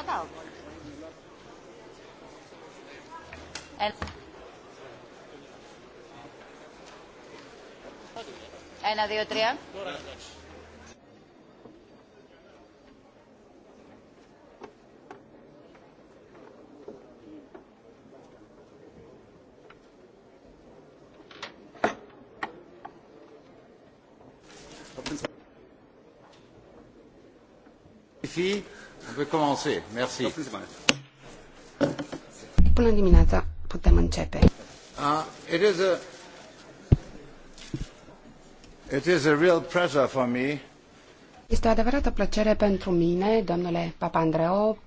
pagalbos. And, ένα, δύο, τρία. fi Până dimineața putem începe. Uh, it is a it is a real pleasure for me. Este o adevărată plăcere pentru mine, domnule Papandreou,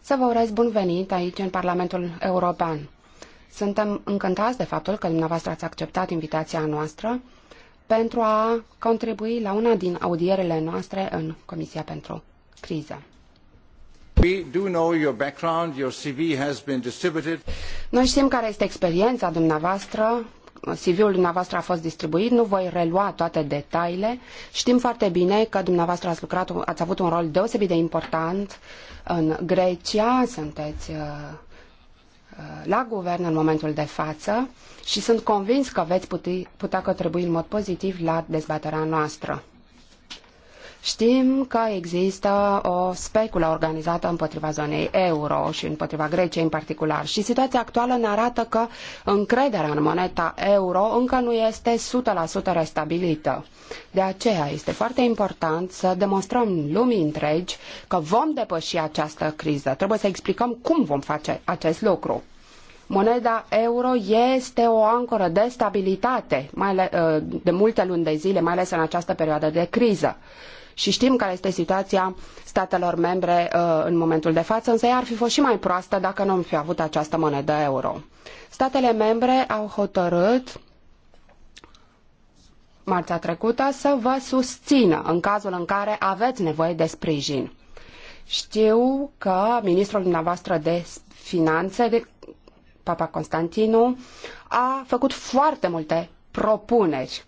să vă urez bun venit aici în Parlamentul European. Suntem încântați de faptul că dumneavoastră ați acceptat invitația noastră pentru a contribui la una din audierele noastre în Comisia pentru Criză. Noi știm care este experiența dumneavoastră, CV-ul dumneavoastră a fost distribuit, nu voi relua toate detaliile. Știm foarte bine că dumneavoastră ați lucrat, ați avut un rol deosebit de important în Grecia, sunteți uh, uh, la guvern în momentul de față și sunt convins că veți putea contribui în mod pozitiv la dezbaterea noastră. Știm că există o speculă organizată împotriva zonei euro și împotriva Greciei în particular și situația actuală ne arată că încrederea în moneda euro încă nu este 100% restabilită. De aceea este foarte important să demonstrăm lumii întregi că vom depăși această criză. Trebuie să explicăm cum vom face acest lucru. Moneda euro este o ancoră de stabilitate de multe luni de zile, mai ales în această perioadă de criză și știm care este situația statelor membre uh, în momentul de față, însă ea ar fi fost și mai proastă dacă nu am fi avut această monedă euro. Statele membre au hotărât marțea trecută să vă susțină în cazul în care aveți nevoie de sprijin. Știu că ministrul dumneavoastră de finanțe, de Papa Constantinu, a făcut foarte multe propuneri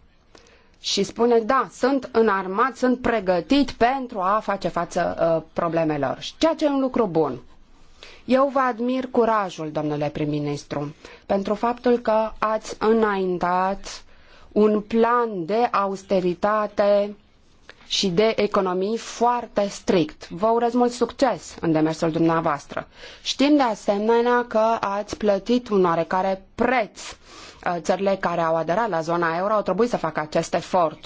și spune, da, sunt înarmat, sunt pregătit pentru a face față uh, problemelor. Ceea ce e un lucru bun. Eu vă admir curajul, domnule prim-ministru, pentru faptul că ați înaintat un plan de austeritate și de economii foarte strict. Vă urez mult succes în demersul dumneavoastră. Știm de asemenea că ați plătit un oarecare preț uh, Uh, țările care au aderat la zona euro au trebuit să facă acest efort.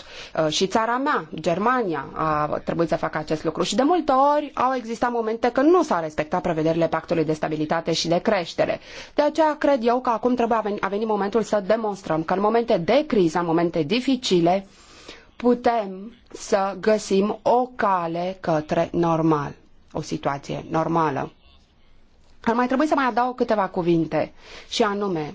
Uh, și țara mea, Germania, a trebuit să facă acest lucru. Și de multe ori au existat momente când nu s-au respectat prevederile pactului de stabilitate și de creștere. De aceea cred eu că acum trebuie a venit momentul să demonstrăm că în momente de criză, în momente dificile, putem să găsim o cale către normal, o situație normală. Ar mai trebui să mai adaug câteva cuvinte, și anume,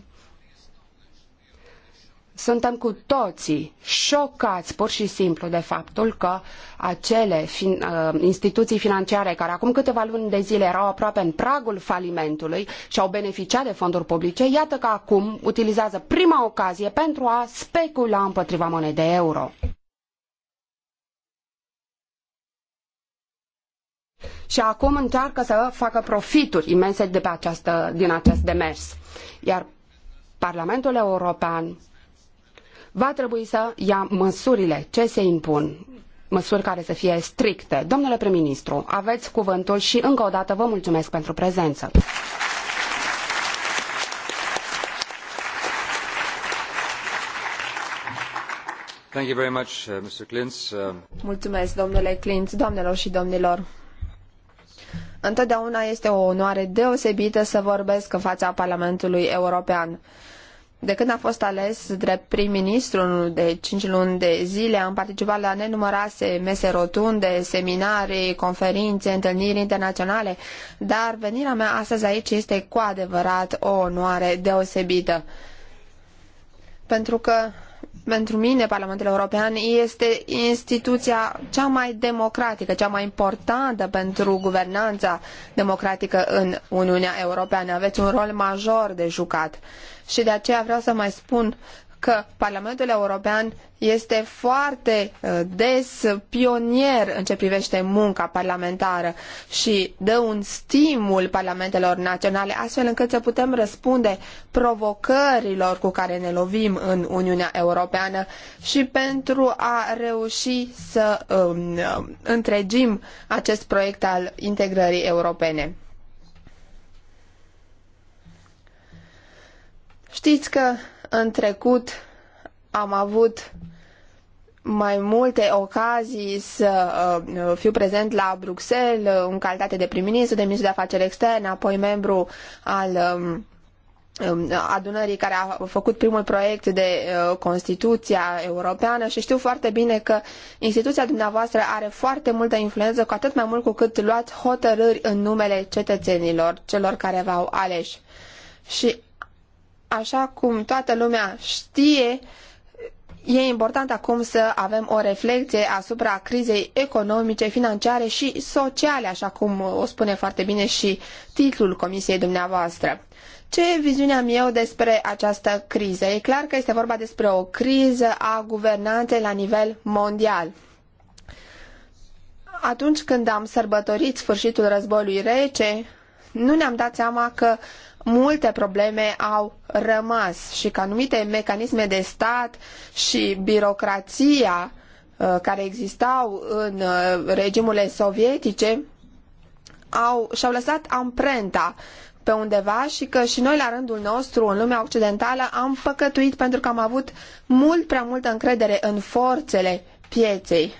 suntem cu toții șocați pur și simplu de faptul că acele fin, uh, instituții financiare care acum câteva luni de zile erau aproape în pragul falimentului și au beneficiat de fonduri publice, iată că acum utilizează prima ocazie pentru a specula împotriva monedei euro. și acum încearcă să facă profituri imense de pe această, din acest demers. Iar Parlamentul European va trebui să ia măsurile ce se impun măsuri care să fie stricte. Domnule prim-ministru, aveți cuvântul și încă o dată vă mulțumesc pentru prezență. Thank you very much, uh, Mr. Um, mulțumesc, domnule Clint, doamnelor și domnilor. Întotdeauna este o onoare deosebită să vorbesc în fața Parlamentului European de când a fost ales drept prim-ministru de cinci luni de zile, am participat la nenumărase mese rotunde, seminarii, conferințe, întâlniri internaționale, dar venirea mea astăzi aici este cu adevărat o onoare deosebită. Pentru că pentru mine Parlamentul European este instituția cea mai democratică, cea mai importantă pentru guvernanța democratică în Uniunea Europeană. Aveți un rol major de jucat. Și de aceea vreau să mai spun că Parlamentul European este foarte uh, des pionier în ce privește munca parlamentară și dă un stimul parlamentelor naționale astfel încât să putem răspunde provocărilor cu care ne lovim în Uniunea Europeană și pentru a reuși să um, uh, întregim acest proiect al integrării europene. Știți că în trecut am avut mai multe ocazii să uh, fiu prezent la Bruxelles în calitate de prim-ministru, de ministru de afaceri externe, apoi membru al um, um, adunării care a făcut primul proiect de uh, Constituția Europeană și știu foarte bine că instituția dumneavoastră are foarte multă influență, cu atât mai mult cu cât luați hotărâri în numele cetățenilor, celor care v-au aleși. Și Așa cum toată lumea știe, e important acum să avem o reflecție asupra crizei economice, financiare și sociale, așa cum o spune foarte bine și titlul comisiei dumneavoastră. Ce viziune am eu despre această criză? E clar că este vorba despre o criză a guvernanței la nivel mondial. Atunci când am sărbătorit sfârșitul războiului rece, nu ne-am dat seama că multe probleme au rămas și că anumite mecanisme de stat și birocrația uh, care existau în uh, regimurile sovietice au, și-au lăsat amprenta pe undeva și că și noi la rândul nostru în lumea occidentală am păcătuit pentru că am avut mult prea multă încredere în forțele pieței.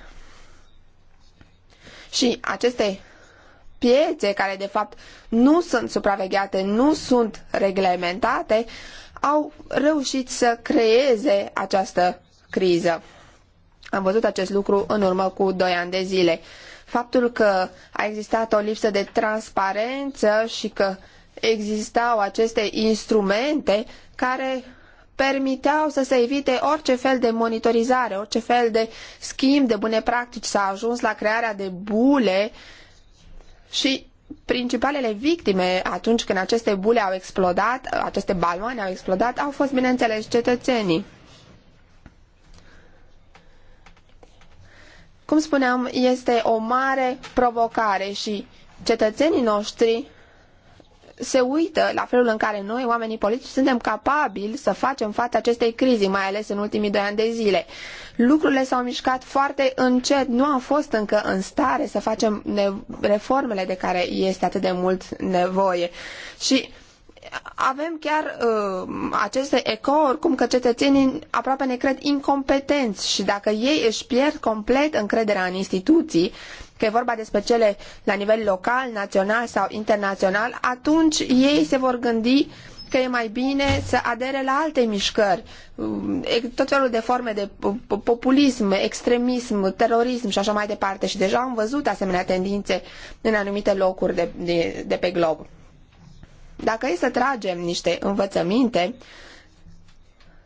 Și aceste piețe care de fapt nu sunt supravegheate, nu sunt reglementate, au reușit să creeze această criză. Am văzut acest lucru în urmă cu doi ani de zile. Faptul că a existat o lipsă de transparență și că existau aceste instrumente care permiteau să se evite orice fel de monitorizare, orice fel de schimb de bune practici. S-a ajuns la crearea de bule uh, și principalele victime atunci când aceste bule au explodat, aceste baloane au explodat, au fost, bineînțeles, cetățenii. Cum spuneam, este o mare provocare și cetățenii noștri se uită la felul în care noi, oamenii politici, suntem capabili să facem față acestei crize, mai ales în ultimii doi ani de zile. Lucrurile s-au mișcat foarte încet, nu am fost încă în stare să facem reformele de care este atât de mult nevoie. Și avem chiar uh, aceste ecouri cum că cetățenii aproape ne cred incompetenți și dacă ei își pierd complet încrederea în instituții, că e vorba despre cele la nivel local, național sau internațional, atunci ei se vor gândi că e mai bine să adere la alte mișcări, mm, tot felul de forme de populism, extremism, terorism și așa mai departe. Și deja am văzut asemenea tendințe în anumite locuri de, de, de pe glob. Dacă e să tragem niște învățăminte,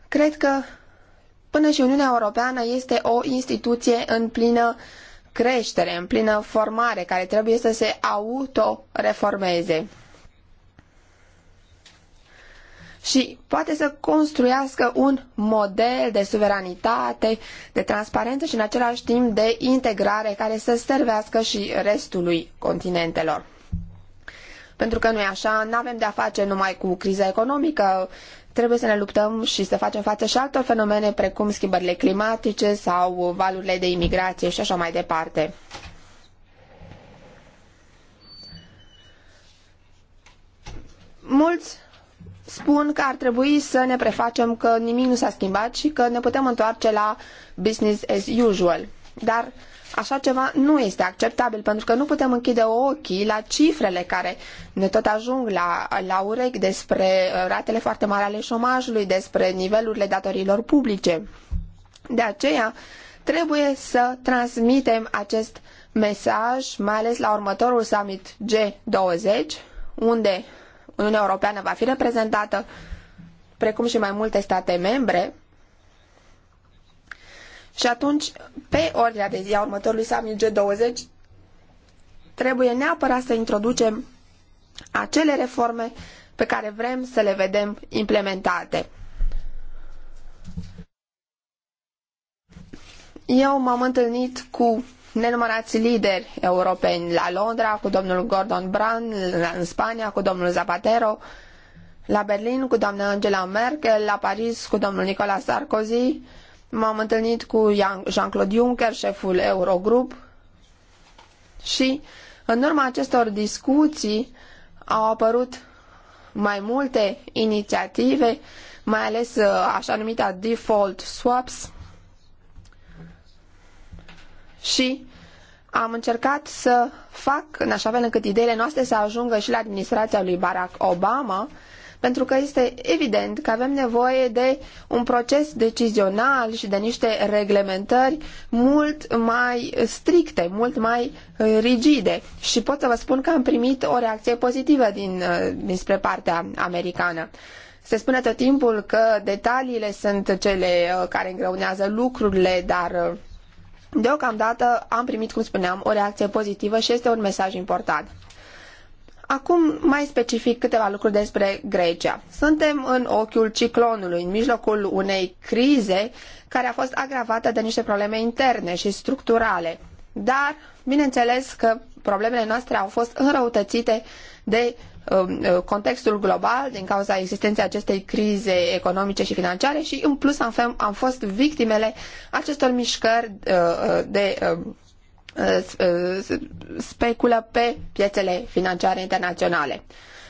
cred că până și Uniunea Europeană este o instituție în plină uh, creștere, în plină formare, care trebuie să se autoreformeze. Și poate să construiască un model de suveranitate, de transparență și în același timp de integrare care să servească și restului continentelor. Pentru că nu e așa, nu avem de-a face numai cu criza economică, Trebuie să ne luptăm și să facem față și altor fenomene precum schimbările climatice sau valurile de imigrație și așa mai departe. Mulți spun că ar trebui să ne prefacem că nimic nu s-a schimbat și că ne putem întoarce la business as usual. Dar Așa ceva nu este acceptabil, pentru că nu putem închide ochii la cifrele care ne tot ajung la, la urechi despre uh, ratele foarte mari ale șomajului, despre nivelurile datoriilor publice. De aceea, trebuie să transmitem acest mesaj, mai ales la următorul summit G20, unde Uniunea Europeană va fi reprezentată, precum și mai multe state membre, și atunci, pe ordinea de zi a următorului summit G20, trebuie neapărat să introducem acele reforme pe care vrem să le vedem implementate. Eu m-am întâlnit cu nenumărați lideri europeni la Londra, cu domnul Gordon Brown, în Spania, cu domnul Zapatero, la Berlin cu doamna Angela Merkel, la Paris cu domnul Nicolas Sarkozy, M-am întâlnit cu Jean-Claude Juncker, șeful Eurogrup, și în urma acestor discuții au apărut mai multe inițiative, mai ales uh, așa numita default swaps și am încercat să fac în așa fel încât ideile noastre să ajungă și la administrația lui Barack Obama, pentru că este evident că avem nevoie de un proces decizional și de niște reglementări mult mai stricte, mult mai uh, rigide. Și pot să vă spun că am primit o reacție pozitivă din, uh, dinspre partea americană. Se spune tot timpul că detaliile sunt cele uh, care îngreunează lucrurile, dar deocamdată am primit, cum spuneam, o reacție pozitivă și este un mesaj important. Acum mai specific câteva lucruri despre Grecia. Suntem în ochiul ciclonului, în mijlocul unei crize care a fost agravată de niște probleme interne și structurale. Dar, bineînțeles că problemele noastre au fost înrăutățite de um, uh, contextul global din cauza existenței acestei crize economice și financiare și în plus am, fost victimele acestor mișcări uh, uh, de um, speculă pe piețele financiare internaționale.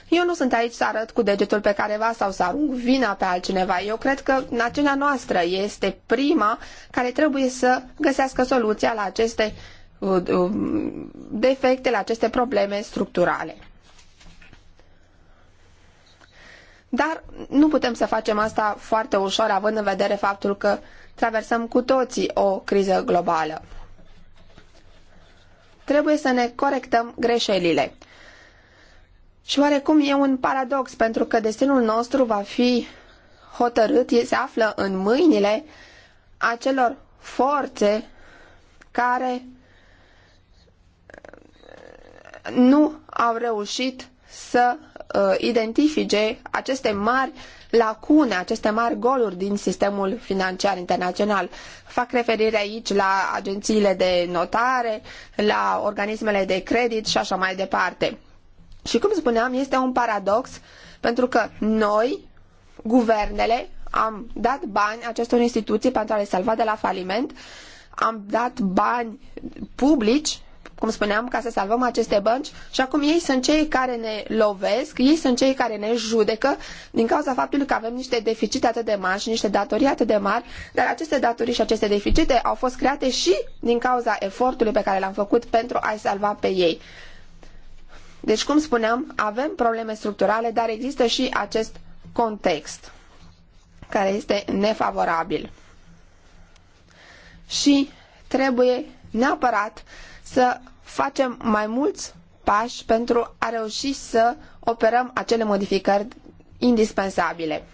Eu nu sunt aici să arăt cu degetul pe careva sau să arunc vina pe altcineva. Eu cred că națiunea noastră este prima care trebuie să găsească soluția la aceste uh, uh, defecte, la aceste probleme structurale. Dar nu putem să facem asta foarte ușor, având în vedere faptul că traversăm cu toții o criză globală trebuie să ne corectăm greșelile. Și oarecum e un paradox, pentru că destinul nostru va fi hotărât, se află în mâinile acelor forțe care nu au reușit să Uh, identifice aceste mari lacune, aceste mari goluri din sistemul financiar internațional. Fac referire aici la agențiile de notare, la organismele de credit și așa mai departe. Și cum spuneam, este un paradox pentru că noi, guvernele, am dat bani acestor instituții pentru a le salva de la faliment, am dat bani publici cum spuneam, ca să salvăm aceste bănci și acum ei sunt cei care ne lovesc, ei sunt cei care ne judecă din cauza faptului că avem niște deficite atât de mari și niște datorii atât de mari, dar aceste datorii și aceste deficite au fost create și din cauza efortului pe care l-am făcut pentru a-i salva pe ei. Deci, cum spuneam, avem probleme structurale, dar există și acest context care este nefavorabil. Și trebuie neapărat să facem mai mulți pași pentru a reuși să operăm acele modificări indispensabile.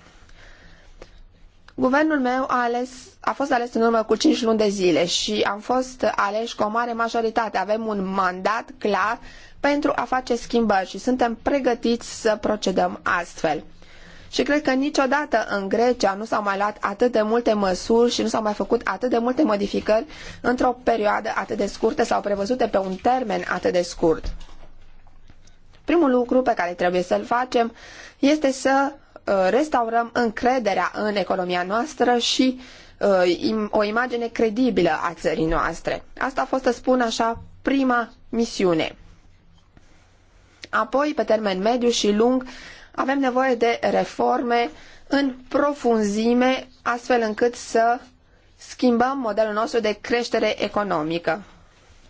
Guvernul meu a, ales, a fost ales în urmă cu cinci luni de zile și am fost aleși cu o mare majoritate. Avem un mandat clar pentru a face schimbări și suntem pregătiți să procedăm astfel. Și cred că niciodată în Grecia nu s-au mai luat atât de multe măsuri și nu s-au mai făcut atât de multe modificări într-o perioadă atât de scurtă sau prevăzute pe un termen atât de scurt. Primul lucru pe care trebuie să-l facem este să uh, restaurăm încrederea în economia noastră și uh, o imagine credibilă a țării noastre. Asta a fost, să spun așa, prima misiune. Apoi, pe termen mediu și lung, avem nevoie de reforme în profunzime, astfel încât să schimbăm modelul nostru de creștere economică.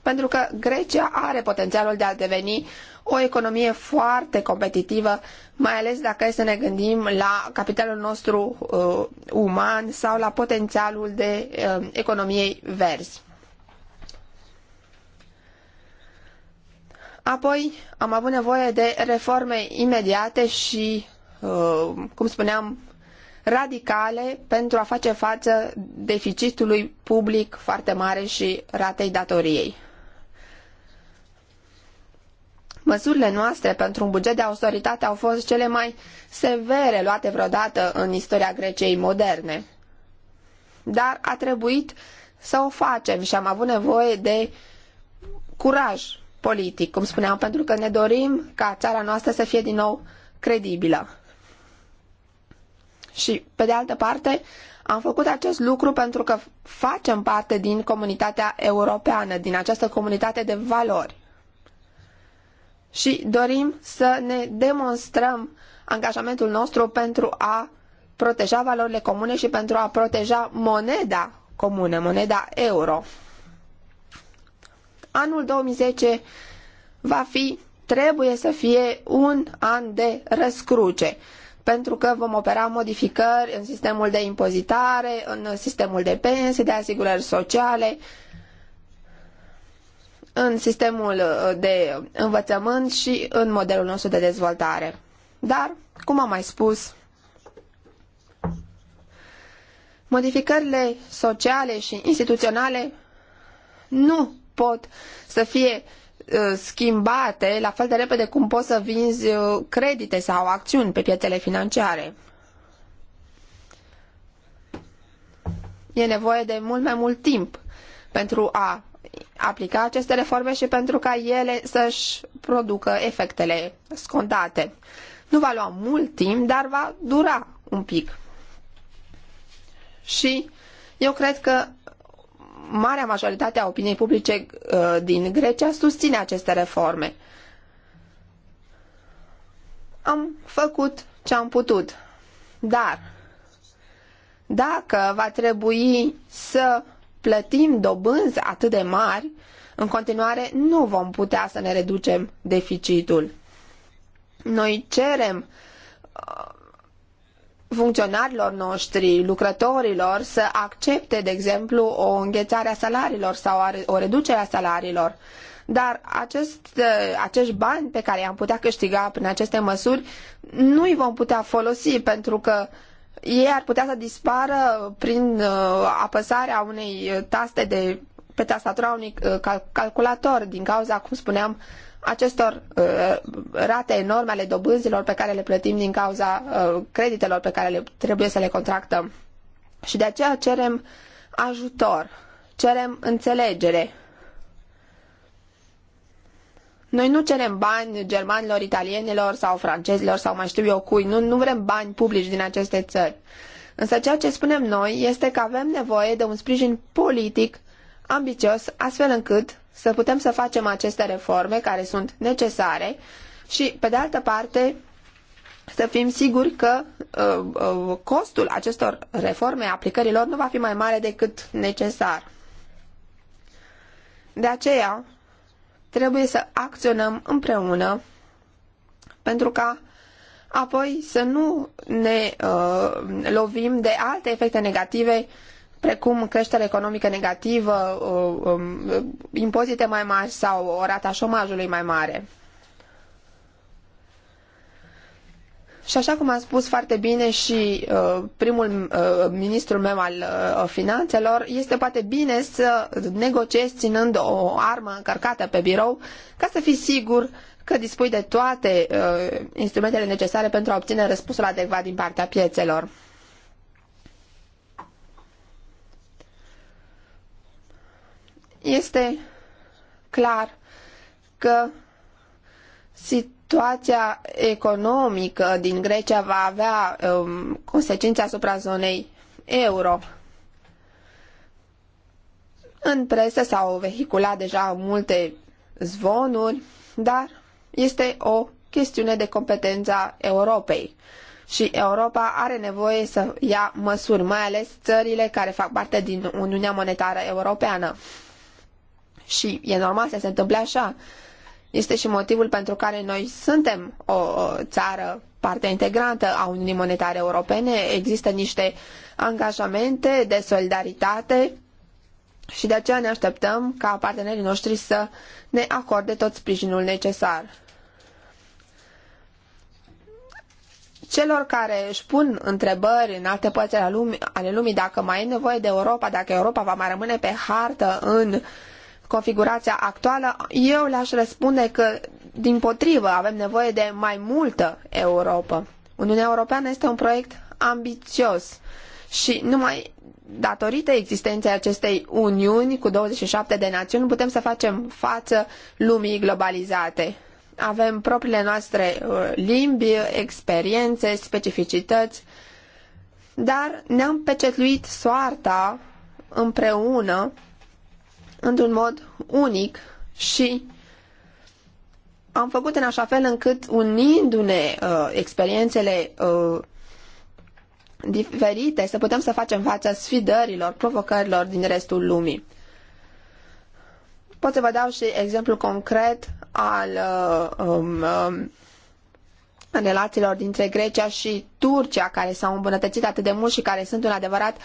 Pentru că Grecia are potențialul de a deveni o economie foarte competitivă, mai ales dacă e să ne gândim la capitalul nostru uh, uman sau la potențialul de uh, economiei verzi. Apoi am avut nevoie de reforme imediate și, uh, cum spuneam, radicale pentru a face față deficitului public foarte mare și ratei datoriei. Măsurile noastre pentru un buget de austeritate au fost cele mai severe luate vreodată în istoria Greciei moderne. Dar a trebuit să o facem și am avut nevoie de curaj politic, cum spuneam, pentru că ne dorim ca țara noastră să fie din nou credibilă. Și, pe de altă parte, am făcut acest lucru pentru că facem parte din comunitatea europeană, din această comunitate de valori. Și dorim să ne demonstrăm angajamentul nostru pentru a proteja valorile comune și pentru a proteja moneda comună, moneda euro anul 2010 va fi, trebuie să fie un an de răscruce, pentru că vom opera modificări în sistemul de impozitare, în sistemul de pensii, de asigurări sociale, în sistemul uh, de învățământ și în modelul nostru de dezvoltare. Dar, cum am mai spus, modificările sociale și instituționale nu pot să fie uh, schimbate la fel de repede cum poți să vinzi uh, credite sau acțiuni pe piețele financiare. E nevoie de mult mai mult timp pentru a aplica aceste reforme și pentru ca ele să-și producă efectele scontate. Nu va lua mult timp, dar va dura un pic. Și eu cred că marea majoritate a opiniei publice uh, din Grecia susține aceste reforme. Am făcut ce am putut, dar dacă va trebui să plătim dobânzi atât de mari, în continuare nu vom putea să ne reducem deficitul. Noi cerem uh, funcționarilor noștri, lucrătorilor, să accepte, de exemplu, o înghețare a salariilor sau o reducere a salariilor. Dar acest, ă, acești bani pe care i-am putea câștiga prin aceste măsuri nu îi vom putea folosi pentru că ei ar putea să dispară prin ă, apăsarea unei taste de pe tastatura unui ă, calculator din cauza, cum spuneam, acestor uh, rate enorme ale dobânzilor pe care le plătim din cauza uh, creditelor pe care le, trebuie să le contractăm. Și de aceea cerem ajutor, cerem înțelegere. Noi nu cerem bani germanilor, italienilor sau francezilor sau mai știu eu cui, nu, nu vrem bani publici din aceste țări. Însă ceea ce spunem noi este că avem nevoie de un sprijin politic ambițios, astfel încât să putem să facem aceste reforme care sunt necesare și, pe de altă parte, să fim siguri că uh, uh costul acestor reforme, aplicărilor, nu va fi mai mare decât necesar. De aceea, trebuie să acționăm împreună pentru ca apoi să nu ne uh, lovim de alte efecte negative uh, precum creștere economică negativă, uh, um, impozite mai mari sau o rata șomajului mai mare. Și așa cum a spus foarte bine și uh, primul uh, ministru meu al uh, finanțelor, este poate bine să negociezi ținând o armă încărcată pe birou ca să fii sigur că dispui de toate uh, instrumentele necesare pentru a obține răspunsul adecvat din partea piețelor. Este clar că situația economică din Grecia va avea um, consecințe asupra zonei euro. În presă s-au vehiculat deja multe zvonuri, dar este o chestiune de competența Europei. Și Europa are nevoie să ia măsuri, mai ales țările care fac parte din Uniunea Monetară Europeană și e normal să se întâmple așa. Este și motivul pentru care noi suntem o țară parte integrantă a Uniunii Monetare Europene. Există niște angajamente de solidaritate și de aceea ne așteptăm ca partenerii noștri să ne acorde tot sprijinul necesar. Celor care își pun întrebări în alte părți ale lumii, ale lumii dacă mai e nevoie de Europa, dacă Europa va mai rămâne pe hartă în configurația actuală, eu le-aș răspunde că, din potrivă, avem nevoie de mai multă Europa. Uniunea Europeană este un proiect ambițios și numai datorită existenței acestei uniuni cu 27 de națiuni putem să facem față lumii globalizate. Avem propriile noastre uh, limbi, experiențe, specificități, dar ne-am pecetluit soarta împreună într-un mod unic și am făcut în așa fel încât, unindu-ne uh, experiențele uh, diferite, să putem să facem față sfidărilor, provocărilor din restul lumii. Pot să vă dau și exemplu concret al uh, um, uh, relațiilor dintre Grecia și Turcia, care s-au îmbunătățit atât de mult și care sunt un adevărat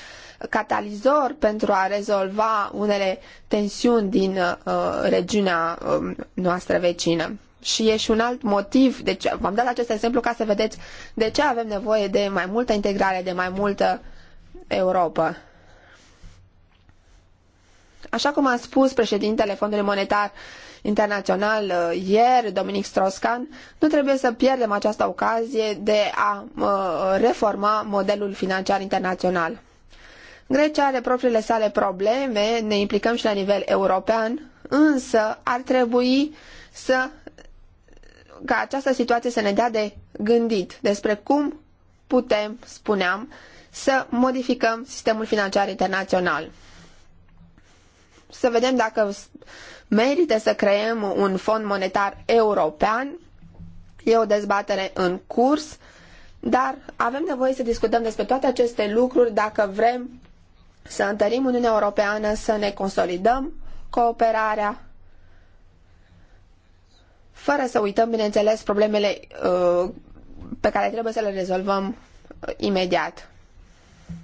catalizor pentru a rezolva unele tensiuni din uh, regiunea uh, noastră vecină. Și e și un alt motiv, deci v-am dat acest exemplu ca să vedeți de ce avem nevoie de mai multă integrare, de mai multă Europa. Așa cum a spus președintele Fondului Monetar uh, internațional uh, ieri, Dominic Strauss-Kahn, nu trebuie să pierdem această ocazie de a uh, reforma modelul financiar internațional. Grecia are propriile sale probleme, ne implicăm și la nivel european, însă ar trebui să ca această situație să ne dea de gândit despre cum putem, spuneam, să modificăm sistemul financiar internațional. Să vedem dacă Merită să creăm un fond monetar european. E o dezbatere în curs, dar avem nevoie să discutăm despre toate aceste lucruri dacă vrem să întărim Uniunea Europeană, să ne consolidăm cooperarea, fără să uităm, bineînțeles, problemele uh, pe care trebuie să le rezolvăm uh, imediat.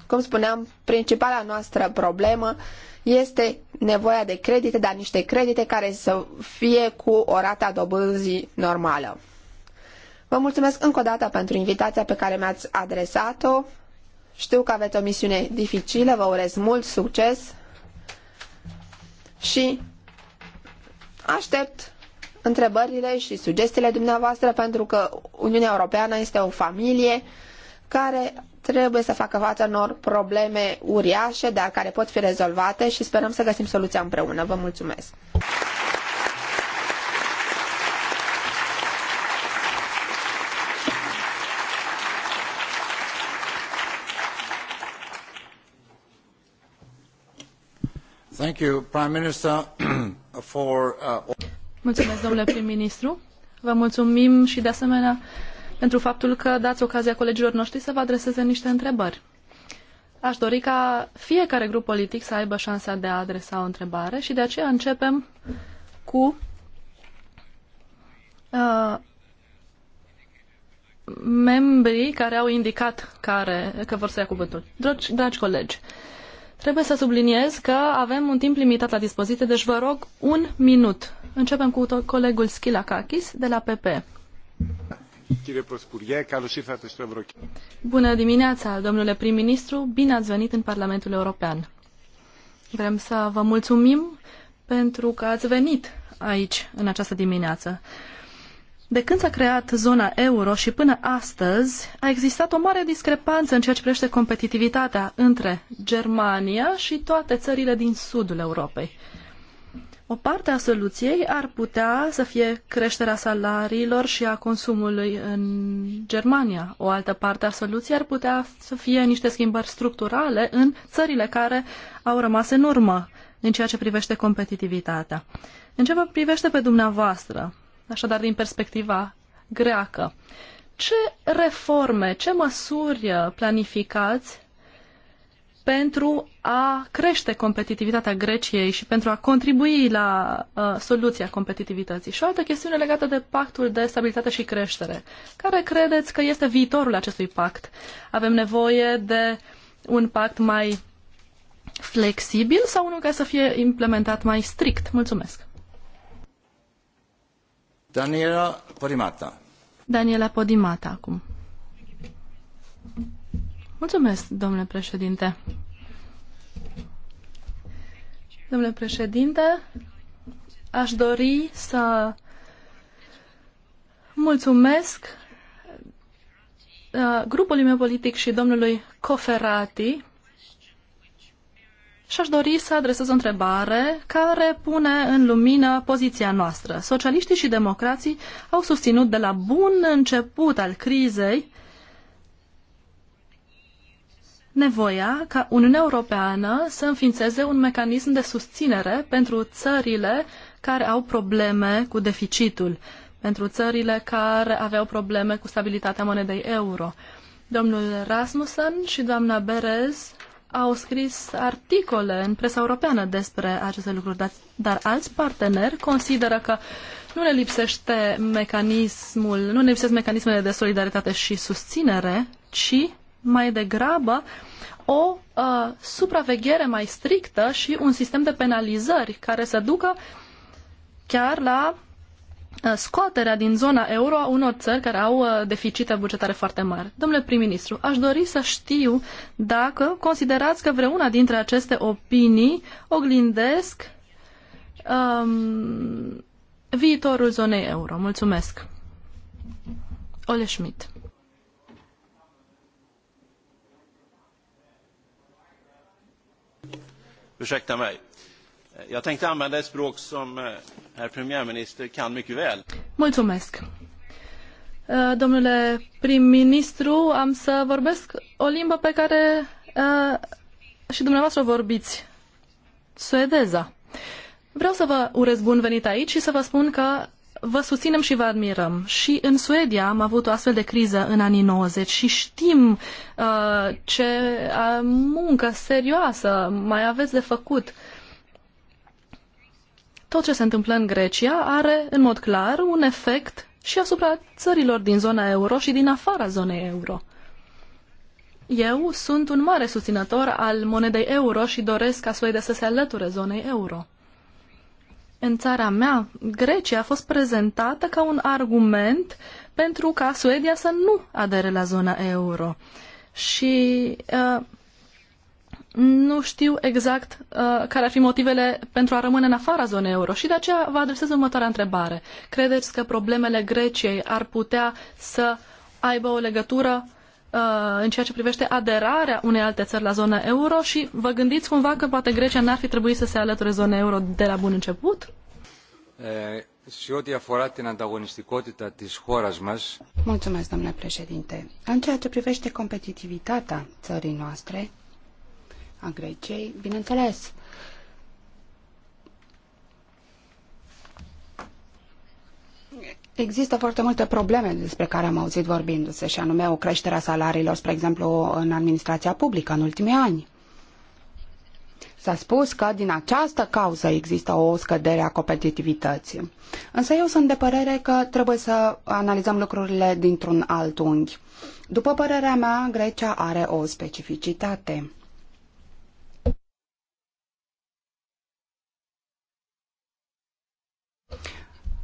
Cum spuneam, principala noastră problemă este nevoia de credite, dar niște credite care să fie cu o rată a dobânzii normală. Vă mulțumesc încă o dată pentru invitația pe care mi-ați adresat-o. Știu că aveți o misiune dificilă, vă urez mult succes și aștept întrebările și sugestiile dumneavoastră pentru că Uniunea Europeană este o familie care trebuie să facă față unor probleme uriașe, dar care pot fi rezolvate și sperăm să găsim soluția împreună. Vă mulțumesc! Thank you, Prime Minister, for, uh... Mulțumesc, domnule prim-ministru. Vă mulțumim și de asemenea pentru faptul că dați ocazia colegilor noștri să vă adreseze niște întrebări. Aș dori ca fiecare grup politic să aibă șansa de a adresa o întrebare și de aceea începem cu uh, membrii care au indicat care, că vor să ia cuvântul. Dragi, dragi colegi, trebuie să subliniez că avem un timp limitat la dispoziție, deci vă rog un minut. Începem cu colegul Schilakakis de la PP. Bună dimineața, domnule prim-ministru, bine ați venit în Parlamentul European. Vrem să vă mulțumim pentru că ați venit aici în această dimineață. De când s-a creat zona euro și până astăzi, a existat o mare discrepanță în ceea ce privește competitivitatea între Germania și toate țările din sudul Europei. O parte a soluției ar putea să fie creșterea salariilor și a consumului în Germania. O altă parte a soluției ar putea să fie niște schimbări structurale în țările care au rămas în urmă în ceea ce privește competitivitatea. În ce vă privește pe dumneavoastră, așadar din perspectiva greacă, ce reforme, ce măsuri planificați pentru a crește competitivitatea Greciei și pentru a contribui la uh, soluția competitivității. Și o altă chestiune legată de pactul de stabilitate și creștere. Care credeți că este viitorul acestui pact? Avem nevoie de un pact mai flexibil sau unul care să fie implementat mai strict? Mulțumesc! Daniela Podimata. Daniela Podimata acum. Mulțumesc, domnule președinte. Domnule președinte, aș dori să mulțumesc uh, grupului meu politic și domnului Coferati și aș dori să adresez o întrebare care pune în lumină poziția noastră. Socialiștii și democrații au susținut de la bun început al crizei nevoia ca Uniunea Europeană să înființeze un mecanism de susținere pentru țările care au probleme cu deficitul, pentru țările care aveau probleme cu stabilitatea monedei euro. Domnul Rasmussen și doamna Berez au scris articole în presa europeană despre aceste lucruri, dar, dar alți parteneri consideră că nu ne lipsește mecanismul, nu ne lipsesc mecanismele de solidaritate și susținere, ci mai degrabă o uh, supraveghere mai strictă și un sistem de penalizări care să ducă chiar la uh, scoaterea din zona euro a unor țări care au uh, deficite bugetare foarte mari. Domnule prim-ministru, aș dori să știu dacă considerați că vreuna dintre aceste opinii oglindesc um, viitorul zonei euro. Mulțumesc. Ole Schmidt. Jag tänkte använda ett språk som eh, herr premiärminister kan mycket väl. Mulțumesc. Eh, domnule prim-ministru, am să vorbesc o limbă pe care eh, și dumneavoastră vorbiți, suedeza. Vreau să vă urez bun venit aici și să vă spun că vă susținem și vă admirăm. Și în Suedia am avut o astfel de criză în anii 90 și știm uh, ce uh, muncă serioasă mai aveți de făcut. Tot ce se întâmplă în Grecia are, în mod clar, un efect și asupra țărilor din zona euro și din afara zonei euro. Eu sunt un mare susținător al monedei euro și doresc ca Suedia să se alăture zonei euro în țara mea, Grecia, a fost prezentată ca un argument pentru ca Suedia să nu adere la zona euro. Și uh, nu știu exact uh, care ar fi motivele pentru a rămâne în afara zonei euro și de aceea vă adresez următoarea întrebare. Credeți că problemele Greciei ar putea să aibă o legătură Uh, în ceea ce privește aderarea unei alte țări la zona euro și vă gândiți cumva că poate Grecia n-ar fi trebuit să se alăture zonei euro de la bun început? Eh, și ό,τι αφορά την ανταγωνιστικότητα της χώρας μας... Mulțumesc, domnule președinte. În ceea ce privește competitivitatea țării noastre, a Greciei, bineînțeles, Există foarte multe probleme despre care am auzit vorbindu-se, și anume o creștere a salariilor, spre exemplu, în administrația publică în ultimii ani. S-a spus că din această cauză există o scădere a competitivității. Însă eu sunt de părere că trebuie să analizăm lucrurile dintr-un alt unghi. După părerea mea, Grecia are o specificitate.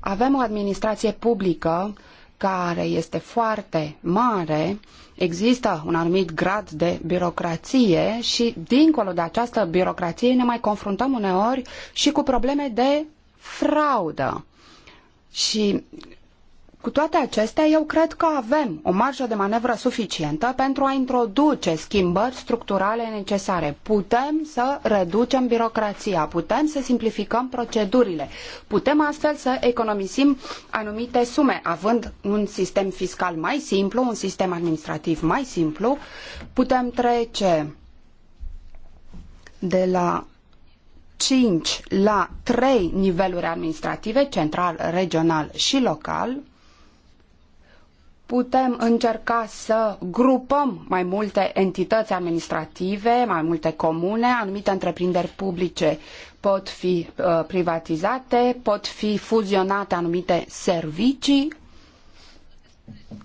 Avem o administrație publică care este foarte mare, există un anumit grad de birocrație și dincolo de această birocrație ne mai confruntăm uneori și cu probleme de fraudă. Și cu toate acestea, eu cred că avem o marjă de manevră suficientă pentru a introduce schimbări structurale necesare. Putem să reducem birocrația, putem să simplificăm procedurile, putem astfel să economisim anumite sume, având un sistem fiscal mai simplu, un sistem administrativ mai simplu, putem trece de la cinci la trei niveluri administrative, central, regional și local, putem încerca să grupăm mai multe entități administrative, mai multe comune, anumite întreprinderi publice pot fi uh, privatizate, pot fi fuzionate anumite servicii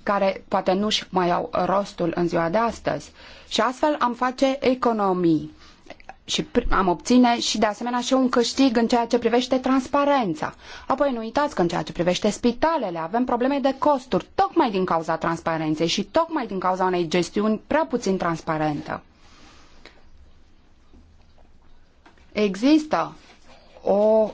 care poate nu-și mai au rostul în ziua de astăzi. Și astfel am face economii și am obține și de asemenea și un câștig în ceea ce privește transparența. Apoi nu uitați că în ceea ce privește spitalele avem probleme de costuri, tocmai din cauza transparenței și tocmai din cauza unei gestiuni prea puțin transparentă. Există o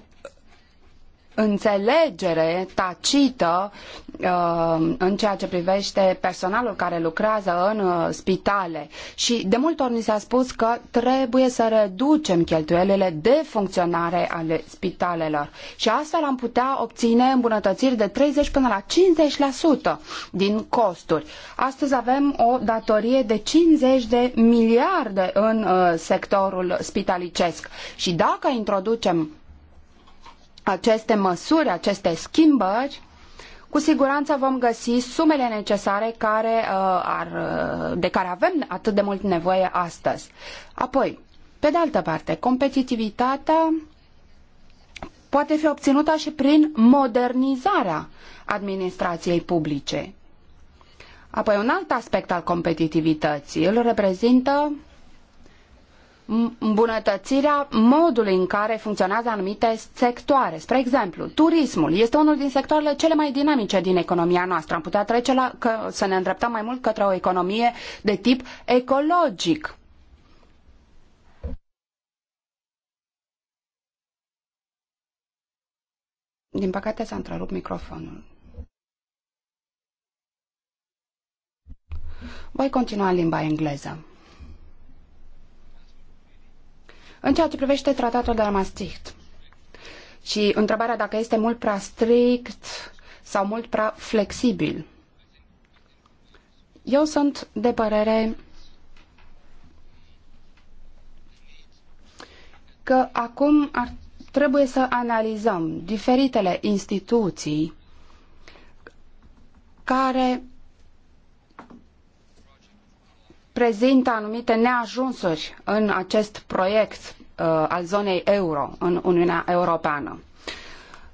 înțelegere tacită uh, în ceea ce privește personalul care lucrează în uh, spitale. Și de multe ori ni s-a spus că trebuie să reducem cheltuielile de funcționare ale spitalelor. Și astfel am putea obține îmbunătățiri de 30 până la 50% din costuri. Astăzi avem o datorie de 50 de miliarde în uh, sectorul spitalicesc. Și dacă introducem aceste măsuri, aceste schimbări, cu siguranță vom găsi sumele necesare care, uh, ar, uh, de care avem atât de mult nevoie astăzi. Apoi, pe de altă parte, competitivitatea poate fi obținută și prin modernizarea administrației publice. Apoi, un alt aspect al competitivității îl reprezintă îmbunătățirea modului în care funcționează anumite sectoare. Spre exemplu, turismul este unul din sectoarele cele mai dinamice din economia noastră. Am putea trece la, că, să ne îndreptăm mai mult către o economie de tip ecologic. Din păcate s-a întrerupt microfonul. Voi continua în limba engleză. În ceea ce privește tratatul de la Maastricht și întrebarea dacă este mult prea strict sau mult prea flexibil, eu sunt de părere că acum ar, trebuie să analizăm diferitele instituții care prezintă anumite neajunsuri în acest proiect uh, al zonei euro în Uniunea Europeană.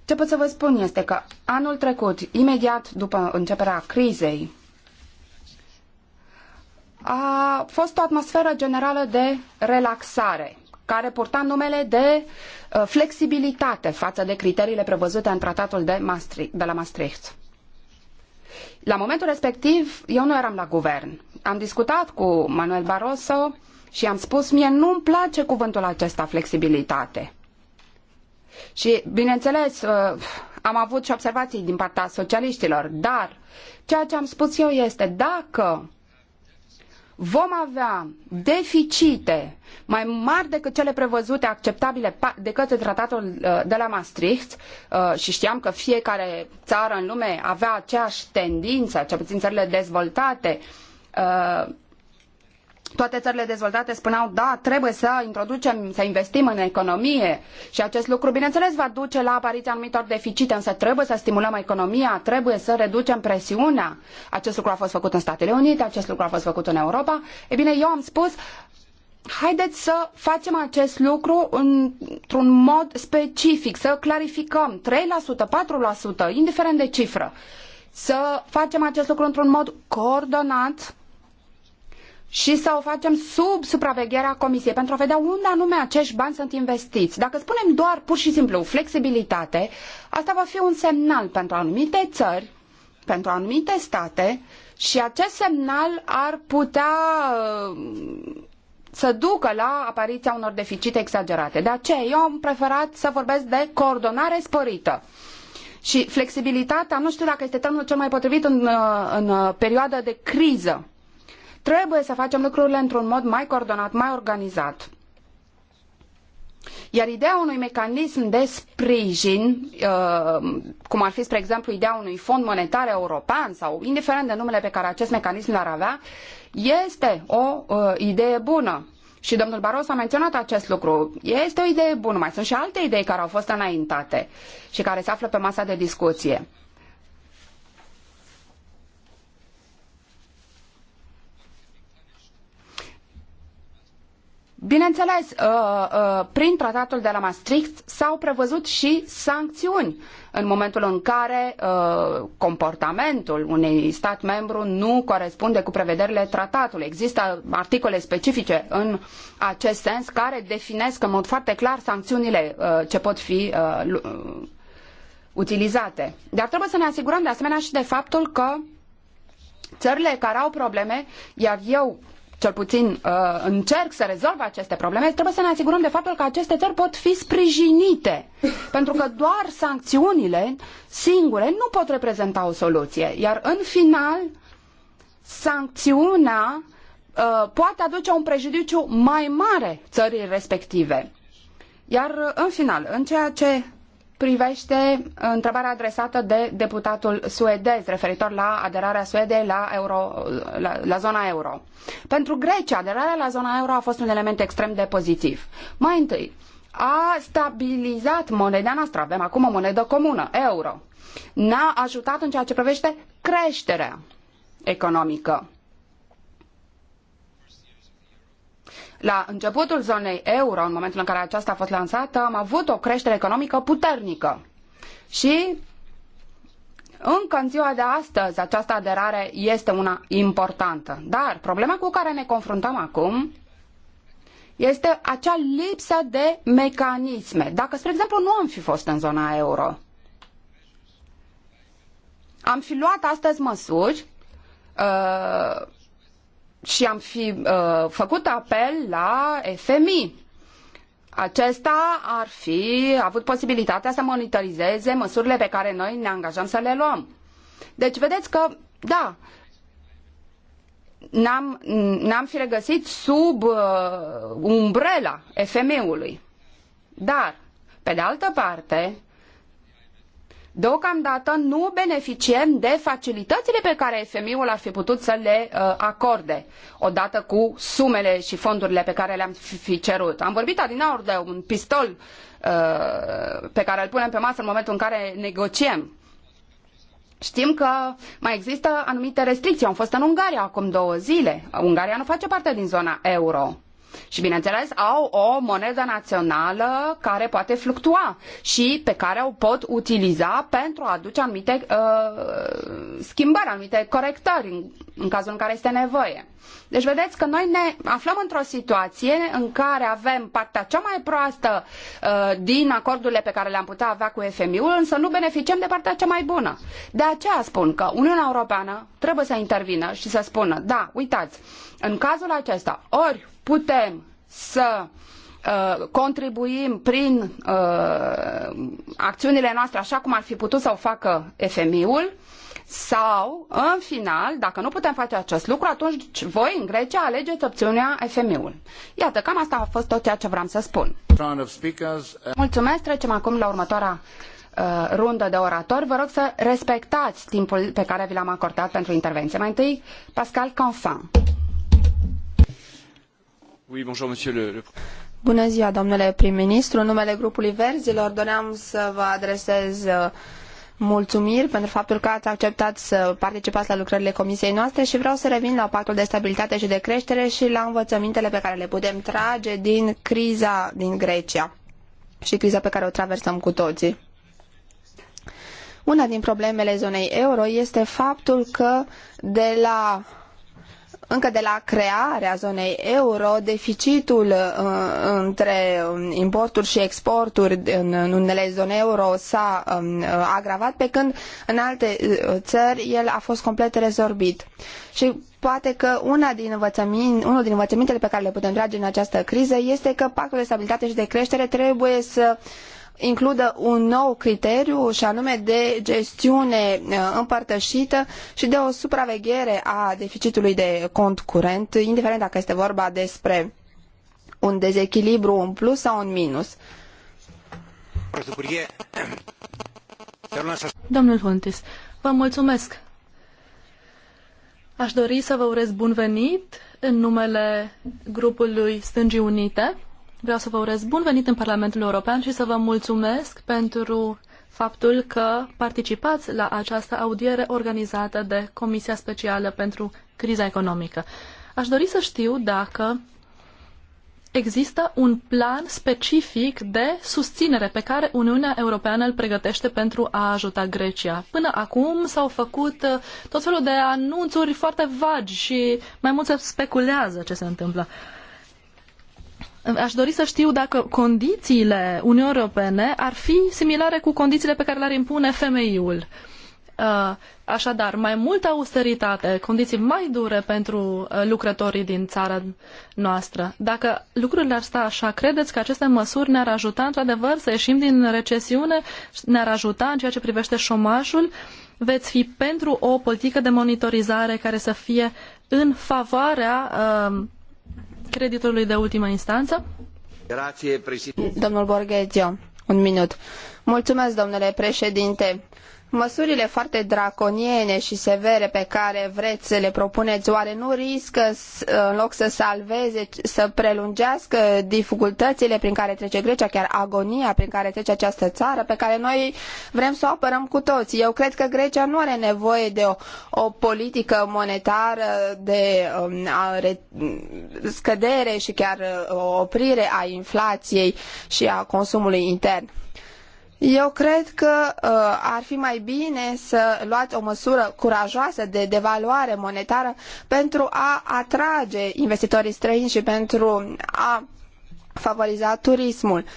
Ce pot să vă spun este că anul trecut, imediat după începerea crizei, a fost o atmosferă generală de relaxare, care purta numele de uh, flexibilitate față de criteriile prevăzute în tratatul de, Maastricht, de la Maastricht. La momentul respectiv, eu nu eram la guvern am discutat cu Manuel Barroso și am spus, mie nu-mi place cuvântul acesta, flexibilitate. Și, bineînțeles, uh, am avut și observații din partea socialiștilor, dar ceea ce am spus eu este, dacă vom avea deficite mai mari decât cele prevăzute acceptabile de către tratatul uh, de la Maastricht uh, și știam că fiecare țară în lume avea aceeași tendință, cel puțin țările dezvoltate, Uh, toate țările dezvoltate spuneau, da, trebuie să introducem, să investim în economie și acest lucru, bineînțeles, va duce la apariția anumitor deficite, însă trebuie să stimulăm economia, trebuie să reducem presiunea. Acest lucru a fost făcut în Statele Unite, acest lucru a fost făcut în Europa. E bine, eu am spus, haideți să facem acest lucru într-un mod specific, să clarificăm 3%, 4%, indiferent de cifră, să facem acest lucru într-un mod coordonat, și să o facem sub supravegherea Comisiei pentru a vedea unde anume acești bani sunt investiți. Dacă spunem doar pur și simplu flexibilitate, asta va fi un semnal pentru anumite țări, pentru anumite state și acest semnal ar putea uh, să ducă la apariția unor deficite exagerate. De aceea eu am preferat să vorbesc de coordonare sporită. Și flexibilitatea, nu știu dacă este termenul cel mai potrivit în, uh, în uh, perioada de criză Trebuie să facem lucrurile într-un mod mai coordonat, mai organizat. Iar ideea unui mecanism de sprijin, uh, cum ar fi, spre exemplu, ideea unui fond monetar european sau indiferent de numele pe care acest mecanism l-ar avea, este o uh, idee bună. Și domnul Baros a menționat acest lucru. Este o idee bună. Mai sunt și alte idei care au fost înaintate și care se află pe masa de discuție. Bineînțeles, uh, uh, prin tratatul de la Maastricht s-au prevăzut și sancțiuni în momentul în care uh, comportamentul unui stat membru nu corespunde cu prevederile tratatului. Există articole specifice în acest sens care definesc în mod foarte clar sancțiunile ce pot fi utilizate. Dar trebuie să ne asigurăm de asemenea și de faptul că țările care au probleme, iar eu cel puțin uh, încerc să rezolve aceste probleme, trebuie să ne asigurăm de faptul că aceste țări pot fi sprijinite. Pentru că doar sancțiunile singure nu pot reprezenta o soluție. Iar în final, sancțiunea uh, poate aduce un prejudiciu mai mare țării respective. Iar uh, în final, în ceea ce privește întrebarea adresată de deputatul suedez referitor la aderarea Suediei la, euro, la, la zona euro. Pentru Grecia, aderarea la zona euro a fost un element extrem de pozitiv. Mai întâi, a stabilizat moneda noastră, avem acum o monedă comună, euro. Ne-a ajutat în ceea ce privește creșterea economică. La începutul zonei euro, în momentul în care aceasta a fost lansată, am avut o creștere economică puternică. Și încă în ziua de astăzi această aderare este una importantă. Dar problema cu care ne confruntăm acum este acea lipsă de mecanisme. Dacă, spre exemplu, nu am fi fost în zona euro, am fi luat astăzi măsuri uh, și am fi uh, făcut apel la FMI. Acesta ar fi avut posibilitatea să monitorizeze măsurile pe care noi ne angajăm să le luăm. Deci vedeți că, da, n-am, n-am fi regăsit sub uh, umbrela FMI-ului. Dar, pe de altă parte, Deocamdată nu beneficiem de facilitățile pe care FMI-ul ar fi putut să le uh, acorde, odată cu sumele și fondurile pe care le-am fi cerut. Am vorbit adineauri de un pistol uh, pe care îl punem pe masă în momentul în care negociem. Știm că mai există anumite restricții. Am fost în Ungaria acum două zile. Ungaria nu face parte din zona euro. Și, bineînțeles, au o monedă națională care poate fluctua și pe care o pot utiliza pentru a aduce anumite uh, schimbări, anumite corectări în, în cazul în care este nevoie. Deci vedeți că noi ne aflăm într-o situație în care avem partea cea mai proastă uh, din acordurile pe care le-am putea avea cu FMI-ul, însă nu beneficiem de partea cea mai bună. De aceea spun că Uniunea Europeană trebuie să intervină și să spună, da, uitați, în cazul acesta, ori putem să uh, contribuim prin uh, acțiunile noastre așa cum ar fi putut să o facă FMI-ul sau, în final, dacă nu putem face acest lucru, atunci voi, în Grecia, alegeți opțiunea FMI-ul. Iată, cam asta a fost tot ceea ce vreau să spun. Uh, Mulțumesc, trecem acum la următoarea uh, rundă de oratori. Vă rog să respectați timpul pe care vi l-am acordat pentru intervenție. Mai întâi, Pascal Canfin. Bună ziua, domnule prim-ministru. În numele grupului Verzilor doream să vă adresez uh, mulțumiri pentru faptul că ați acceptat să participați la lucrările comisiei noastre și vreau să revin la pactul de stabilitate și de creștere și la învățămintele pe care le putem trage din criza din Grecia și criza pe care o traversăm cu toții. Una din problemele zonei euro este faptul că de la încă de la crearea zonei euro, deficitul uh, între um, importuri și exporturi în unele zone euro s-a um, uh, agravat, pe când în alte uh, țări el a fost complet rezorbit. Și poate că una din unul din învățămintele pe care le putem trage din această criză este că pactul de stabilitate și de creștere trebuie să uh, includă un nou criteriu și anume de gestiune uh, împărtășită și de o supraveghere a deficitului de cont curent, indiferent dacă este vorba despre un dezechilibru în plus sau în minus. Domnul Huntis, vă mulțumesc. Aș dori să vă urez bun venit în numele grupului Stângii Unite Vreau să vă urez bun venit în Parlamentul European și să vă mulțumesc pentru faptul că participați la această audiere organizată de Comisia Specială pentru Criza Economică. Aș dori să știu dacă există un plan specific de susținere pe care Uniunea Europeană îl pregătește pentru a ajuta Grecia. Până acum s-au făcut uh, tot felul de anunțuri foarte vagi și mai mult se speculează ce se întâmplă. Uh, aș dori să știu dacă condițiile Uniunii Europene ar fi similare cu condițiile pe care le-ar impune femeiul. Uh, așadar, mai multă austeritate, condiții mai dure pentru uh, lucrătorii din țara noastră. Dacă lucrurile ar sta așa, credeți că aceste măsuri ne-ar ajuta într-adevăr să ieșim din recesiune, ne-ar ajuta în ceea ce privește șomajul? Veți fi pentru o politică de monitorizare care să fie în favoarea uh, creditorului de ultimă instanță. Domnul Borghezio, un minut. Mulțumesc, domnule președinte. Măsurile foarte draconiene și severe pe care vreți să le propuneți, oare nu riscă, în loc să salveze, să prelungească dificultățile prin care trece Grecia, chiar agonia prin care trece această țară, pe care noi vrem să o apărăm cu toți? Eu cred că Grecia nu are nevoie de o, o politică monetară de um, scădere și chiar uh, o oprire a inflației și a consumului intern. Eu cred că uh, ar fi mai bine să luați o măsură curajoasă de devaluare monetară pentru a atrage investitorii străini și pentru a favoriza turismul. Uh,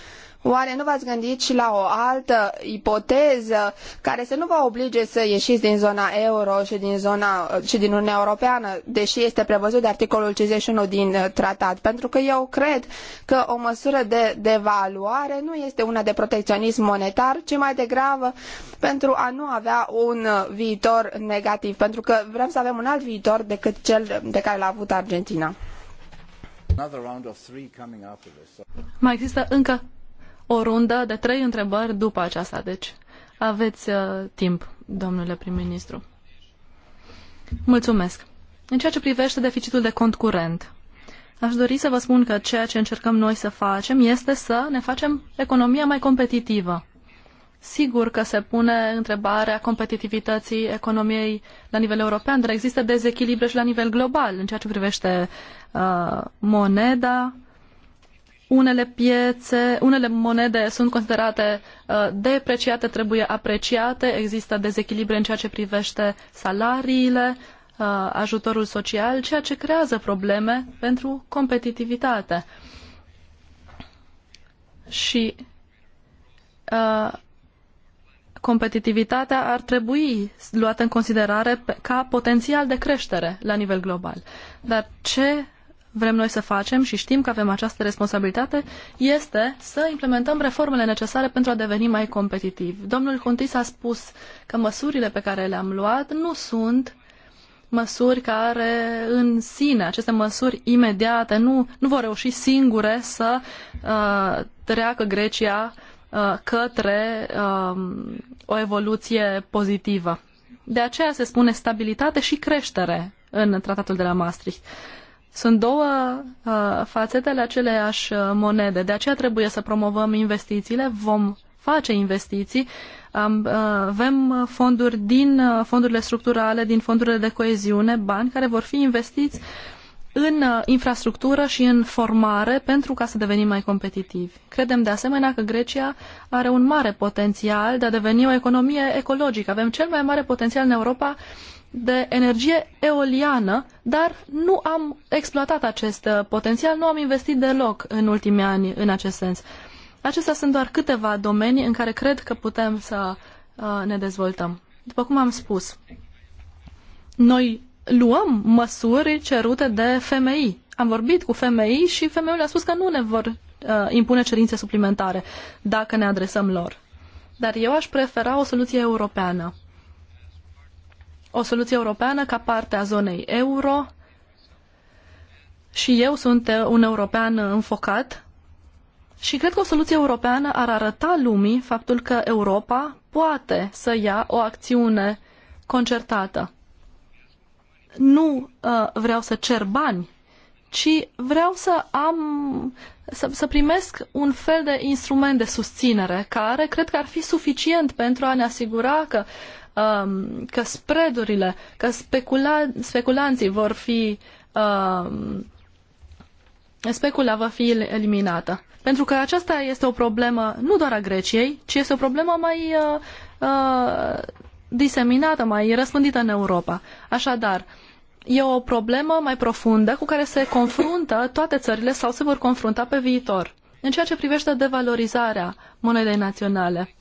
Oare nu v-ați gândit și la o altă ipoteză care să nu vă oblige să ieșiți din zona euro și din, zona, și din Uniunea Europeană, deși este prevăzut de articolul 51 din uh, tratat? Pentru că eu cred că o măsură de devaluare nu este una de protecționism monetar, ci mai degrabă pentru a nu avea un uh, viitor negativ, pentru că vrem să avem un alt viitor decât cel de care l-a avut Argentina. Mai există încă o rundă de trei întrebări după aceasta. Deci aveți uh, timp, domnule prim-ministru. Mulțumesc. În ceea ce privește deficitul de cont curent, aș dori să vă spun că ceea ce încercăm noi să facem este să ne facem economia mai competitivă. Sigur că se pune întrebarea competitivității economiei la nivel european, dar există dezechilibre și la nivel global în ceea ce privește uh, moneda, unele piețe, unele monede sunt considerate uh, depreciate, trebuie apreciate, există dezechilibre în ceea ce privește salariile, uh, ajutorul social, ceea ce creează probleme pentru competitivitate. Și uh, competitivitatea ar trebui luată în considerare ca potențial de creștere la nivel global. Dar ce vrem noi să facem și știm că avem această responsabilitate este să implementăm reformele necesare pentru a deveni mai competitivi. Domnul Huntis a spus că măsurile pe care le-am luat nu sunt măsuri care în sine, aceste măsuri imediate, nu, nu vor reuși singure să uh, treacă Grecia uh, către uh, o evoluție pozitivă. De aceea se spune stabilitate și creștere în tratatul de la Maastricht. Uh, sunt două uh, fațete ale uh, monede, de aceea trebuie să promovăm investițiile, vom face investiții, um, uh, avem uh, fonduri din uh, fondurile structurale, din fondurile de coeziune, bani care vor fi investiți în uh, infrastructură și în formare pentru ca să devenim mai competitivi. Credem de asemenea că Grecia are un mare potențial de a deveni o economie ecologică. Avem cel mai mare potențial în Europa uh, de energie eoliană, dar nu am exploatat acest uh, potențial, nu am investit deloc în ultimii ani în acest sens. Acestea sunt doar câteva domenii în care cred că putem să uh, ne dezvoltăm. După cum am spus, noi luăm măsuri cerute de femei. Am vorbit cu femei și fmi a spus că nu ne vor uh, impune cerințe suplimentare dacă ne adresăm lor. Dar eu aș prefera o soluție europeană o soluție europeană ca parte a zonei euro și eu sunt uh, un european înfocat și cred că o soluție europeană ar arăta lumii faptul că Europa poate să ia o acțiune concertată. Nu uh, vreau să cer bani, ci vreau să am să, să primesc un fel de instrument de susținere care cred că ar fi suficient pentru a ne asigura că uh, um, că spreadurile, că specula, speculanții vor fi um, specula va fi eliminată. Pentru că aceasta este o problemă nu doar a Greciei, ci este o problemă mai uh, uh, diseminată, mai răspândită în Europa. Așadar, e o problemă mai profundă cu care se confruntă toate țările sau se vor confrunta pe viitor. În ceea ce privește devalorizarea monedei naționale,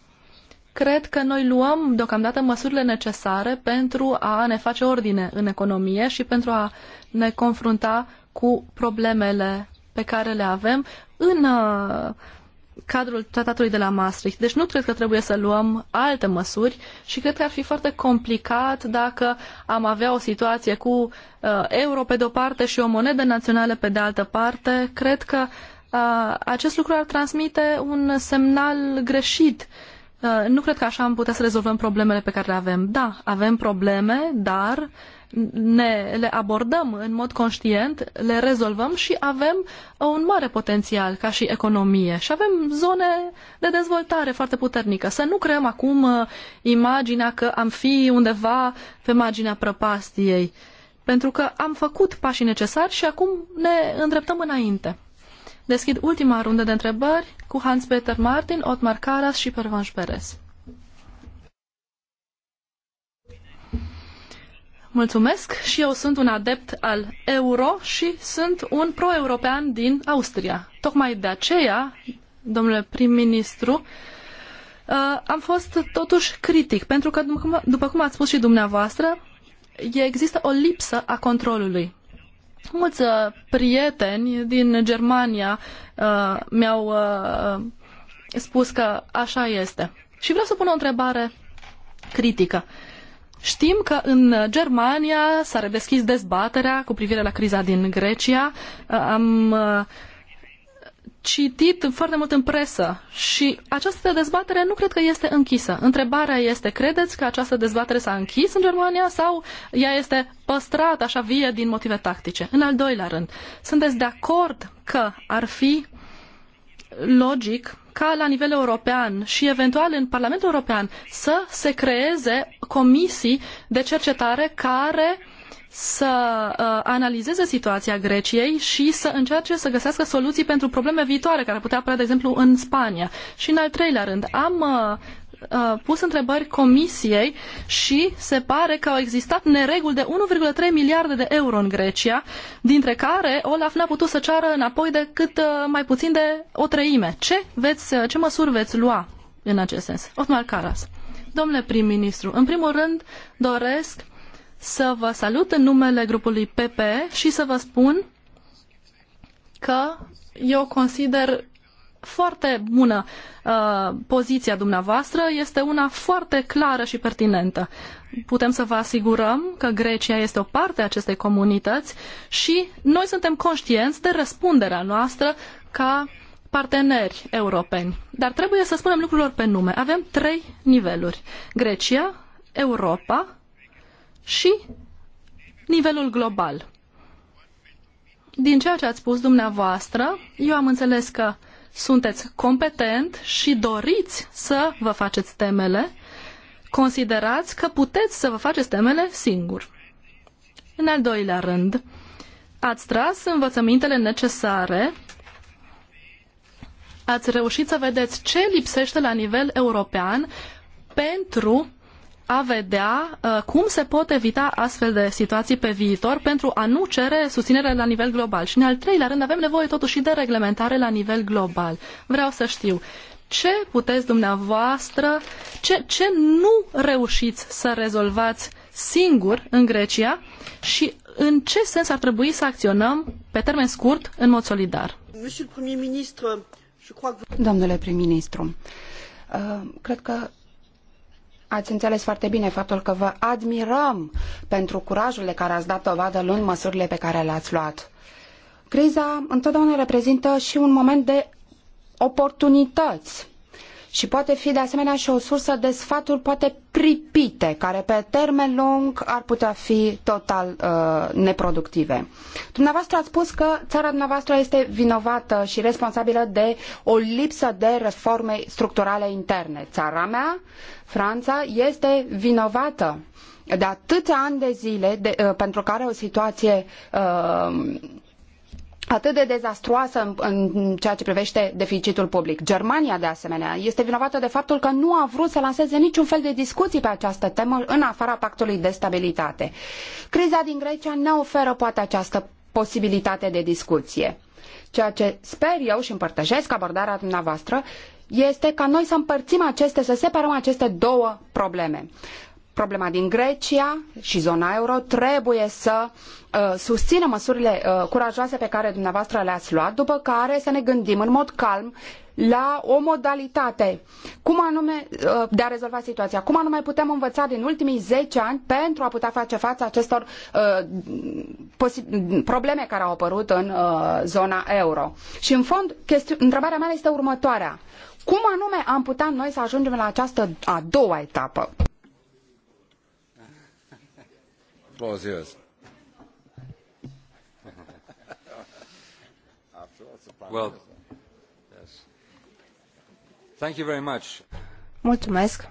cred că noi luăm deocamdată măsurile necesare pentru a ne face ordine în economie și pentru a ne confrunta cu problemele pe care le avem în uh, cadrul tratatului de la Maastricht. Deci nu cred că trebuie să luăm alte măsuri și cred că ar fi foarte complicat dacă am avea o situație cu uh, euro pe de-o parte și o monedă națională pe de altă parte. Cred că uh, acest lucru ar transmite un semnal greșit uh, Uh, nu cred că așa am putea să rezolvăm problemele pe care le avem. Da, avem probleme, dar ne, le abordăm în mod conștient, le rezolvăm și avem uh, un mare potențial ca și economie și avem zone de dezvoltare foarte puternică. Să nu creăm acum uh, imaginea că am fi undeva pe marginea prăpastiei, pentru că am făcut pașii necesari și acum ne îndreptăm înainte. Deschid ultima rundă de întrebări cu Hans-Peter Martin, Otmar Caras și Pervanș Perez. Mulțumesc și eu sunt un adept al euro și sunt un pro-european din Austria. Tocmai de aceea, domnule prim-ministru, uh, am fost totuși critic, pentru că, după cum ați spus și dumneavoastră, există o lipsă a controlului. Mulți uh, prieteni din Germania uh, mi-au uh, uh, spus că așa este. Și vreau să pun o întrebare critică. Știm că în Germania s-a redeschis dezbaterea cu privire la criza din Grecia. Uh, am uh, citit foarte mult în presă și această dezbatere nu cred că este închisă. Întrebarea este, credeți că această dezbatere s-a închis în Germania sau ea este păstrată așa vie din motive tactice? În al doilea rând, sunteți de acord că ar fi logic ca la nivel european și eventual în Parlamentul European să se creeze comisii de cercetare care uh, să uh, analizeze situația Greciei și să încerce să găsească soluții pentru probleme viitoare care ar putea apărea, de exemplu, în Spania. Și în al treilea rând, am uh, uh pus întrebări comisiei și se pare că au existat nereguli de 1,3 miliarde de euro în Grecia, dintre care Olaf n-a putut să ceară înapoi decât uh, mai puțin de o treime. Ce, veți, uh, ce măsuri veți lua în acest sens? Otmar Caras. Domnule prim-ministru, în primul rând doresc să vă salut în numele grupului PP și să vă spun că eu consider foarte bună uh, poziția dumneavoastră, este una foarte clară și pertinentă. Putem să vă asigurăm că Grecia este o parte a acestei comunități și noi suntem conștienți de răspunderea noastră ca parteneri europeni. Dar trebuie să spunem lucrurilor pe nume. Avem trei niveluri. Grecia, Europa și nivelul global. Din ceea ce ați spus dumneavoastră, eu am înțeles că sunteți competent și doriți să vă faceți temele, considerați că puteți să vă faceți temele singur. În al doilea rând, ați tras învățămintele necesare, ați reușit să vedeți ce lipsește la nivel european pentru a vedea uh, cum se pot evita astfel de situații pe viitor pentru a nu cere susținere la nivel global. Și în al treilea rând avem nevoie totuși și de reglementare la nivel global. Vreau să știu ce puteți dumneavoastră, ce, ce nu reușiți să rezolvați singur în Grecia și în ce sens ar trebui să acționăm pe termen scurt în mod solidar. Domnule prim-ministru, uh, cred că Ați înțeles foarte bine faptul că vă admirăm pentru curajul de care ați dat dovadă luând măsurile pe care le-ați luat. Criza întotdeauna reprezintă și un moment de oportunități și poate fi de asemenea și o sursă de sfaturi poate pripite, care pe termen lung ar putea fi total uh, neproductive. Dumneavoastră ați spus că țara dumneavoastră este vinovată și responsabilă de o lipsă de reforme structurale interne. Țara mea, Franța, este vinovată de atâția ani de zile de, uh, pentru care o situație uh, atât de dezastruoasă în, în, ceea ce privește deficitul public. Germania, de asemenea, este vinovată de faptul că nu a vrut să lanseze niciun fel de discuții pe această temă în afara pactului de stabilitate. Criza din Grecia ne oferă poate această posibilitate de discuție. Ceea ce sper eu și împărtășesc abordarea dumneavoastră este ca noi să împărțim aceste, să separăm aceste două probleme problema din Grecia și zona euro, trebuie să uh, susțină măsurile uh, curajoase pe care dumneavoastră le-ați luat, după care să ne gândim în mod calm la o modalitate cum anume, uh, de a rezolva situația. Cum anume putem învăța din ultimii zece ani pentru a putea face față acestor uh, probleme care au apărut în uh, zona euro. Și în fond, întrebarea mea este următoarea. Cum anume am putea noi să ajungem la această a doua etapă? well, Thank you very much. Mulțumesc.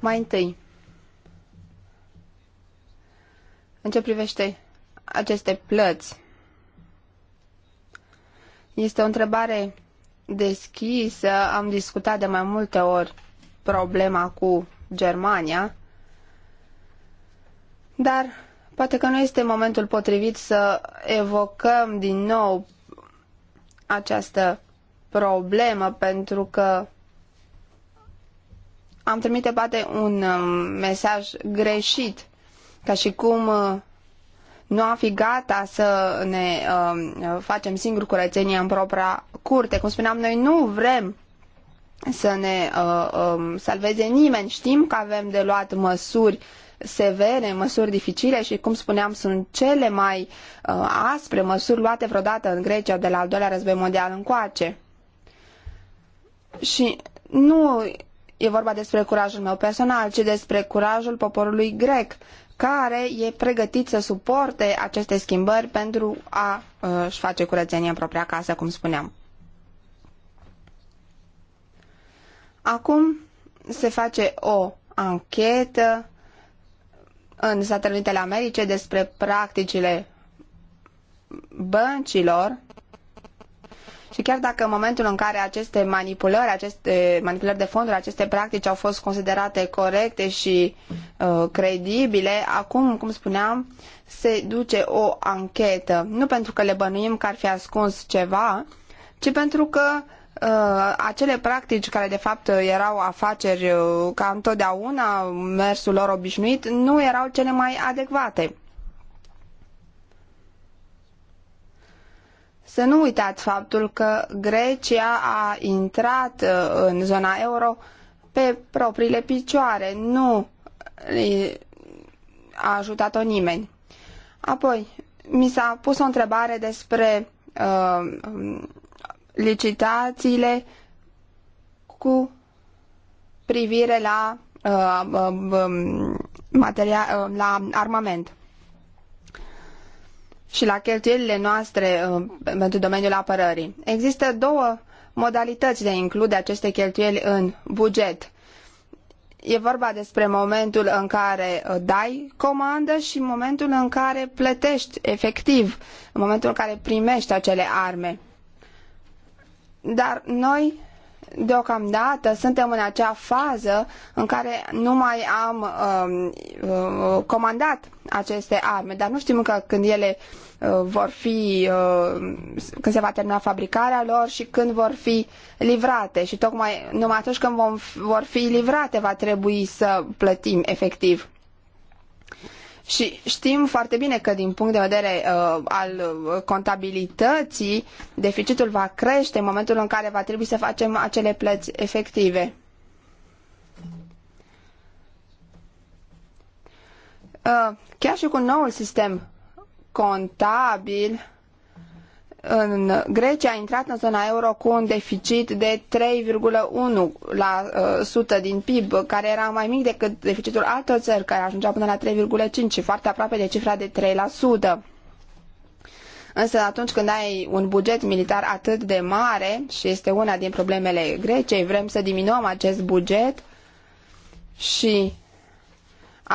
Mai întâi, în ce privește aceste plăți, este o întrebare deschisă. Am discutat de mai multe ori problema cu Germania dar poate că nu este momentul potrivit să evocăm din nou această problemă pentru că am trimite poate un um, mesaj greșit, ca și cum uh, nu am fi gata să ne um, facem singur curățenie în propria curte. Cum spuneam, noi nu vrem să ne uh, um, salveze nimeni. Știm că avem de luat măsuri severe, măsuri dificile și, cum spuneam, sunt cele mai uh, aspre măsuri luate vreodată în Grecia de la al doilea război mondial încoace. Și nu e vorba despre curajul meu personal, ci despre curajul poporului grec, care e pregătit să suporte aceste schimbări pentru a uh, își face curățenie în propria casă, cum spuneam. Acum se face o anchetă în Statele Unite ale Americii despre practicile băncilor și chiar dacă în momentul în care aceste manipulări, aceste manipulări de fonduri, aceste practici au fost considerate corecte și uh, credibile, acum, cum spuneam, se duce o anchetă. Nu pentru că le bănuim că ar fi ascuns ceva, ci pentru că Uh, acele practici care de fapt erau afaceri uh, ca întotdeauna, mersul lor obișnuit, nu erau cele mai adecvate. Să nu uitați faptul că Grecia a intrat uh, în zona euro pe propriile picioare, nu a ajutat-o nimeni. Apoi, mi s-a pus o întrebare despre uh, licitațiile cu privire la, uh, uh, uh, la armament și la cheltuielile noastre pentru domeniul apărării. Există două modalități de a include aceste cheltuieli în buget. E vorba despre momentul în care uh, dai comandă și momentul în care plătești efectiv, în momentul în care primești acele arme. Dar noi, deocamdată, suntem în acea fază în care nu mai am uh, uh, comandat aceste arme, dar nu știm încă când ele uh, vor fi, uh, când se va termina fabricarea lor și când vor fi livrate. Și tocmai numai atunci când vom, vor fi livrate va trebui să plătim efectiv. Și știm foarte bine că din punct de vedere uh, al uh, contabilității, deficitul va crește în momentul în care va trebui să facem acele plăți efective. Uh, chiar și cu noul sistem contabil, în Grecia a intrat în zona euro cu un deficit de 3,1% uh, din PIB, care era mai mic decât deficitul altor țări, care ajungea până la 3,5% și foarte aproape de cifra de 3%. Însă atunci când ai un buget militar atât de mare, și este una din problemele Greciei, vrem să diminuăm acest buget și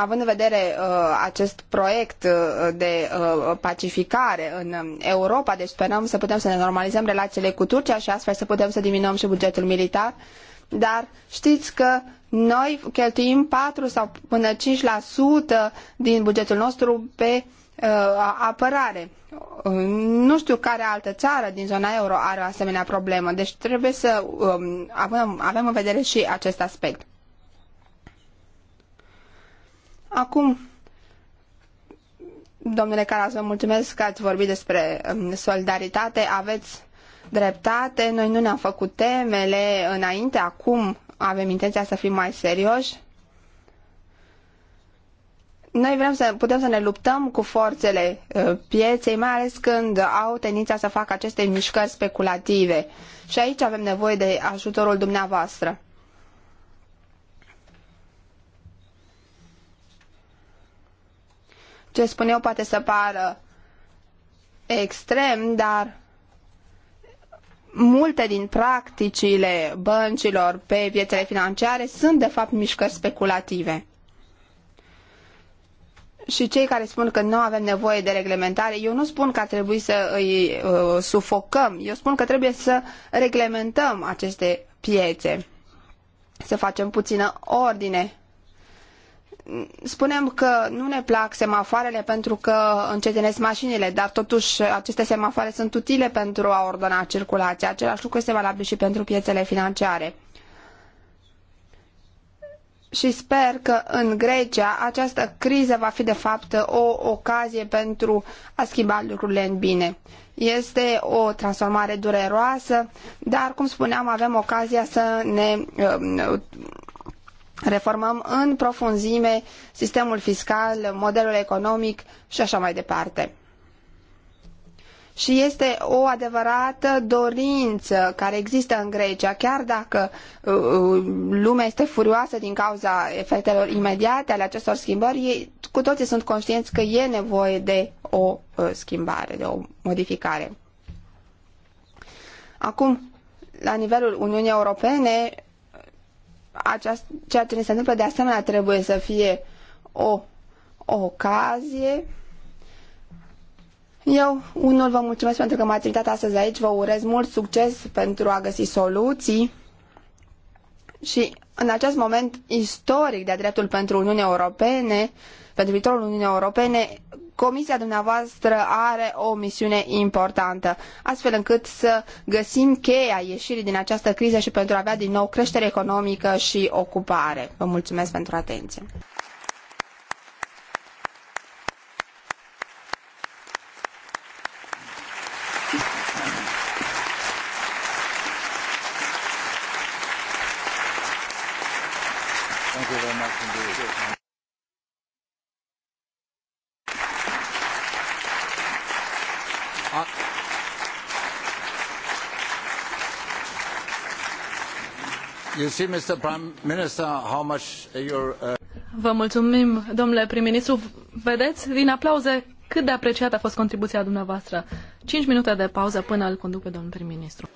având în vedere uh, acest proiect uh, de uh, pacificare în um, Europa, deci sperăm să putem să ne normalizăm relațiile cu Turcia și astfel să putem să diminuăm și bugetul militar, dar știți că noi cheltuim patru sau până 5% din bugetul nostru pe apărare. Nu știu care altă țară din zona euro are o asemenea problemă, deci trebuie să um, avem, avem în vedere și acest aspect. Acum, domnule Caras, vă mulțumesc că ați vorbit despre um, solidaritate, aveți dreptate, noi nu ne-am făcut temele înainte, acum avem intenția să fim mai serioși. Noi vrem să putem să ne luptăm cu forțele uh, pieței, mai ales când au tendința să facă aceste mișcări speculative. Și aici avem nevoie de ajutorul dumneavoastră. ce spun eu poate să pară extrem, dar multe din practicile băncilor pe piețele financiare sunt de fapt mișcări speculative. Și cei care spun că nu avem nevoie de reglementare, eu nu spun că ar trebui să îi uh, sufocăm, eu spun că trebuie să reglementăm aceste piețe, să facem puțină ordine spunem că nu ne plac semafoarele pentru că încetinesc mașinile, dar totuși aceste semafoare sunt utile pentru a ordona circulația. Același lucru este valabil și pentru piețele financiare. Și sper că în Grecia această criză va fi de fapt o ocazie pentru a schimba lucrurile în bine. Este o transformare dureroasă, dar cum spuneam avem ocazia să ne um, reformăm în profunzime sistemul fiscal, modelul economic și așa mai departe. Și este o adevărată dorință care există în Grecia, chiar dacă uh, uh, lumea este furioasă din cauza efectelor imediate ale acestor schimbări, cu toții sunt conștienți că e nevoie de o uh, schimbare, de o modificare. Acum, la nivelul Uniunii Europene, aceast, ceea ce ne se întâmplă de asemenea trebuie să fie o, o ocazie. Eu, unul, vă mulțumesc pentru că m-ați invitat astăzi aici, vă urez mult succes pentru a găsi soluții și în acest moment istoric de-a dreptul pentru Uniunea Europene, pentru viitorul Uniunii Europene, Comisia dumneavoastră are o misiune importantă, astfel încât să găsim cheia ieșirii din această criză și pentru a avea din nou creștere economică și ocupare. Vă mulțumesc pentru atenție. Uh, Vă mulțumim, domnule prim-ministru. Vedeți, din aplauze, cât de apreciată a fost contribuția dumneavoastră. Cinci minute de pauză până îl conduc pe domnul prim-ministru.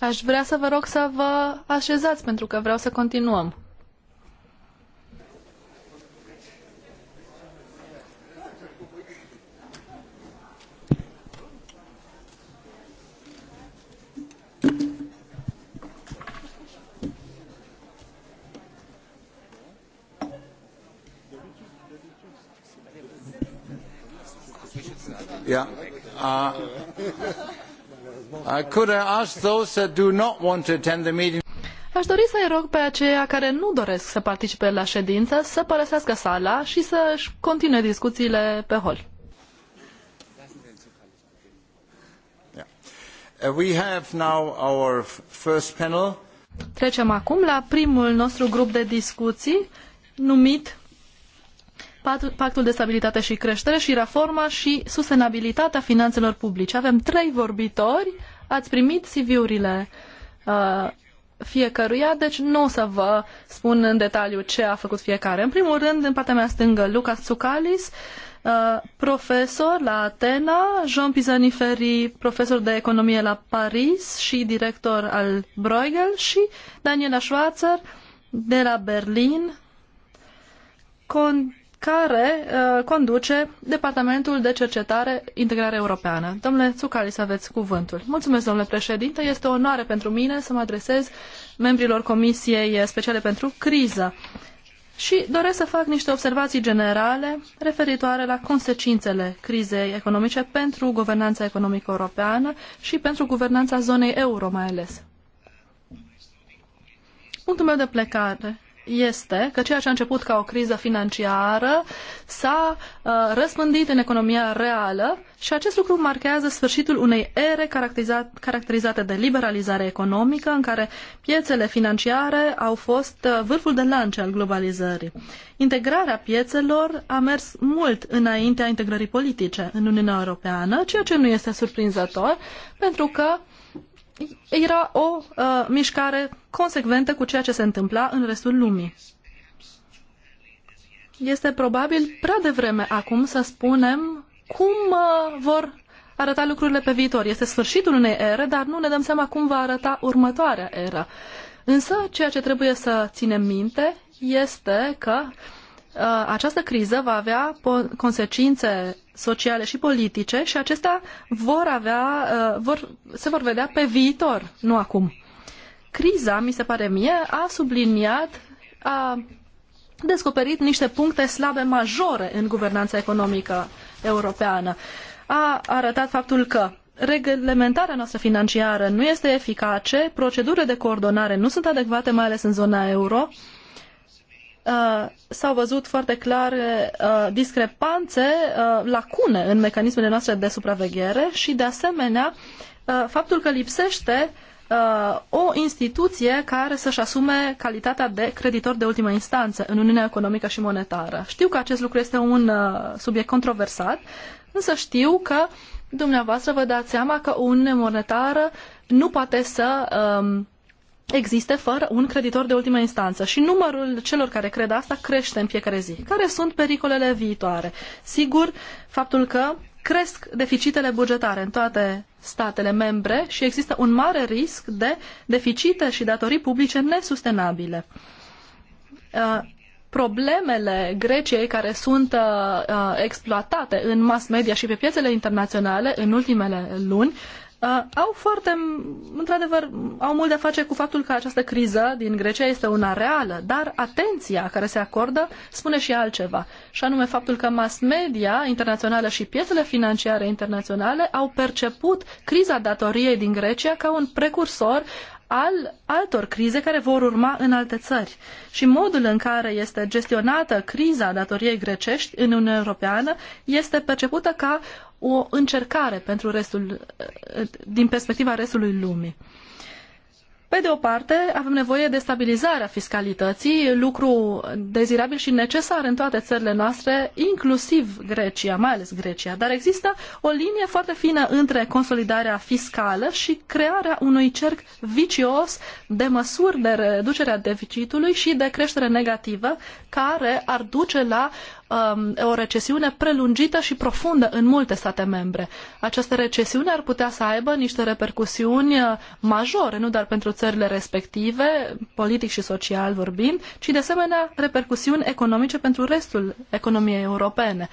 Aș vrea să vă rog să vă așezați pentru că vreau să continuăm. Could I ask those that do not want to attend the meeting? Aș dori să-i rog pe aceia care nu doresc să participe la ședință să părăsească sala și să-și continue discuțiile pe hol. Uh, we have now our first panel. Trecem acum la primul nostru grup de discuții numit Pactul de stabilitate și creștere și reforma și sustenabilitatea finanțelor publice. Avem trei vorbitori Ați primit CV-urile uh, fiecăruia, deci nu o să vă spun în detaliu ce a făcut fiecare. În primul rând, în partea mea stângă, Lucas Tsukalis, uh, profesor la Atena, Jean Pisani Ferry, profesor de economie la Paris și director al Bruegel și Daniela Schwarzer de la Berlin, con- care uh, conduce Departamentul de Cercetare Integrare Europeană. Domnule Tsucali, să aveți cuvântul. Mulțumesc, domnule președinte. Este o onoare pentru mine să mă adresez membrilor Comisiei Speciale pentru Criză. Și doresc să fac niște observații generale referitoare la consecințele crizei economice pentru guvernanța economică europeană și pentru guvernanța zonei euro mai ales. Punctul meu de plecare este că ceea ce a început ca o criză financiară s-a uh, răspândit în economia reală și acest lucru marchează sfârșitul unei ere caracterizat, caracterizate de liberalizare economică în care piețele financiare au fost uh, vârful de lance al globalizării. Integrarea piețelor a mers mult înaintea integrării politice în Uniunea Europeană, ceea ce nu este surprinzător pentru că uh, era o uh, mișcare consecventă cu ceea ce se întâmpla în restul lumii. Este probabil prea devreme acum să spunem cum uh, vor arăta lucrurile pe viitor. Este sfârșitul unei ere, dar nu ne dăm seama cum va arăta următoarea era. Însă, ceea ce trebuie să ținem minte este că uh, această criză va avea consecințe sociale și politice și acestea vor avea, uh, vor, se vor vedea pe viitor, nu acum. Criza, mi se pare mie, a subliniat, a descoperit niște puncte slabe majore în guvernanța economică europeană. A arătat faptul că reglementarea noastră financiară nu este eficace, procedurile de coordonare nu sunt adecvate, mai ales în zona euro, uh, Uh, s-au văzut foarte clar uh, discrepanțe, uh, lacune în mecanismele noastre de supraveghere și, de asemenea, faptul că lipsește o instituție care să-și asume calitatea de creditor de ultimă instanță în Uniunea Economică și Monetară. Știu că acest lucru este un subiect controversat, însă știu că dumneavoastră vă dați seama că Uniunea Monetară nu poate să um, existe fără un creditor de ultimă instanță și numărul celor care cred asta crește în fiecare zi. Care sunt pericolele viitoare? Sigur, faptul că cresc deficitele bugetare în toate statele membre și există un mare risc de deficite și datorii publice nesustenabile. Uh, problemele Greciei care sunt uh, uh, exploatate în mass media și pe piețele internaționale în ultimele luni uh, au foarte, într-adevăr, au mult de a face cu faptul că această criză din Grecia este una reală, dar atenția care se acordă spune și altceva, și anume faptul că mass media internațională și piețele financiare internaționale au perceput criza datoriei din Grecia ca un precursor al altor crize care vor urma în alte țări. Și modul în care este gestionată criza datoriei grecești în Uniunea Europeană este percepută ca o încercare pentru restul, din perspectiva restului lumii. Pe de o parte, avem nevoie de stabilizarea fiscalității, lucru dezirabil și necesar în toate țările noastre, inclusiv Grecia, mai ales Grecia. Dar există o linie foarte fină între consolidarea fiscală și crearea unui cerc vicios de măsuri de reducere a deficitului și de creștere negativă, care ar duce la um, o recesiune prelungită și profundă în multe state membre. Această recesiune ar putea să aibă niște repercusiuni uh, majore, nu doar pentru țările respective, politic și social vorbind, ci de asemenea repercusiuni economice pentru restul economiei europene.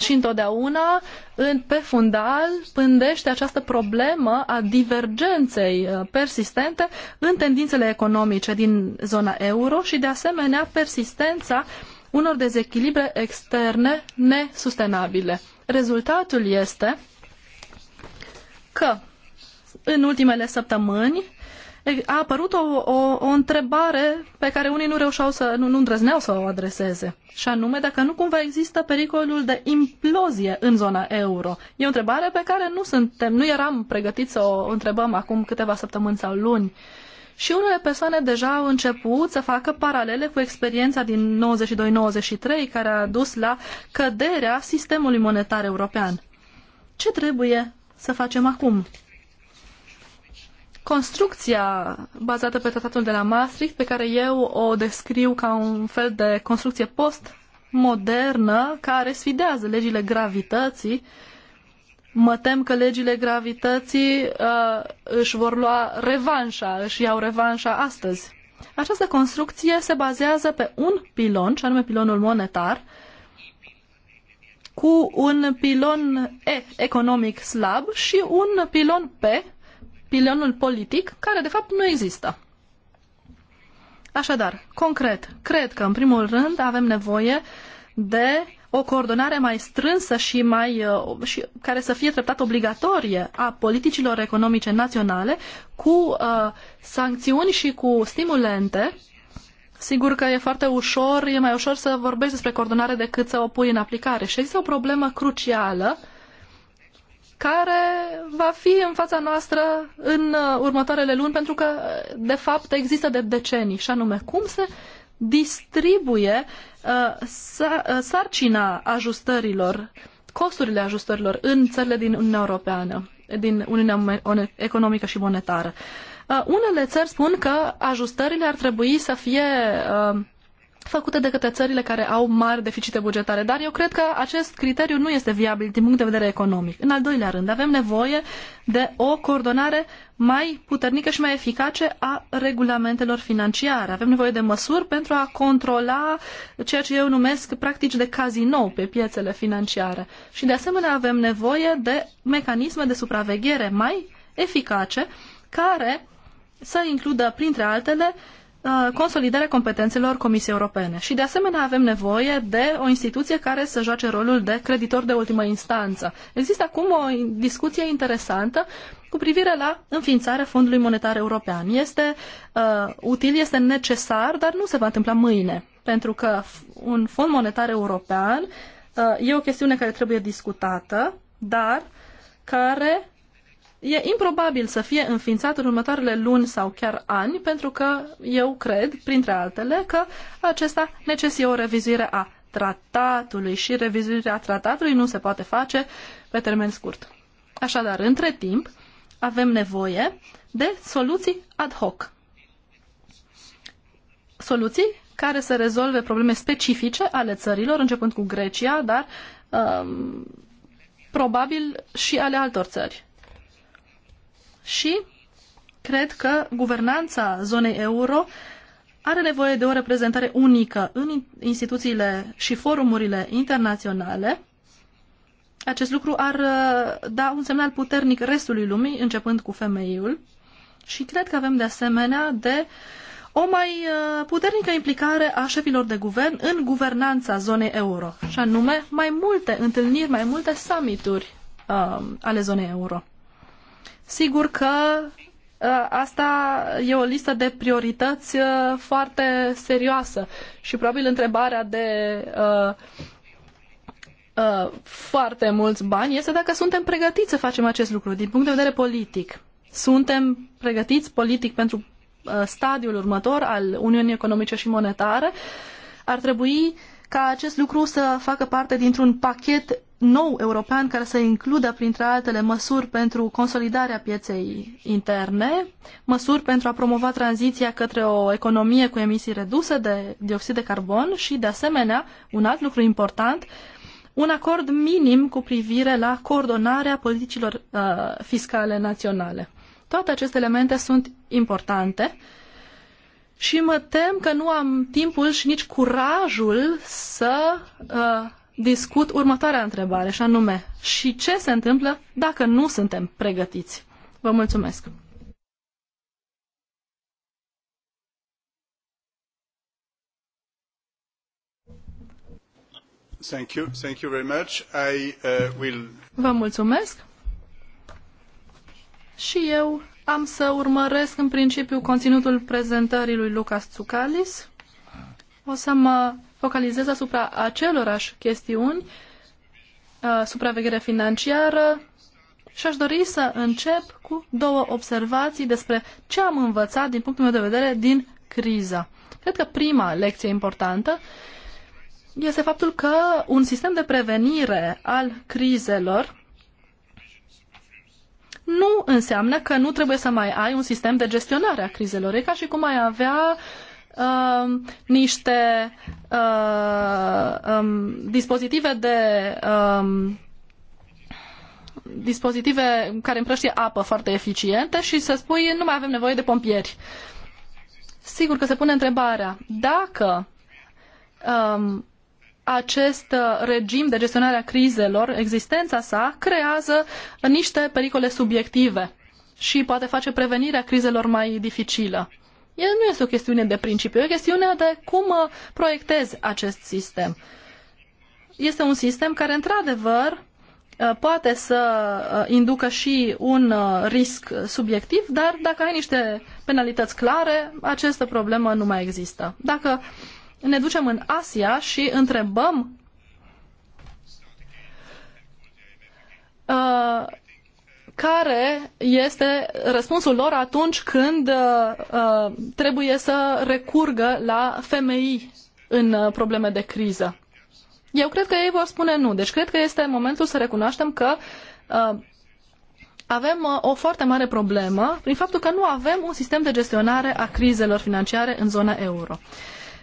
Și întotdeauna, în, pe fundal, pândește această problemă a divergenței uh, persistente în tendințele economice din zona euro și, de asemenea, persistența uh, unor dezechilibre externe nesustenabile. Rezultatul este că în ultimele săptămâni a apărut o, o, o întrebare pe care unii nu reușeau să, nu, nu îndrăzneau să o adreseze. Și anume, dacă nu cumva există pericolul de implozie în zona euro. E o întrebare pe care nu suntem, nu eram pregătiți să o întrebăm acum câteva săptămâni sau luni. Uh, și unele persoane deja au început să facă paralele cu experiența din 92-93 care a dus la căderea sistemului monetar european. Ce trebuie să facem acum? construcția bazată pe tratatul de la Maastricht, pe care eu o descriu ca un fel de construcție post-modernă care sfidează legile gravității Mă tem că legile gravității uh, își vor lua revanșa, își iau revanșa astăzi. Această construcție se bazează pe un pilon, ce anume pilonul monetar, cu un pilon E, economic slab, și un pilon P, pilonul politic, care de fapt nu există. Așadar, concret, cred că în primul rând avem nevoie de o coordonare mai strânsă și, mai, uh, și care să fie treptat obligatorie a politicilor economice naționale cu uh, sancțiuni și cu stimulente. Sigur că e foarte ușor, e mai ușor să vorbești despre coordonare decât să o pui în aplicare. Și există o problemă crucială care va fi în fața noastră în uh, următoarele luni, pentru că, de fapt, există de decenii, și anume cum se uh, distribuie uh, uh, sarcina ajustărilor, costurile ajustărilor în țările din Uniunea Europeană, din Uniunea Economică și Monetară. Uh, unele țări spun că ajustările ar trebui să fie făcute de către țările care au mari deficite bugetare. Dar eu cred că acest criteriu nu este viabil din punct de vedere economic. În al doilea rând, avem nevoie de o coordonare mai puternică și mai eficace a regulamentelor financiare. Avem nevoie de măsuri pentru a controla ceea ce eu numesc practici de cazinou pe piețele financiare. Și de asemenea avem nevoie de mecanisme de supraveghere mai eficace care să includă, printre altele, Uh, consolidarea competențelor Comisiei Europene. Și de asemenea avem nevoie de o instituție care să joace rolul de creditor de ultimă instanță. Există acum o discuție interesantă cu privire la înființarea Fondului Monetar European. Este uh, util, este necesar, dar nu se va întâmpla mâine, pentru că un Fond Monetar European uh, e o chestiune care trebuie discutată, dar care E improbabil să fie înființat în următoarele luni sau chiar ani, pentru că eu cred, printre altele, că acesta necesită o revizuire a tratatului și revizuirea tratatului nu se poate face pe termen scurt. Așadar, între timp, avem nevoie de soluții ad hoc. Soluții care să rezolve probleme specifice ale țărilor, începând cu Grecia, dar um, probabil și ale altor țări și cred că guvernanța zonei euro are nevoie de o reprezentare unică în instituțiile și forumurile internaționale. Acest lucru ar uh, da un semnal puternic restului lumii, începând cu femeiul. Și cred că avem de asemenea de o mai uh, puternică implicare a șefilor de guvern în guvernanța zonei euro, și anume mai multe întâlniri, mai multe summituri uh, ale zonei euro. Sigur că ă, asta e o listă de priorități ă, foarte serioasă și probabil întrebarea de ă, foarte mulți bani este dacă suntem pregătiți să facem acest lucru din punct de vedere politic. Suntem pregătiți politic pentru stadiul următor al Uniunii Economice și Monetare. Ar trebui ca acest lucru să facă parte dintr-un pachet nou european care să includă, printre altele, măsuri pentru consolidarea pieței interne, măsuri pentru a promova tranziția către o economie cu emisii reduse de dioxid de carbon și, de asemenea, un alt lucru important, un acord minim cu privire la coordonarea politicilor uh, fiscale naționale. Toate aceste elemente sunt importante și mă tem că nu am timpul și nici curajul să uh, discut următoarea întrebare, și anume, și ce se întâmplă dacă nu suntem pregătiți? Vă mulțumesc! Thank you. Thank you very much. I, uh, will... Vă mulțumesc! Și eu am să urmăresc în principiu conținutul prezentării lui Lucas Tsukalis. O să mă focalizez asupra acelorași chestiuni, uh, supraveghere financiară, și aș dori să încep cu două observații despre ce am învățat din punctul meu de vedere din criza. Cred că prima lecție importantă este faptul că un sistem de prevenire al crizelor nu înseamnă că nu trebuie să mai ai un sistem de gestionare a crizelor. E ca și cum ai avea uh, niște uh, um, dispozitive de um, dispozitive care împrăștie apă foarte eficiente și să spui nu mai avem nevoie de pompieri. Sigur că se pune întrebarea dacă um, acest uh, regim de gestionare a crizelor, existența sa, creează niște pericole subiective și poate face prevenirea crizelor mai dificilă. El nu este o chestiune de principiu, e o chestiune de cum uh, proiectezi acest sistem. Este un sistem care, într-adevăr, uh, poate să uh, inducă și un risc subiectiv, dar dacă ai niște penalități clare, această problemă nu mai există. Dacă ne ducem în Asia și întrebăm care este răspunsul lor atunci când uh, uh trebuie să recurgă la femei în uh, probleme de criză. Eu cred că ei vor spune nu. Deci cred că este momentul să recunoaștem că uh, avem uh, o foarte mare problemă prin faptul că nu avem un sistem de gestionare a crizelor financiare în zona euro.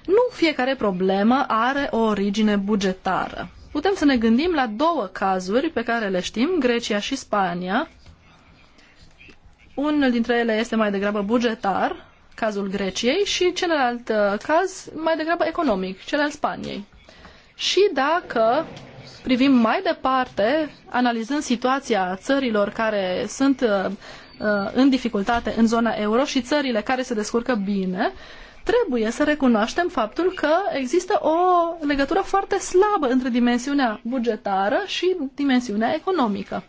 Nu fiecare problemă are o origine bugetară. Putem să ne gândim la două cazuri pe care le știm, Grecia și Spania, unul dintre ele este mai degrabă bugetar, cazul Greciei, și celălalt uh, caz mai degrabă economic, cel al Spaniei. Și dacă privim mai departe, analizând situația țărilor care sunt uh, uh, în dificultate în zona euro și țările care se descurcă bine, trebuie să recunoaștem faptul că există o legătură foarte slabă între dimensiunea bugetară și dimensiunea economică.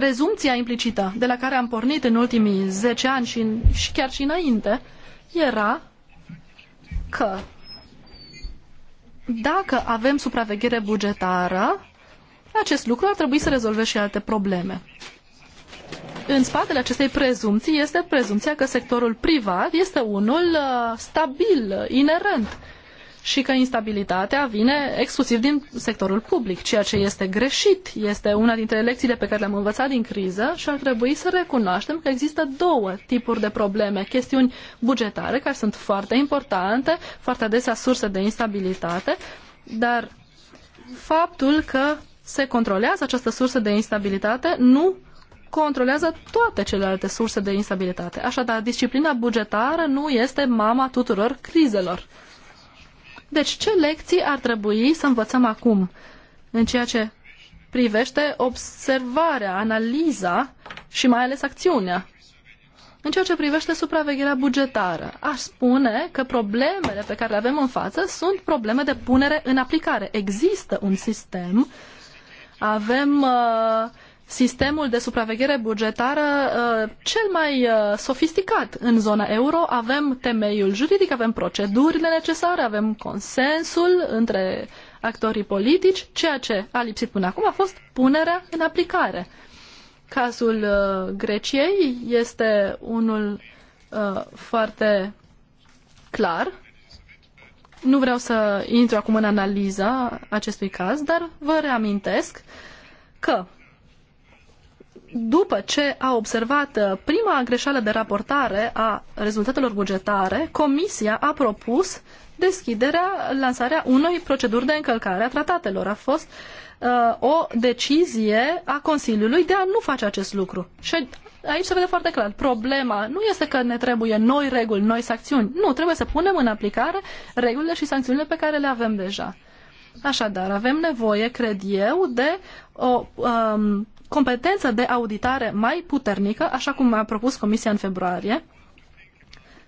prezumția implicită de la care am pornit în ultimii 10 ani și, și chiar și înainte era că dacă avem supraveghere bugetară, acest lucru ar trebui să rezolve și alte probleme. În spatele acestei prezumții este prezumția că sectorul privat este unul uh, stabil, uh, inerent și că instabilitatea vine exclusiv din sectorul public, ceea ce este greșit. Este una dintre lecțiile pe care le-am învățat din criză și ar trebui să recunoaștem că există două tipuri de probleme. Chestiuni bugetare, care sunt foarte importante, foarte adesea surse de instabilitate, dar faptul că se controlează această sursă de instabilitate nu controlează toate celelalte surse de instabilitate. Așadar, disciplina bugetară nu este mama tuturor crizelor. Deci ce lecții ar trebui să învățăm acum în ceea ce privește observarea, analiza și mai ales acțiunea? În ceea ce privește supravegherea bugetară, aș spune că problemele pe care le avem în față sunt probleme de punere în aplicare. Există un sistem, avem uh, sistemul de supraveghere bugetară uh, cel mai uh, sofisticat în zona euro. Avem temeiul juridic, avem procedurile necesare, avem consensul între actorii politici. Ceea ce a lipsit până acum a fost punerea în aplicare. Cazul uh, Greciei este unul foarte clar. Nu vreau să intru acum în analiza acestui caz, dar vă reamintesc că după ce a observat uh, prima greșeală de raportare a rezultatelor bugetare, Comisia a propus deschiderea, lansarea unei proceduri de încălcare a tratatelor. A fost uh, o decizie a Consiliului de a nu face acest lucru. Și aici se vede foarte clar. Problema nu este că ne trebuie noi reguli, noi sancțiuni. Nu, trebuie să punem în aplicare regulile și sancțiunile pe care le avem deja. Așadar, avem nevoie, cred eu, de o um, competență de auditare mai puternică, așa cum a propus Comisia în februarie.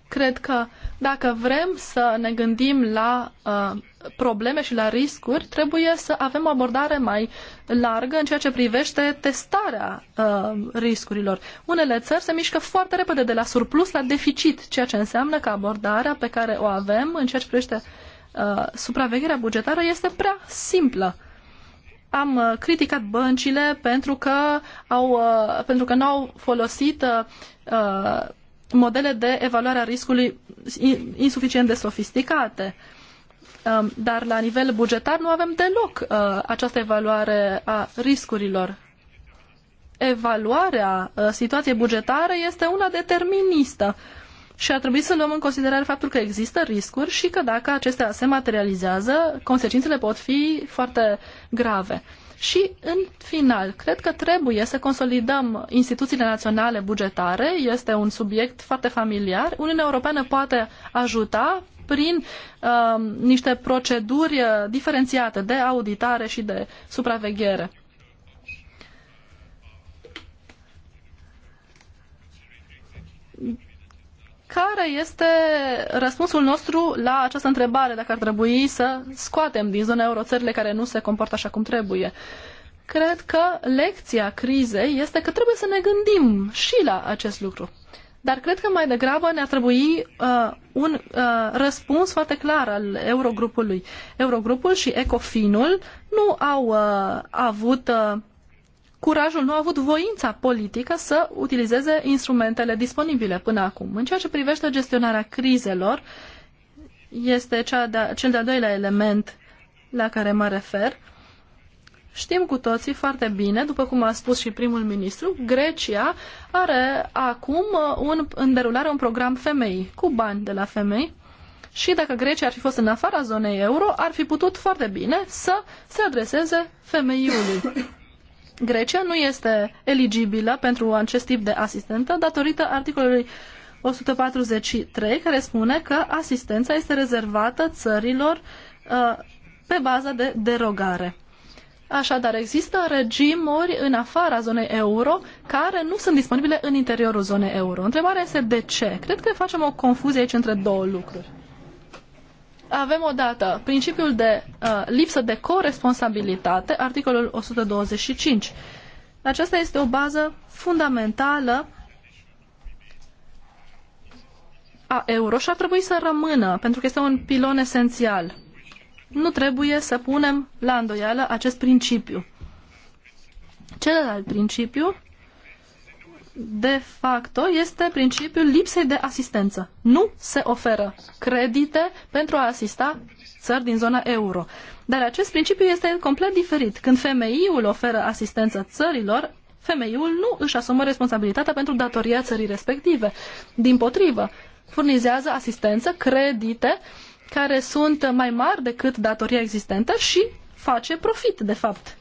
Cred că dacă vrem să ne gândim la uh, probleme și la riscuri, trebuie să avem o abordare mai largă în ceea ce privește testarea uh, riscurilor. Unele țări se mișcă foarte repede de la surplus la deficit, ceea ce înseamnă că abordarea pe care o avem în ceea ce privește uh, supravegherea bugetară este prea simplă. Uh, am uh, criticat băncile pentru că, au, uh, pentru că nu au folosit uh, modele de evaluare a riscului insuficient de sofisticate. Um, dar la nivel bugetar nu avem deloc această evaluare a riscurilor. Evaluarea situației bugetare este una deterministă și ar trebui să luăm în considerare faptul că există riscuri și că dacă acestea se materializează, consecințele pot fi foarte grave. Și, în final, cred că trebuie să consolidăm instituțiile naționale bugetare. Este un subiect foarte familiar. Uniunea Europeană poate ajuta prin uh, niște proceduri uh, diferențiate de auditare și de supraveghere care este răspunsul nostru la această întrebare, dacă ar trebui să scoatem din zona euro țările care nu se comportă așa cum trebuie. Cred că lecția crizei este că trebuie să ne gândim și la acest lucru. Dar cred că mai degrabă ne-ar trebui uh, un uh, răspuns foarte clar al Eurogrupului. Eurogrupul și Ecofinul nu au uh, avut uh, curajul, nu a avut voința politică să utilizeze instrumentele disponibile până acum. În ceea ce privește gestionarea crizelor, este cea de, cel de-al doilea element la care mă refer. Știm cu toții foarte bine, după cum a spus și primul ministru, Grecia are acum uh, un, în derulare un program femei, cu bani de la femei, și dacă Grecia ar fi fost în afara zonei euro, ar fi putut foarte bine să se adreseze femeiului. Grecia nu este eligibilă pentru acest tip de asistentă datorită articolului 143 care spune că asistența este rezervată țărilor uh, pe baza de derogare. Așadar, există regimuri în afara zonei euro care nu sunt disponibile în interiorul zonei euro. Întrebarea este de ce? Cred că facem o confuzie aici între două lucruri avem o dată principiul de uh, lipsă de corresponsabilitate, articolul 125. Aceasta este o bază fundamentală a euro și ar trebui să rămână, pentru că este un pilon esențial. Nu trebuie să punem la îndoială acest principiu. Celălalt principiu de facto este principiul lipsei de asistență. Nu se oferă credite pentru a asista țări din zona euro. Dar acest principiu este complet diferit. Când femeiul oferă asistență țărilor, femeiul nu își asumă responsabilitatea pentru datoria țării respective. Din potrivă, furnizează asistență, credite, care sunt mai mari decât datoria existentă și face profit, de fapt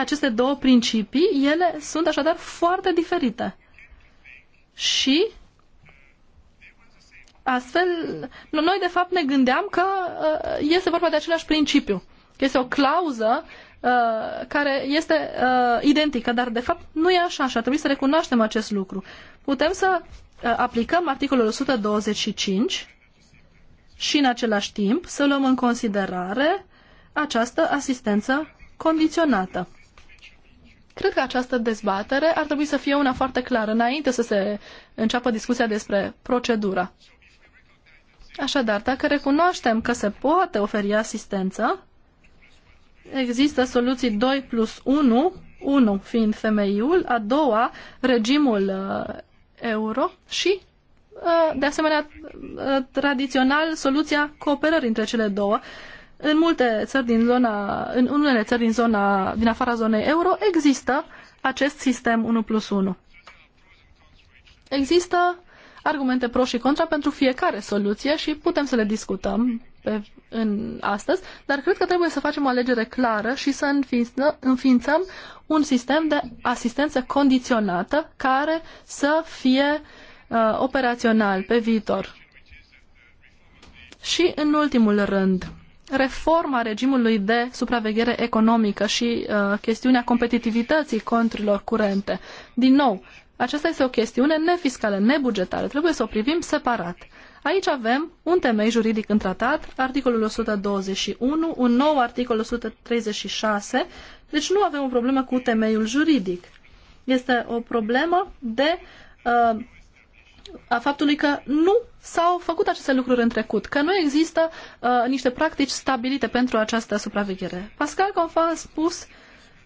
aceste două principii, ele sunt așadar foarte diferite. Și astfel, noi de fapt ne gândeam că uh, este vorba de același principiu, că este o clauză uh, care este uh, identică, dar de fapt nu e așa și ar trebui să recunoaștem acest lucru. Putem să aplicăm articolul 125 și în același timp să luăm în considerare această asistență condiționată. Cred că această dezbatere ar trebui să fie una foarte clară înainte să se înceapă discuția despre procedura. Așadar, dacă recunoaștem că se poate oferi asistență, există soluții 2 plus 1, 1 fiind femeiul, a doua regimul uh, euro și, uh, de asemenea, uh, tradițional, soluția cooperării între cele două. Uh, în multe țări din zona, în unele țări din zona, din afara zonei euro, există acest sistem 1 plus 1. Există argumente pro și contra pentru fiecare soluție și putem să le discutăm pe, în astăzi, dar cred că trebuie să facem o alegere clară și să înființăm un sistem de asistență condiționată care să fie uh, operațional pe viitor. Și în ultimul rând, reforma regimului de supraveghere economică și uh, chestiunea competitivității conturilor curente. Din nou, aceasta este o chestiune nefiscală, nebugetară. Trebuie să o privim separat. Aici avem un temei juridic în tratat, articolul 121, un nou articol 136, deci nu avem o problemă cu temeiul juridic. Este o problemă de uh, a faptului că nu s-au făcut aceste lucruri în trecut, că nu există uh, niște practici stabilite pentru această supraveghere. Pascal Confa a spus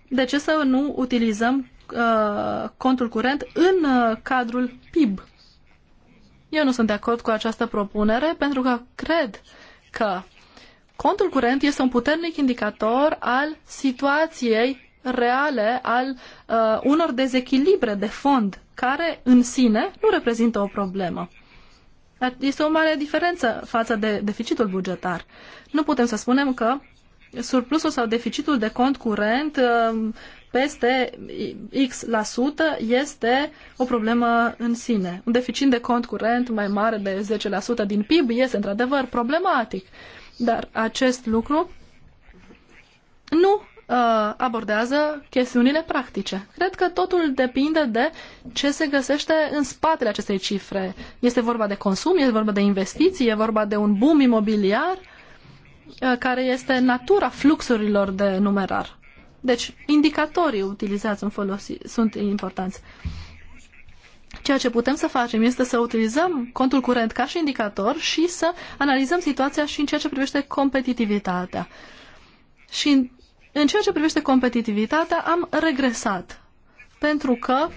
de ce să nu utilizăm uh, contul curent în uh, cadrul PIB. Eu nu sunt de acord cu această propunere pentru că cred că contul curent este un puternic indicator al situației reale, al uh, unor dezechilibre de fond care în sine nu reprezintă o problemă. Este o mare diferență față de deficitul bugetar. Nu putem să spunem că surplusul sau deficitul de cont curent um, peste X% la sută este o problemă în sine. Un deficit de cont curent mai mare de 10% din PIB este într-adevăr problematic. Dar acest lucru nu uh, abordează chestiunile practice. Cred că totul depinde de ce se găsește în spatele acestei cifre. Este vorba de consum, este vorba de investiții, e vorba de un boom imobiliar uh, care este natura fluxurilor de numerar. Deci, indicatorii utilizați sunt, folosi, sunt importanți. Ceea ce putem să facem este să utilizăm contul curent ca și indicator și să analizăm situația și în ceea ce privește competitivitatea. Și în ceea ce privește competitivitatea, am regresat. Pentru că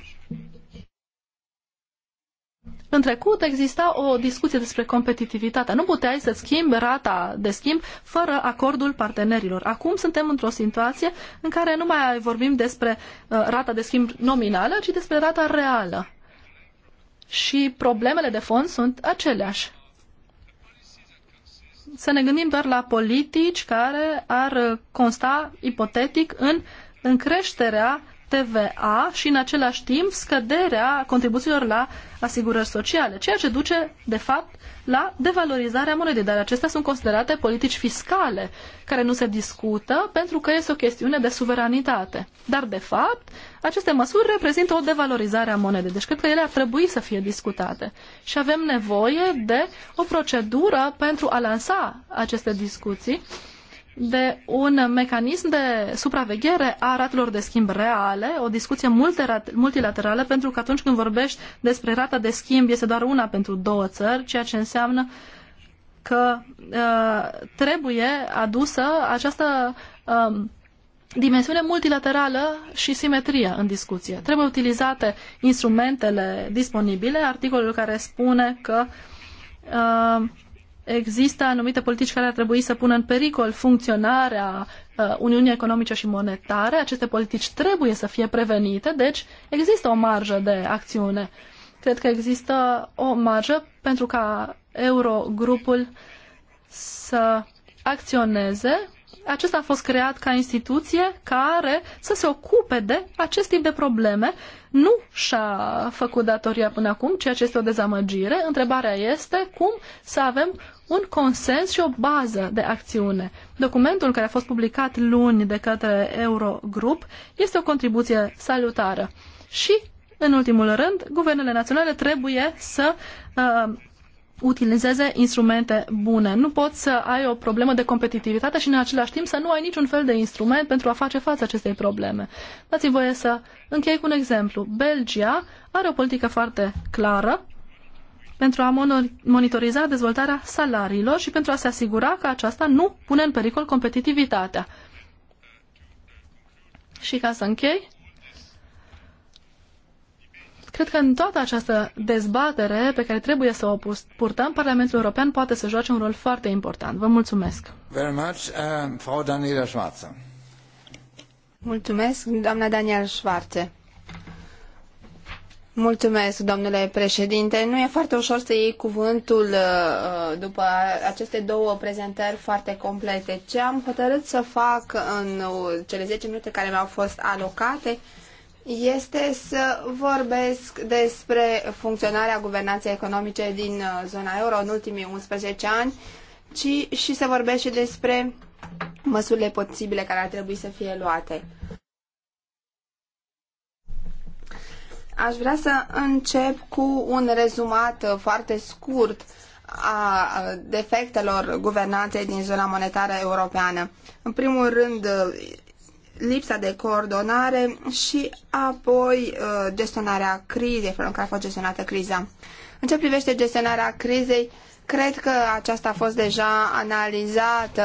în trecut exista o discuție despre competitivitatea. Nu puteai să schimbi rata de schimb fără acordul partenerilor. Acum suntem într-o situație în care nu mai vorbim despre uh, rata de schimb nominală, ci despre rata reală. Și problemele de fond sunt aceleași să ne gândim doar la politici care ar consta ipotetic în, în creșterea TVA și în același timp scăderea contribuțiilor la asigurări sociale, ceea ce duce, de fapt, la devalorizarea monedei. Dar acestea sunt considerate politici fiscale, care nu se discută pentru că este o chestiune de suveranitate. Dar, de fapt, aceste măsuri reprezintă o devalorizare a monedei, deci cred că ele ar trebui să fie discutate. Și avem nevoie de o procedură pentru a lansa aceste discuții de un mecanism de supraveghere a ratelor de schimb reale, o discuție multilaterală, pentru că atunci când vorbești despre rata de schimb este doar una pentru două țări, ceea ce înseamnă că uh, trebuie adusă această uh, dimensiune multilaterală și simetria în discuție. Trebuie utilizate instrumentele disponibile, articolul care spune că uh, există anumite politici care ar trebui să pună în pericol funcționarea uh, Uniunii Economice și Monetare. Aceste politici trebuie să fie prevenite, deci există o marjă de acțiune. Cred că există o marjă pentru ca Eurogrupul să acționeze. Acesta a fost creat ca instituție care să se ocupe de acest tip de probleme. Nu și-a făcut datoria până acum, ceea ce este o dezamăgire. Întrebarea este cum să avem un consens și o bază de acțiune. Documentul care a fost publicat luni de către Eurogrup este o contribuție salutară. Și, în ultimul rând, guvernele naționale trebuie să uh, utilizeze instrumente bune. Nu poți să ai o problemă de competitivitate și în același timp să nu ai niciun fel de instrument pentru a face față acestei probleme. Dați-mi voie să închei cu un exemplu. Belgia are o politică foarte clară pentru a monitoriza dezvoltarea salariilor și pentru a se asigura că aceasta nu pune în pericol competitivitatea. Și ca să închei, cred că în toată această dezbatere pe care trebuie să o purtăm, Parlamentul European poate să joace un rol foarte important. Vă mulțumesc! Very much, uh, Frau Daniela Schwarze. Mulțumesc, doamna Daniela Schwarze. Mulțumesc, domnule președinte. Nu e foarte ușor să iei cuvântul uh, uh, după aceste două prezentări foarte complete. Ce am hotărât să fac în uh, cele zece minute care mi-au fost alocate este să vorbesc despre funcționarea guvernanței economice din zona euro în ultimii 11 ani, ci și să vorbesc și despre măsurile posibile care ar trebui să fie luate. Aș vrea să încep cu un rezumat uh, foarte scurt a defectelor guvernanței din zona monetară europeană. În primul rând, uh, lipsa de coordonare și apoi uh, gestionarea crizei, felul în care a fost gestionată criza. În ce privește gestionarea crizei, cred că aceasta a fost deja analizată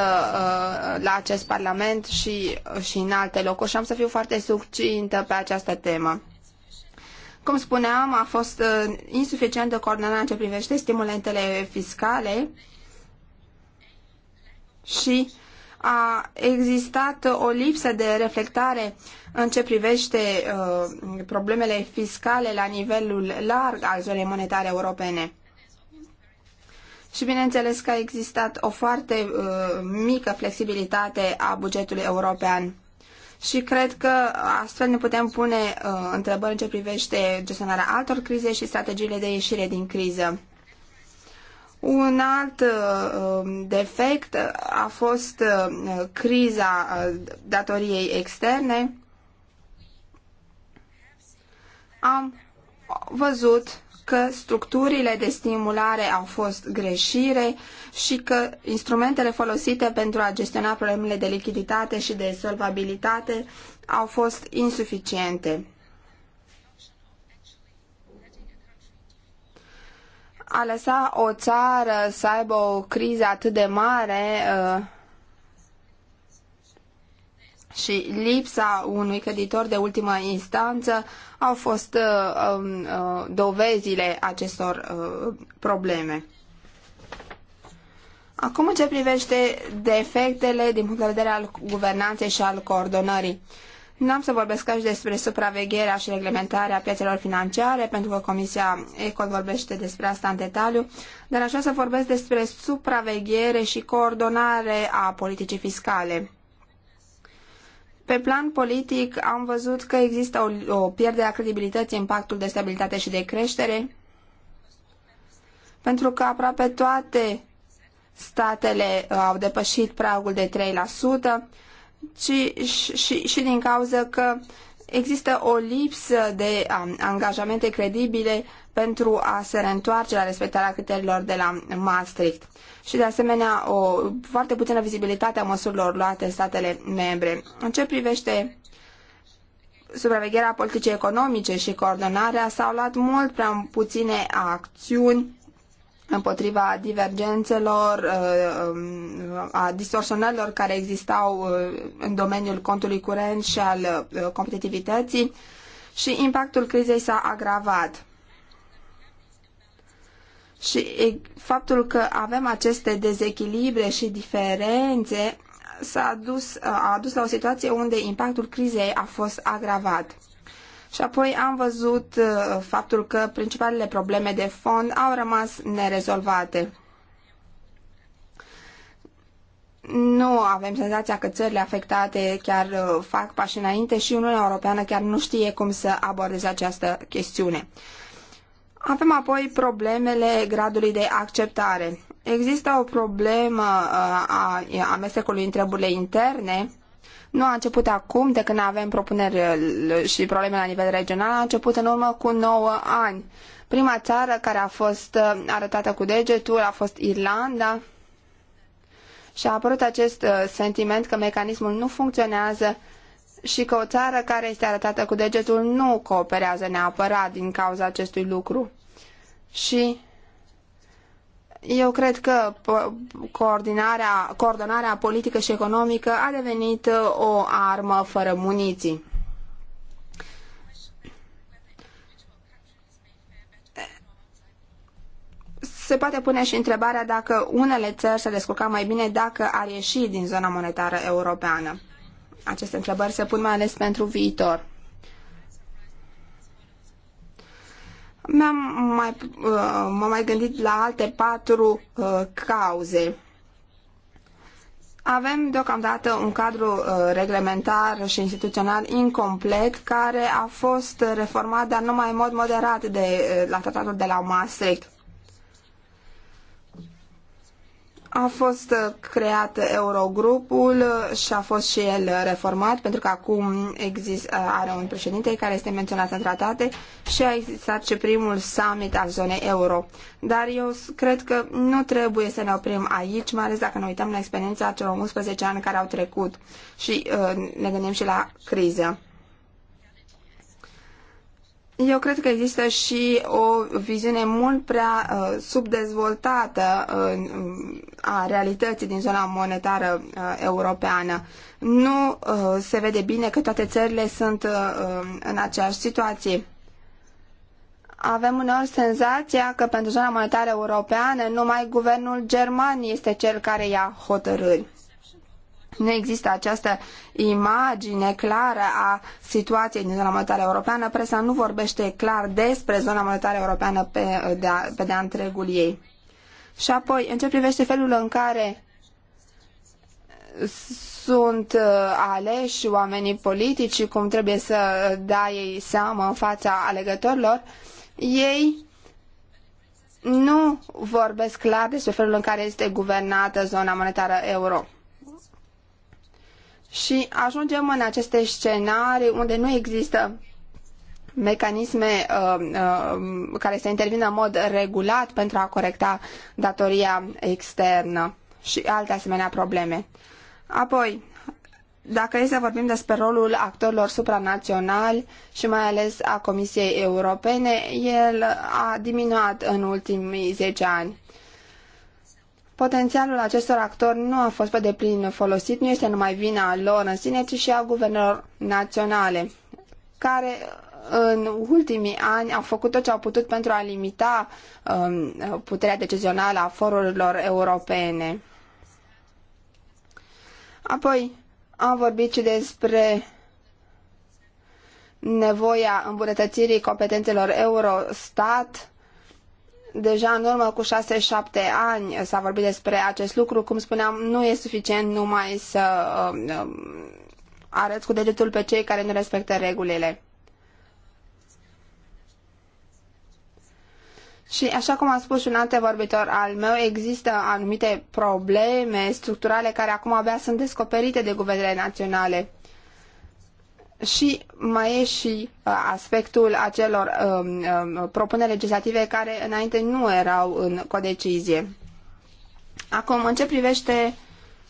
la acest Parlament și, și în alte locuri și am să fiu foarte succintă pe această temă. Cum spuneam, a fost uh, insuficientă coordonarea în ce privește stimulentele fiscale și a existat o lipsă de reflectare în ce privește uh, problemele fiscale la nivelul larg al zonei monetare europene. Și bineînțeles că a existat o foarte uh, mică flexibilitate a bugetului european și cred că astfel ne putem pune uh, întrebări în ce privește gestionarea altor crize și strategiile de ieșire din criză. Un alt uh, um, defect uh, a fost uh, criza uh, datoriei externe. Am văzut că structurile de stimulare au fost greșire, și că instrumentele folosite pentru a gestiona problemele de lichiditate și de solvabilitate au fost insuficiente. A lăsa o țară să aibă o criză atât de mare uh, și lipsa unui creditor de ultimă instanță au fost uh, um, uh, dovezile acestor uh, probleme. Acum, în ce privește defectele din punct de vedere al guvernanței și al coordonării, nu am să vorbesc aici despre supravegherea și reglementarea piețelor financiare, pentru că Comisia ECO vorbește despre asta în detaliu, dar aș vrea să vorbesc despre supraveghere și coordonare a politicii fiscale. Pe plan politic am văzut că există o, o pierdere a credibilității în pactul de stabilitate și de creștere, pentru că aproape toate statele uh, au depășit pragul de 3%, ci și, și, și din cauza că există o lipsă de um, angajamente credibile pentru a se reîntoarce la respectarea criteriilor de la Maastricht și de asemenea o foarte puțină vizibilitate a măsurilor luate în statele membre. În ce privește supravegherea politicii economice și coordonarea, s-au luat mult prea puține acțiuni împotriva divergențelor, uh, um, a distorsionărilor care existau uh, în domeniul contului curent și al uh, competitivității și impactul crizei s-a agravat. Și faptul că avem aceste dezechilibre și diferențe s-a dus, a dus la o situație unde impactul crizei a fost agravat. Și apoi am văzut uh, faptul că principalele probleme de fond au rămas nerezolvate. Nu avem senzația că țările afectate chiar uh, fac pași înainte și Uniunea Europeană chiar nu știe cum să abordeze această chestiune. Avem apoi problemele gradului de acceptare. Există o problemă uh, a amestecului în treburile interne nu a început acum, de când avem propuneri uh, și probleme la nivel regional, a început în urmă cu 9 ani. Prima țară care a fost uh, arătată cu degetul a fost Irlanda și a apărut acest uh, sentiment că mecanismul nu funcționează și că o țară care este arătată cu degetul nu cooperează neapărat din cauza acestui lucru. Și eu cred că coordonarea, coordonarea politică și economică a devenit uh, o armă fără muniții. Se poate pune și întrebarea dacă unele țări s-ar descurca mai bine dacă ar ieși din zona monetară europeană. Aceste întrebări se pun mai ales pentru viitor. M-am mai, uh, m-am mai gândit la alte patru uh, cauze. Avem deocamdată un cadru uh, reglementar și instituțional incomplet care a fost reformat, dar numai în mod moderat de, uh, la tratatul de la Maastricht. A fost uh, creat Eurogrupul uh, și a fost și el uh, reformat, pentru că acum exist, are un președinte care este menționat în tratate și a existat și primul summit al zonei euro. Dar eu cred că nu trebuie să ne oprim aici, mai ales dacă ne uităm la experiența celor 11 ani care au trecut și uh, ne gândim și la criză. Eu cred că există și o viziune mult prea uh, subdezvoltată uh, a realității din zona monetară uh, europeană. Nu uh, se vede bine că toate țările sunt uh, uh în aceeași situație. Avem uneori senzația că pentru zona monetară europeană numai guvernul german este cel care ia hotărâri nu există această imagine clară a situației din zona monetară europeană, presa nu vorbește clar despre zona monetară europeană pe, de, a, pe de întregul ei. Și apoi, în ce privește felul în care sunt uh, aleși oamenii politici și cum trebuie să dea ei seamă în fața alegătorilor, ei nu vorbesc clar despre felul în care este guvernată zona monetară euro și ajungem în aceste scenarii unde nu există mecanisme uh, uh, care să intervină în mod regulat pentru a corecta datoria externă și alte asemenea probleme. Apoi, dacă e să vorbim despre rolul actorilor supranaționali și mai ales a Comisiei Europene, el a diminuat în ultimii zece ani. Potențialul acestor actori nu a fost pe deplin folosit, nu este numai vina lor în sine, ci și a guvernelor naționale, care în ultimii ani au făcut tot ce au putut pentru a limita um, puterea decizională a forurilor europene. Apoi am vorbit și despre nevoia îmbunătățirii competențelor Eurostat Deja în urmă cu 6-7 ani s-a vorbit despre acest lucru. Cum spuneam, nu e suficient numai să uh, arăți cu degetul pe cei care nu respectă regulile. Și așa cum a spus și un antevorbitor al meu, există anumite probleme structurale care acum abia sunt descoperite de guvernele naționale și mai e și uh, aspectul acelor um, um, propuneri legislative care înainte nu erau în codecizie. Acum, în ce privește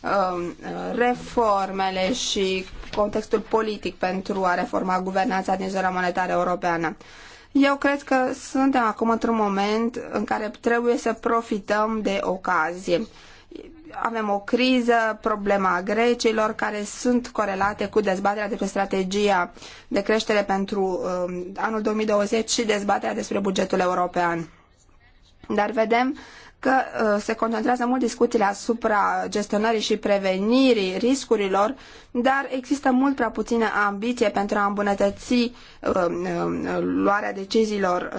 um, reformele și contextul politic pentru a reforma guvernanța din zona monetară europeană. Eu cred că suntem acum într-un moment în care trebuie să profităm de ocazie avem o criză, problema grecilor, care sunt corelate cu dezbaterea despre strategia de creștere pentru um, anul 2020 și dezbaterea despre bugetul european. Dar vedem că uh, se concentrează mult discuțiile asupra gestionării și prevenirii riscurilor, dar există mult prea puțină ambiție pentru a îmbunătăți um, um, luarea deciziilor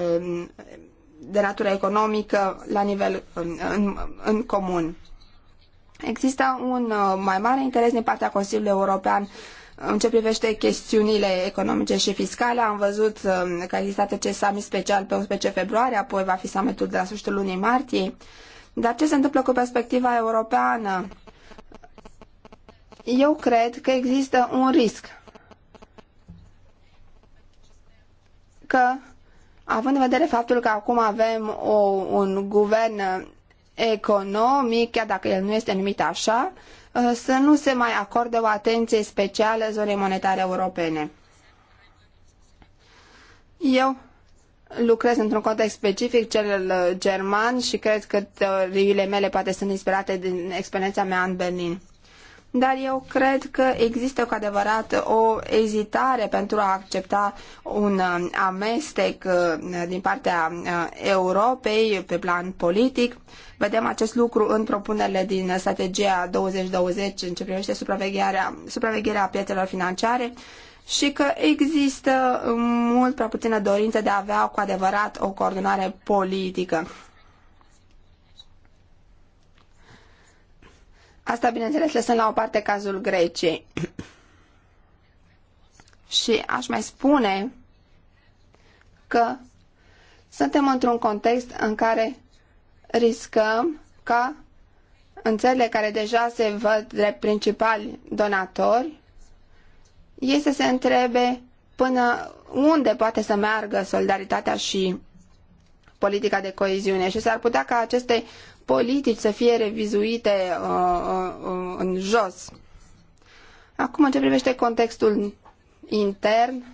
de natură economică la nivel în, în comun. Există un uh, mai mare interes din partea Consiliului European uh, în ce privește chestiunile economice și fiscale. Am văzut uh, că a existat acest summit special pe 11 februarie, apoi va fi summitul de la sfârșitul lunii martie. Dar ce se întâmplă cu perspectiva europeană? Eu cred că există un risc că, având în vedere faptul că acum avem o, un guvern economic, chiar dacă el nu este numit așa, uh, să nu se mai acorde o atenție specială zonei monetare europene. Eu lucrez într-un context specific, cel uh, german, și cred că teoriile mele poate sunt inspirate din experiența mea în Berlin dar eu cred că există cu adevărat o ezitare pentru a accepta un uh, amestec uh, din partea uh, Europei pe plan politic. Vedem acest lucru în propunerile din strategia 2020 în ce privește supravegherea, supravegherea piețelor financiare și că există mult prea puțină dorință de a avea cu adevărat o coordonare politică. Asta, bineînțeles, lăsând la o parte cazul Greciei. Și aș mai spune că suntem într-un context în care riscăm ca în țările care deja se văd drept principali donatori, ei să se întrebe până unde poate să meargă solidaritatea și politica de coeziune și s-ar putea ca aceste politici să fie revizuite uh, uh, uh, în jos. Acum, în ce privește contextul intern,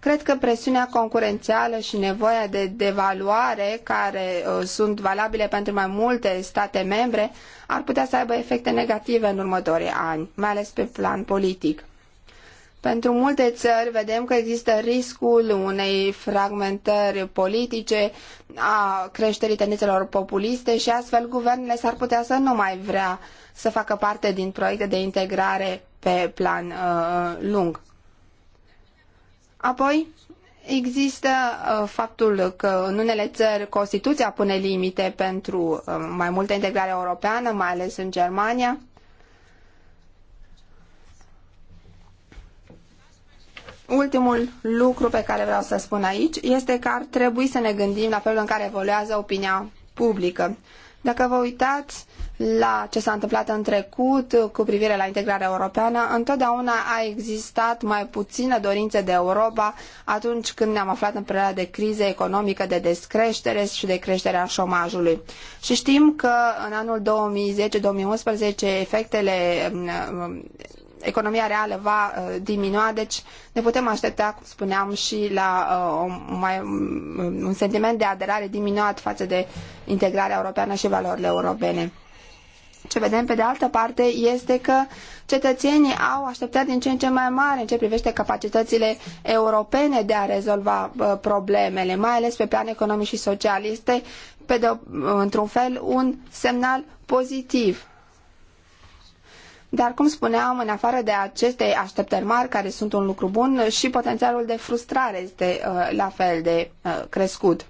cred că presiunea concurențială și nevoia de devaluare, care uh, sunt valabile pentru mai multe state membre, ar putea să aibă efecte negative în următorii ani, mai ales pe plan politic. Pentru multe țări vedem că există riscul unei fragmentări politice, a creșterii tendințelor populiste și astfel guvernele s-ar putea să nu mai vrea să facă parte din proiecte de integrare pe plan uh, lung. Apoi, există uh, faptul că în unele țări Constituția pune limite pentru uh, mai multă integrare europeană, mai ales în Germania, Ultimul lucru pe care vreau să spun aici este că ar trebui să ne gândim la felul în care evoluează opinia publică. Dacă vă uitați la ce s-a întâmplat în trecut cu privire la integrarea europeană, întotdeauna a existat mai puțină dorință de Europa atunci când ne-am aflat în perioada de criză economică, de descreștere și de creșterea șomajului. Și știm că în anul 2010-2011 efectele mm, economia reală va uh, diminua, deci ne putem aștepta, cum spuneam, și la un, uh, mai, mm, un sentiment de aderare diminuat față de integrarea europeană și valorile europene. Ce vedem pe de altă parte este că cetățenii au așteptări din ce în ce mai mare, în ce privește capacitățile europene de a rezolva uh, problemele, mai ales pe plan economic și social. Este, într-un fel, un semnal pozitiv dar, cum spuneam, în afară de aceste așteptări mari, care sunt un lucru bun, și potențialul de frustrare este uh, la fel de uh, crescut.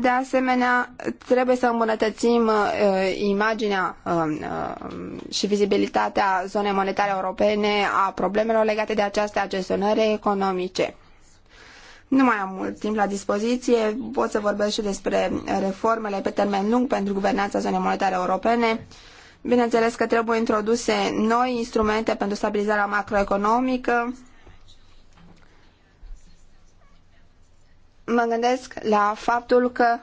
De asemenea, trebuie să îmbunătățim uh, imaginea um, uh, și vizibilitatea zonei monetare europene a problemelor legate de această gestionare economice. Nu mai am mult timp la dispoziție, pot să vorbesc și despre reformele pe termen lung pentru guvernanța zonei monetare europene. Bineînțeles că trebuie introduse noi instrumente pentru stabilizarea macroeconomică. Mă gândesc la faptul că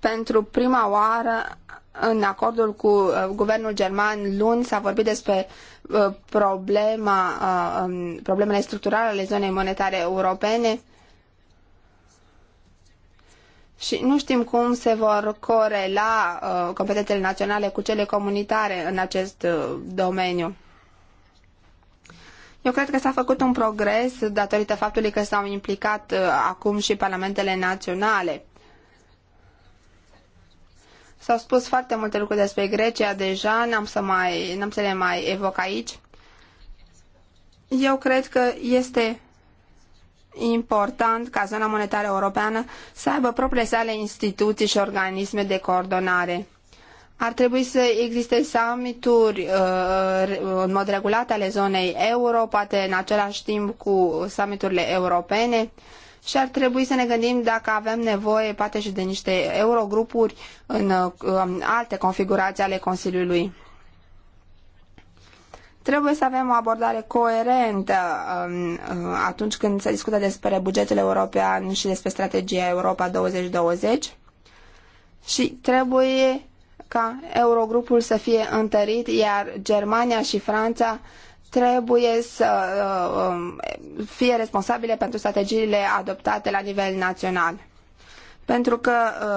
pentru prima oară în acordul cu uh, guvernul german luni s-a vorbit despre uh, problema, uh, um, problemele structurale ale zonei monetare europene și nu știm cum se vor corela uh, competențele naționale cu cele comunitare în acest uh, domeniu. Eu cred că s-a făcut un progres datorită faptului că s-au implicat uh, acum și parlamentele naționale. S-au spus foarte multe lucruri despre Grecia deja, n-am să, mai, n-am să le mai evoc aici. Eu cred că este important ca zona monetară europeană să aibă propriile sale instituții și organisme de coordonare. Ar trebui să existe summituri uh, în mod regulat ale zonei euro, poate în același timp cu summiturile europene și ar trebui să ne gândim dacă avem nevoie poate și de niște eurogrupuri în uh, um, alte configurații ale Consiliului. Trebuie să avem o abordare coerentă um, uh, atunci când se discută despre bugetul european și despre strategia Europa 2020 și trebuie ca Eurogrupul să fie întărit, iar Germania și Franța trebuie să uh, um, fie responsabile pentru strategiile adoptate la nivel național. Pentru că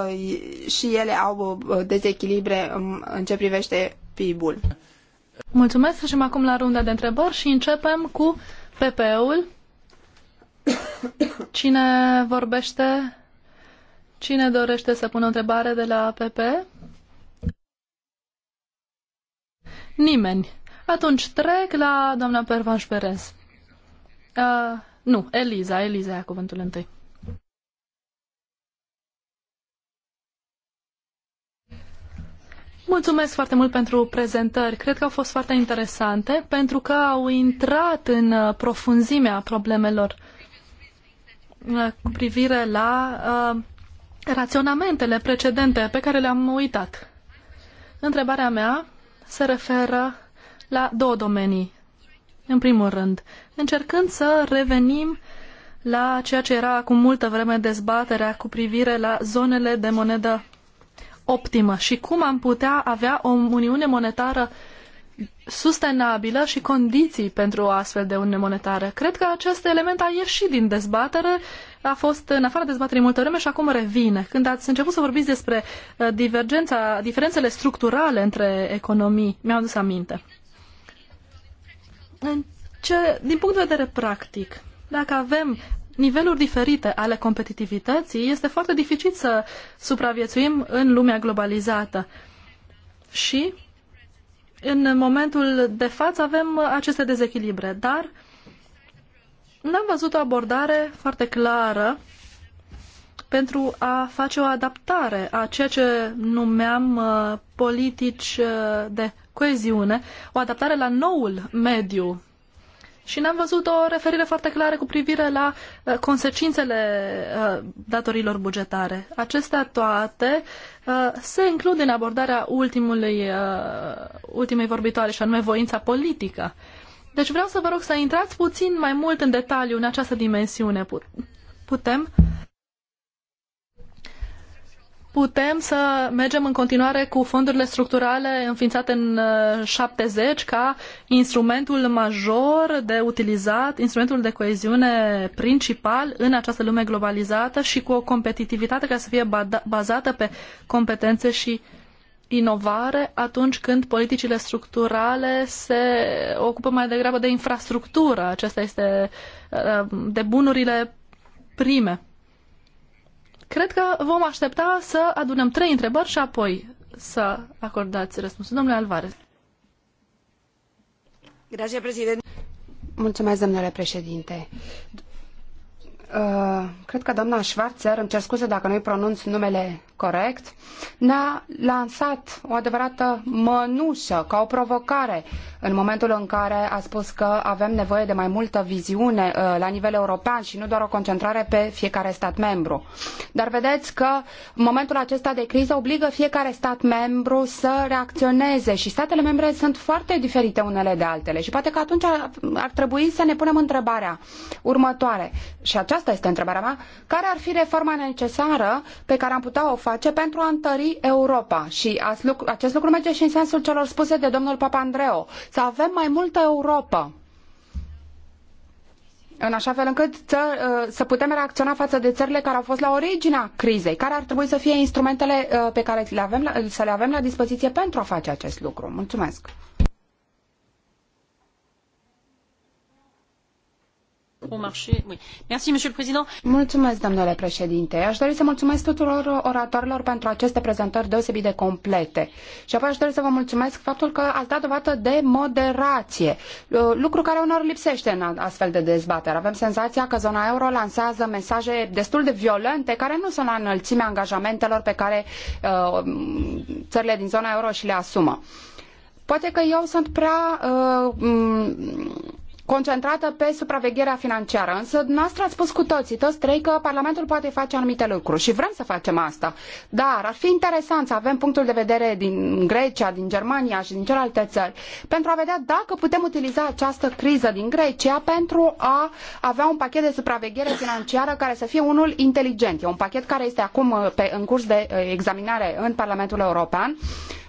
uh, și ele au dezechilibre în ce privește PIB-ul. Mulțumesc. Să acum la runda de întrebări și începem cu PP-ul. Cine vorbește? Cine dorește să pună o întrebare de la PP? Nimeni. Atunci trec la doamna Pervanș Perez. Uh, nu, Eliza. Eliza ia cuvântul întâi. Mulțumesc foarte mult pentru prezentări. Cred că au fost foarte interesante pentru că au intrat în uh, profunzimea problemelor uh, cu privire la uh, raționamentele precedente pe care le-am uitat. Întrebarea mea se referă la două domenii. În primul rând, încercând să revenim la ceea ce era acum multă vreme dezbaterea cu privire la zonele de monedă optimă și cum am putea avea o uniune monetară sustenabilă și condiții pentru o astfel de uniune monetară. Cred că acest element a ieșit din dezbatere, a fost în afara dezbaterii multă vreme și acum revine. Când ați început să vorbiți despre uh, divergența, diferențele structurale între economii, mi-am dus aminte. ce, din punct de vedere practic, dacă avem niveluri diferite ale competitivității, este foarte dificil să supraviețuim în lumea globalizată. Și în momentul de față avem aceste dezechilibre, dar n-am văzut o abordare foarte clară pentru a face o adaptare a ceea ce numeam uh, politici uh, de coeziune, o adaptare la noul mediu și n-am văzut o referire foarte clară cu privire la uh, consecințele uh, datorilor bugetare. Acestea toate uh, se includ în abordarea ultimului, ultimei vorbitoare și anume voința politică. Deci vreau să vă rog să intrați puțin mai mult în detaliu în această dimensiune. Putem putem să mergem în continuare cu fondurile structurale înființate în 70 uh, ca instrumentul major de utilizat, instrumentul de coeziune principal în această lume globalizată și cu o competitivitate care să fie bazată pe competențe și inovare atunci când politicile structurale se ocupă mai degrabă de infrastructură. Acesta este uh, de bunurile prime. Cred că vom aștepta să adunăm trei întrebări și apoi să acordați răspunsul. Domnule Alvarez. Grazie, președinte. Mulțumesc, domnule președinte. Uh, cred că doamna Schwarzer, îmi cer scuze dacă nu-i pronunț numele corect, ne-a lansat o adevărată mănușă ca o provocare în momentul în care a spus că avem nevoie de mai multă viziune uh, la nivel european și nu doar o concentrare pe fiecare stat membru. Dar vedeți că momentul acesta de criză obligă fiecare stat membru să reacționeze și statele membre sunt foarte diferite unele de altele și poate că atunci ar, ar trebui să ne punem întrebarea următoare și aceasta este întrebarea mea, care ar fi reforma necesară pe care am putea o face face pentru a întări Europa. Și acest lucru merge și în sensul celor spuse de domnul Papandreou. Să avem mai multă Europa în așa fel încât să, uh, să, putem reacționa față de țările care au fost la originea crizei, care ar trebui să fie instrumentele uh, pe care le avem, să le avem la dispoziție pentru a face acest lucru. Mulțumesc! Mulțumesc, președinte. Aș dori să mulțumesc tuturor oratorilor pentru aceste prezentări deosebit de complete. Și apoi aș dori să vă mulțumesc faptul că ați dat dovadă de moderație, lucru care unor lipsește în astfel de dezbatere. Avem senzația că zona euro lansează mesaje destul de violente care nu sunt la înălțimea angajamentelor pe care uh, țările din zona euro și le asumă. Poate că eu sunt prea uh, concentrată pe supravegherea financiară. Însă dumneavoastră ați spus cu toții, toți trei, că Parlamentul poate face anumite lucruri și vrem să facem asta. Dar ar fi interesant să avem punctul de vedere din Grecia, din Germania și din celelalte țări pentru a vedea dacă putem utiliza această criză din Grecia pentru a avea un pachet de supraveghere financiară care să fie unul inteligent. E un pachet care este acum uh, pe, în curs de uh, examinare în Parlamentul European.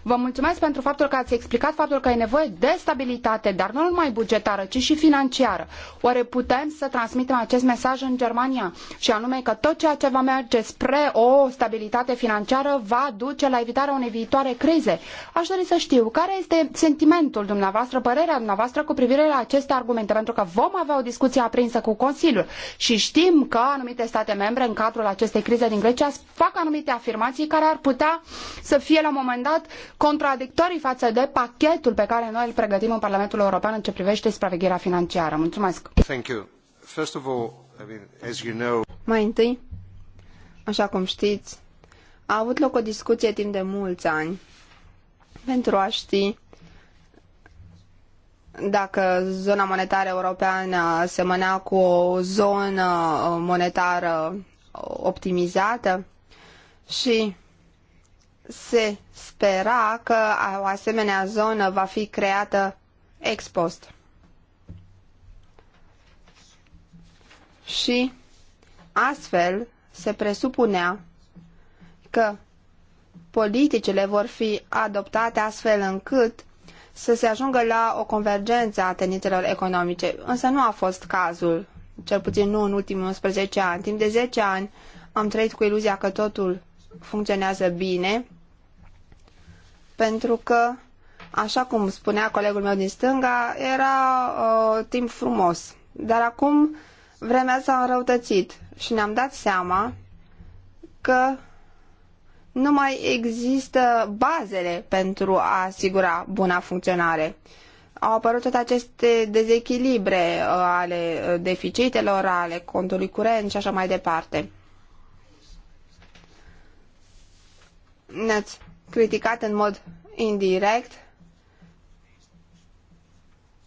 Vă mulțumesc pentru faptul că ați explicat faptul că e nevoie de stabilitate, dar nu numai bugetară, ci și financiară. Oare putem să transmitem acest mesaj în Germania? Și anume că tot ceea ce va merge spre o stabilitate financiară va duce la evitarea unei viitoare crize. Aș dori să știu care este sentimentul dumneavoastră, părerea dumneavoastră cu privire la aceste argumente, pentru că vom avea o discuție aprinsă cu Consiliul și știm că anumite state membre în cadrul acestei crize din Grecia fac anumite afirmații care ar putea să fie la un moment dat contradictorii față de pachetul pe care noi îl pregătim în Parlamentul European în ce privește supravegherea financiară. Mulțumesc! Thank you. First of all, I mean, as you know... Mai întâi, așa cum știți, a avut loc o discuție timp de mulți ani pentru a ști dacă zona monetară europeană semăna cu o zonă monetară optimizată și se spera că o asemenea zonă va fi creată ex post. Și astfel se presupunea că politicile vor fi adoptate astfel încât să se ajungă la o convergență a tendințelor economice. Însă nu a fost cazul, cel puțin nu în ultimii 11 ani. Timp de 10 ani am trăit cu iluzia că totul funcționează bine pentru că, așa cum spunea colegul meu din stânga, era uh, timp frumos. Dar acum vremea s-a înrăutățit și ne-am dat seama că nu mai există bazele pentru a asigura buna funcționare. Au apărut toate aceste dezechilibre uh, ale uh, deficitelor, ale contului curent și așa mai departe. Ne-ați criticat în mod indirect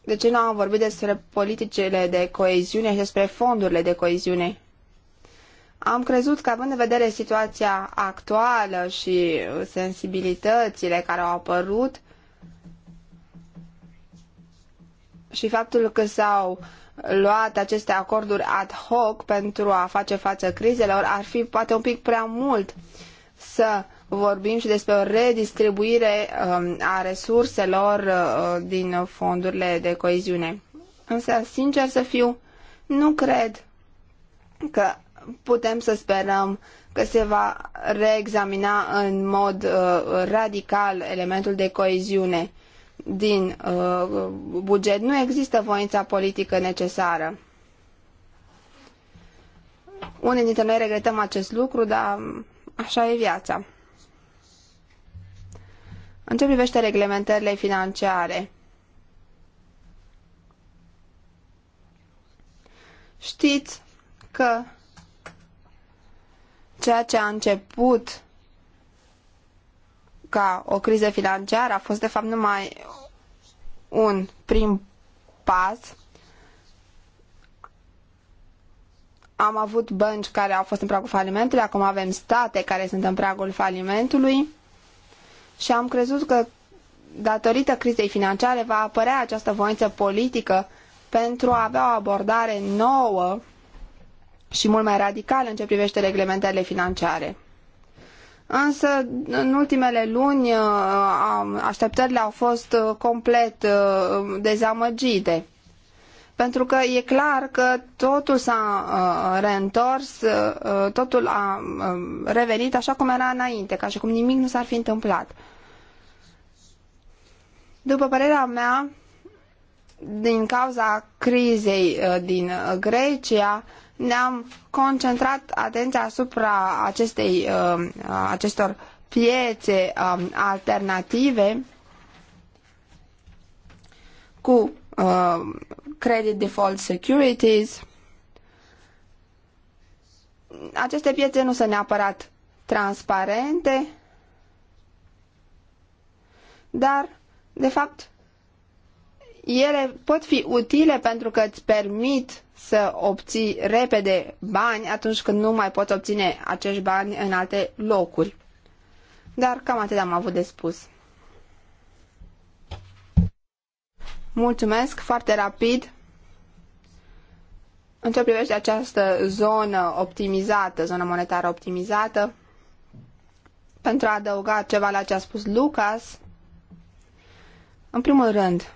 de ce nu am vorbit despre politicile de coeziune și despre fondurile de coeziune. Am crezut că, având în vedere situația actuală și sensibilitățile care au apărut și faptul că s-au luat aceste acorduri ad hoc pentru a face față crizelor, ar fi poate un pic prea mult să vorbim și despre o redistribuire um, a resurselor uh, din fondurile de coeziune. Însă, sincer să fiu, nu cred că putem să sperăm că se va reexamina în mod uh, radical elementul de coeziune din uh, buget. Nu există voința politică necesară. Unii dintre noi regretăm acest lucru, dar așa e viața. În ce privește reglementările financiare? Știți că ceea ce a început ca o criză financiară a fost de fapt numai un prim pas. Am avut bănci care au fost în pragul falimentului, acum avem state care sunt în pragul falimentului și am crezut că datorită crizei financiare va apărea această voință politică pentru a avea o abordare nouă și mult mai radicală în ce privește reglementările financiare. Însă, în ultimele luni, uh, așteptările au fost uh, complet uh, dezamăgite pentru că e clar că totul s-a uh, reîntors, uh, uh, totul a uh, revenit așa cum era înainte, ca și cum nimic nu s-ar fi întâmplat. După părerea mea, din cauza crizei uh, din uh, Grecia, ne-am concentrat atenția asupra acestei, acestor piețe um, alternative cu credit default securities. Aceste piețe nu sunt neapărat transparente, dar, de fapt, ele pot fi utile pentru că îți permit să obții repede bani atunci când nu mai poți obține acești bani în alte locuri. Dar cam atât am avut de spus. Mulțumesc foarte rapid. În ce privește această zonă optimizată, zona monetară optimizată, pentru a adăuga ceva la ce a spus Lucas, în primul rând,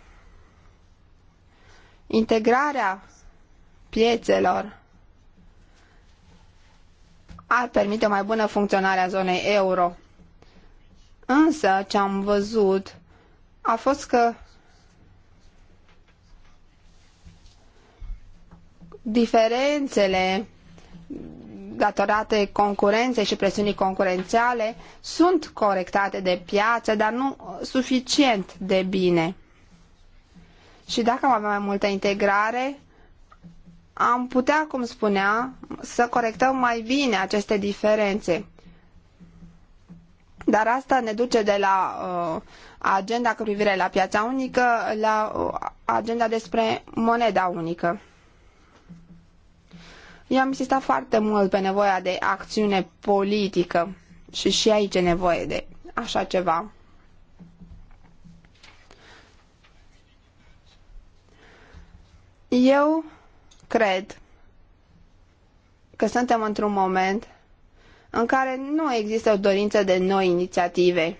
integrarea piețelor ar permite o mai bună funcționare a zonei euro. Însă, ce am văzut a fost că diferențele datorate concurenței și presiunii concurențiale sunt corectate de piață, dar nu suficient de bine. Și dacă am avea mai multă integrare, am putea, cum spunea, să corectăm mai bine aceste diferențe. Dar asta ne duce de la uh, agenda cu privire la piața unică la uh, agenda despre moneda unică. Eu am insistat foarte mult pe nevoia de acțiune politică și și aici e nevoie de așa ceva. Eu cred că suntem într-un moment în care nu există o dorință de noi inițiative.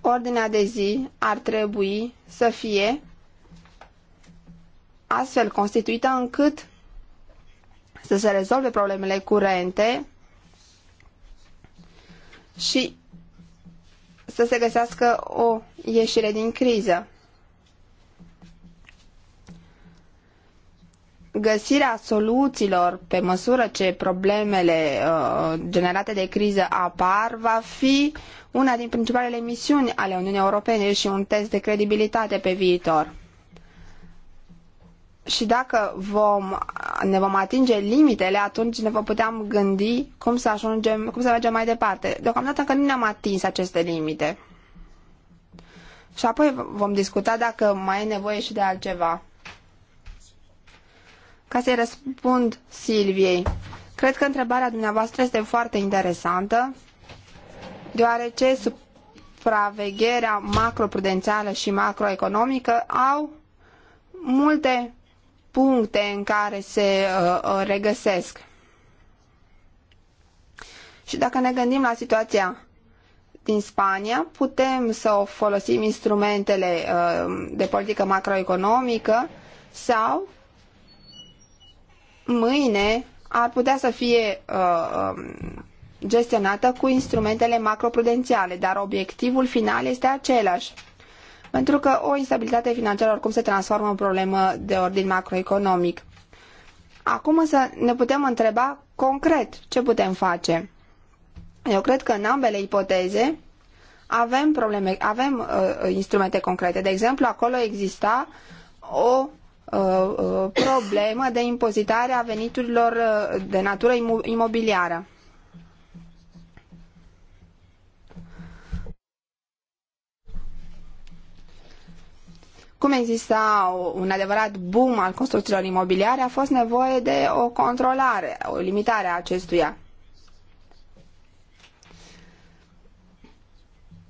Ordinea de zi ar trebui să fie astfel constituită încât să se rezolve problemele curente și să se găsească o ieșire din criză. Găsirea soluțiilor pe măsură ce problemele uh, generate de criză apar va fi una din principalele misiuni ale Uniunii Europene și un test de credibilitate pe viitor și dacă vom, ne vom atinge limitele, atunci ne vom putea gândi cum să ajungem, cum să mergem mai departe. Deocamdată încă nu ne-am atins aceste limite. Și apoi vom discuta dacă mai e nevoie și de altceva. Ca să-i răspund Silviei, cred că întrebarea dumneavoastră este foarte interesantă, deoarece supravegherea macroprudențială și macroeconomică au multe puncte în care se uh, uh, regăsesc. Și dacă ne gândim la situația din Spania, putem să folosim instrumentele uh, de politică macroeconomică sau mâine ar putea să fie uh, um, gestionată cu instrumentele macroprudențiale, dar obiectivul final este același pentru că o instabilitate financiară oricum se transformă în problemă de ordin macroeconomic. Acum însă ne putem întreba concret ce putem face. Eu cred că în ambele ipoteze avem probleme, avem uh, uh instrumente concrete. De exemplu, acolo exista o uh, uh problemă de impozitare a veniturilor uh, de natură imobiliară. cum exista un adevărat boom al construcțiilor imobiliare, a fost nevoie de o controlare, o limitare a acestuia.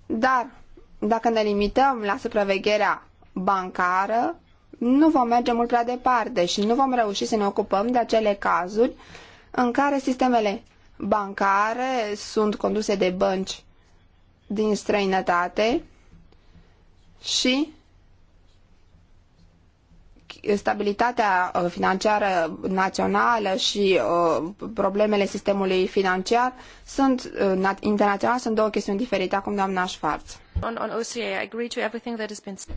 Dar dacă ne limităm la supravegherea bancară, nu vom merge mult prea departe și nu vom reuși să ne ocupăm de acele cazuri în care sistemele bancare sunt conduse de bănci din străinătate și stabilitatea uh, financiară națională și uh, problemele sistemului financiar sunt, uh, internațional sunt două chestiuni diferite. Acum, doamna Schwarz.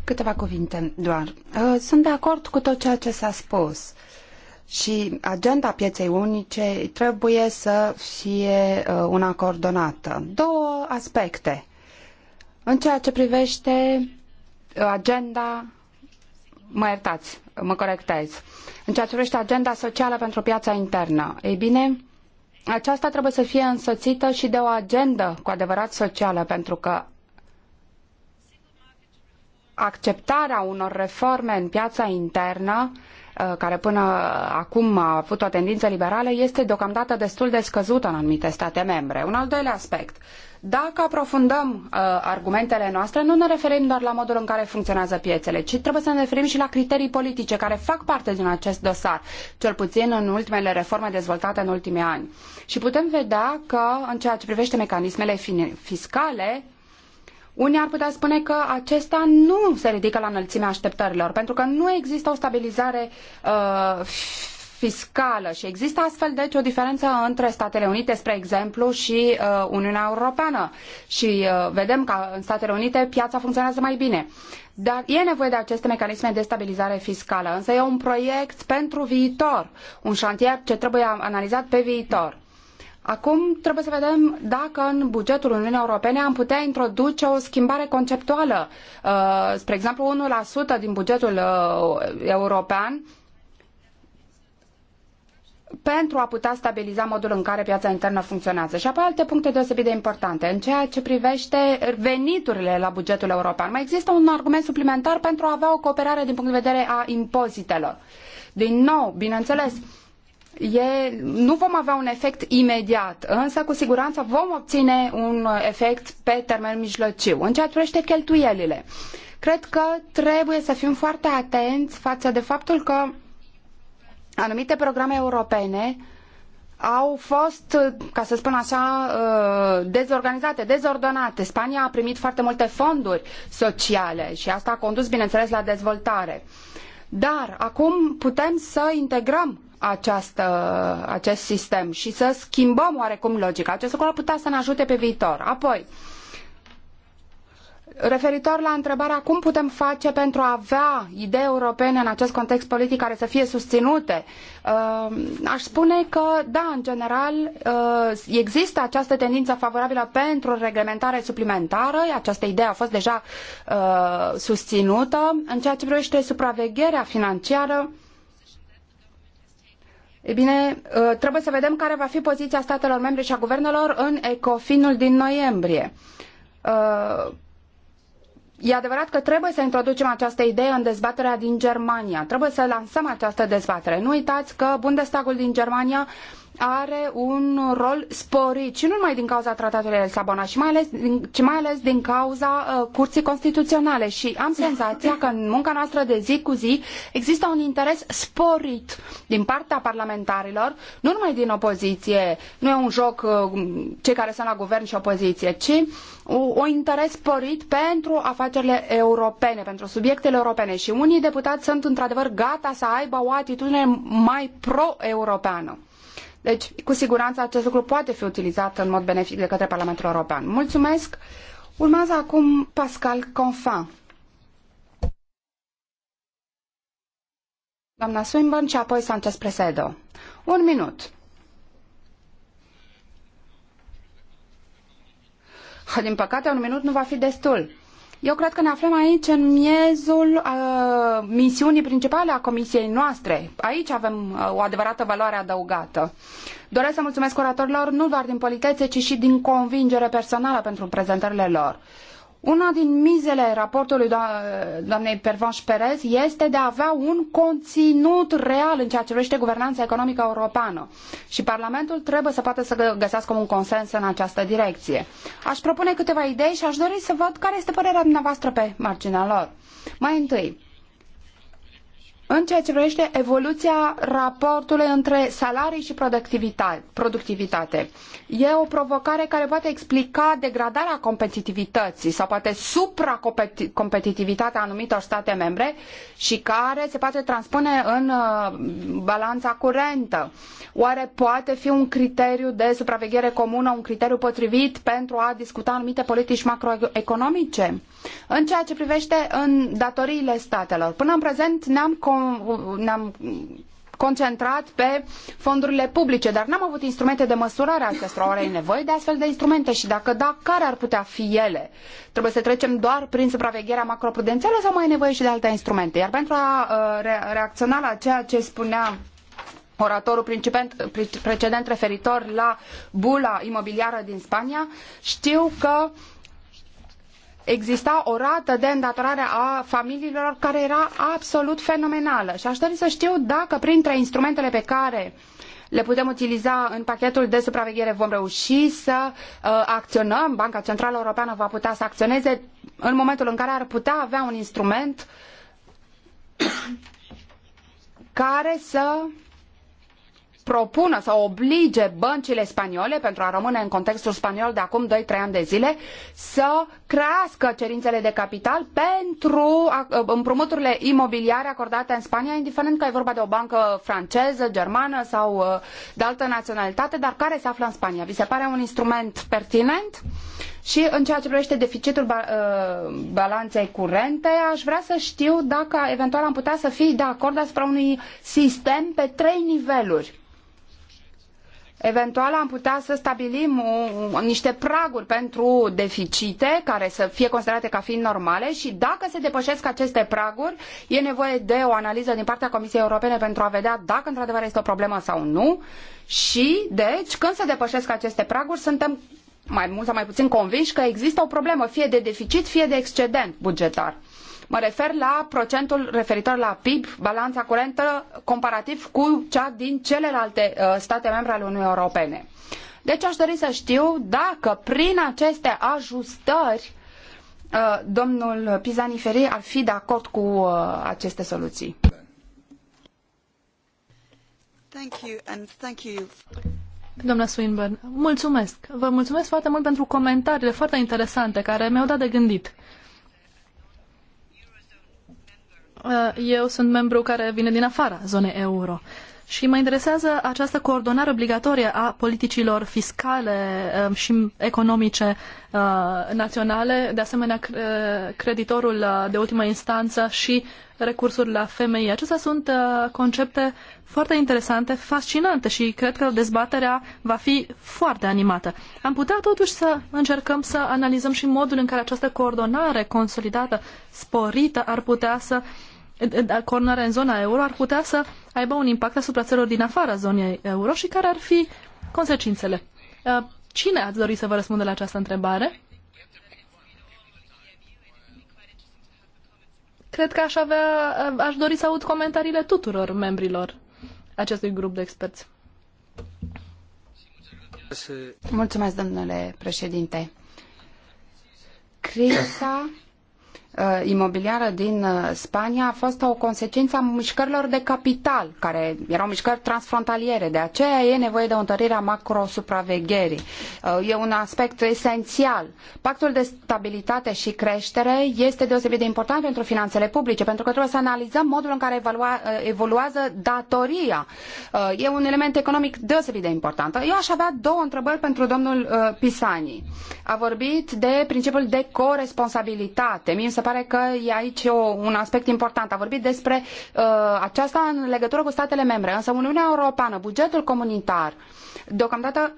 Câteva cuvinte doar. Sunt de acord cu tot ceea ce s-a spus și agenda pieței unice trebuie să fie una coordonată. Două aspecte. În ceea ce privește agenda, mă iertați, mă corectez. În ceea ce privește agenda socială pentru piața internă, ei bine, aceasta trebuie să fie însoțită și de o agendă cu adevărat socială, pentru că acceptarea unor reforme în piața internă, uh, care până acum a avut o tendință liberală, este deocamdată destul de scăzută în anumite state membre. Un al doilea aspect. Dacă aprofundăm uh, argumentele noastre, nu ne referim doar la modul în care funcționează piețele, ci trebuie să ne referim și la criterii politice care fac parte din acest dosar, cel puțin în ultimele reforme dezvoltate în ultimii ani. Și putem vedea că, în ceea ce privește mecanismele fiscale, unii ar putea spune că acesta nu se ridică la înălțimea așteptărilor, pentru că nu există o stabilizare uh, fiscală și există astfel deci o diferență între Statele Unite, spre exemplu, și uh, Uniunea Europeană și uh, vedem că în Statele Unite piața funcționează mai bine. Dar e nevoie de aceste mecanisme de stabilizare fiscală, însă e un proiect pentru viitor, un șantier ce trebuie analizat pe viitor. Acum trebuie să vedem dacă în bugetul Uniunii Europene am putea introduce o schimbare conceptuală. Uh, spre exemplu, 1% din bugetul uh, european pentru a putea stabiliza modul în care piața internă funcționează. Și apoi alte puncte deosebit de importante. În ceea ce privește veniturile la bugetul european, mai există un argument suplimentar pentru a avea o cooperare din punct de vedere a impozitelor. Din nou, bineînțeles, e, nu vom avea un efect imediat, însă cu siguranță vom obține un efect pe termen mijlociu. În ceea ce privește cheltuielile, cred că trebuie să fim foarte atenți față de faptul că anumite programe europene au fost, ca să spun așa, uh, dezorganizate, dezordonate. Spania a primit foarte multe fonduri sociale și asta a condus, bineînțeles, la dezvoltare. Dar acum putem să integrăm această, acest sistem și să schimbăm oarecum logica. Acest lucru ar putea să ne ajute pe viitor. Apoi, uh, Referitor la întrebarea cum putem face pentru a avea idei europene în acest context politic care să fie susținute, uh, aș spune că, da, în general, uh, există această tendință favorabilă pentru reglementare suplimentară. Această idee a fost deja uh, susținută. În ceea ce privește supravegherea financiară, E bine, trebuie să vedem care va fi poziția statelor membre și a guvernelor în ecofinul din noiembrie E adevărat că trebuie să introducem această idee în dezbaterea din Germania. Trebuie să lansăm această dezbatere. Nu uitați că Bundestagul din Germania are un rol sporit și nu numai din cauza tratatului de Lisabona, ci mai ales, ci mai ales din cauza uh, Curții Constituționale și am senzația că în munca noastră de zi cu zi există un interes sporit din partea parlamentarilor, nu numai din opoziție, nu e un joc uh, cei care sunt la guvern și opoziție, ci un interes sporit pentru afacerile europene, pentru subiectele europene și unii deputați sunt într-adevăr gata să aibă o atitudine mai pro-europeană. Deci, cu siguranță, acest lucru poate fi utilizat în mod benefic de către Parlamentul European. Mulțumesc! Urmează acum Pascal Confin. Doamna Swinburne și apoi Sanchez Presedo. Un minut. Din păcate, un minut nu va fi destul. Eu cred că ne aflăm aici în miezul uh, misiunii principale a comisiei noastre. Aici avem uh, o adevărată valoare adăugată. Doresc să mulțumesc oratorilor nu doar din politețe, ci și din convingere personală pentru prezentările lor. Una din mizele raportului doamnei Pervanș Perez este de a avea un conținut real în ceea ce privește guvernanța economică europeană și Parlamentul trebuie să poată să găsească un consens în această direcție. Aș propune câteva idei și aș dori să văd care este părerea dumneavoastră pe marginea lor. Mai întâi, în ceea ce privește evoluția raportului între salarii și productivitate. E o provocare care poate explica degradarea competitivității sau poate supracompetitivitatea anumitor state membre și care se poate transpune în uh, balanța curentă. Oare poate fi un criteriu de supraveghere comună, un criteriu potrivit pentru a discuta anumite politici macroeconomice? În ceea ce privește în datoriile statelor, până în prezent ne-am ne-am concentrat pe fondurile publice, dar n-am avut instrumente de măsurare a acestora. Oare e nevoie de astfel de instrumente și dacă da, care ar putea fi ele? Trebuie să trecem doar prin supravegherea macroprudențială sau mai e nevoie și de alte instrumente? Iar pentru a uh, reacționa la ceea ce spunea oratorul precedent referitor la bula imobiliară din Spania, știu că exista o rată de îndatorare a familiilor care era absolut fenomenală. Și aș dori să știu dacă printre instrumentele pe care le putem utiliza în pachetul de supraveghere vom reuși să uh, acționăm, Banca Centrală Europeană va putea să acționeze în momentul în care ar putea avea un instrument care să propună să oblige băncile spaniole, pentru a rămâne în contextul spaniol de acum 2-3 ani de zile, să crească cerințele de capital pentru împrumuturile imobiliare acordate în Spania, indiferent că e vorba de o bancă franceză, germană sau uh, de altă naționalitate, dar care se află în Spania. Vi se pare un instrument pertinent? Și în ceea ce privește deficitul uh, balanței curente, aș vrea să știu dacă eventual am putea să fii de acord asupra unui sistem pe trei niveluri Eventual am putea să stabilim niște praguri pentru deficite care să fie considerate ca fiind normale și dacă se depășesc aceste praguri, e nevoie de o analiză din partea Comisiei Europene pentru a vedea dacă într-adevăr este o problemă sau nu. Și, deci, când se depășesc aceste praguri, suntem mai mult sau mai puțin convinși că există o problemă, fie de deficit, fie de excedent bugetar. Mă refer la procentul referitor la PIB, balanța curentă, comparativ cu cea din celelalte uh, state membre ale Uniunii Europene. Deci aș dori să știu dacă prin aceste ajustări uh, domnul Pisani Ferri ar fi de acord cu uh, aceste soluții. Doamna Swinburne, mulțumesc. Vă mulțumesc foarte mult pentru comentariile foarte interesante care mi-au dat de gândit. Eh, eu sunt membru care vine din afara zonei euro. Și mă interesează această coordonare obligatorie a politicilor fiscale eh, și economice eh, naționale, de asemenea creditorul de ultimă instanță și recursul la femei. Acestea sunt concepte foarte interesante, fascinante și cred că dezbaterea va fi foarte animată. Am putea totuși să încercăm să analizăm și modul în care această coordonare consolidată, sporită, ar putea să uh, da, cornare în zona euro ar putea să aibă un impact asupra țărilor din afara zonei euro și care ar fi consecințele. Uh, cine ați dori să vă răspundă la această întrebare? Cred că aș, avea, uh, aș dori să aud comentariile tuturor membrilor acestui grup de experți. Mulțumesc, domnule președinte. Criza Uh, imobiliară din uh, Spania a fost o consecință a mișcărilor de capital, care erau mișcări transfrontaliere. De aceea e nevoie de o întărire a macrosupravegherii. Uh, e un aspect esențial. Pactul de stabilitate și creștere este deosebit de important pentru finanțele publice, pentru că trebuie să analizăm modul în care evoluează datoria. E un element economic deosebit de important. Eu aș avea două întrebări pentru domnul Pisani. A vorbit de principiul de coresponsabilitate. Mie se pare că e aici o, un aspect important. A vorbit despre uh, aceasta în legătură cu statele membre, însă Uniunea Europeană, bugetul comunitar, deocamdată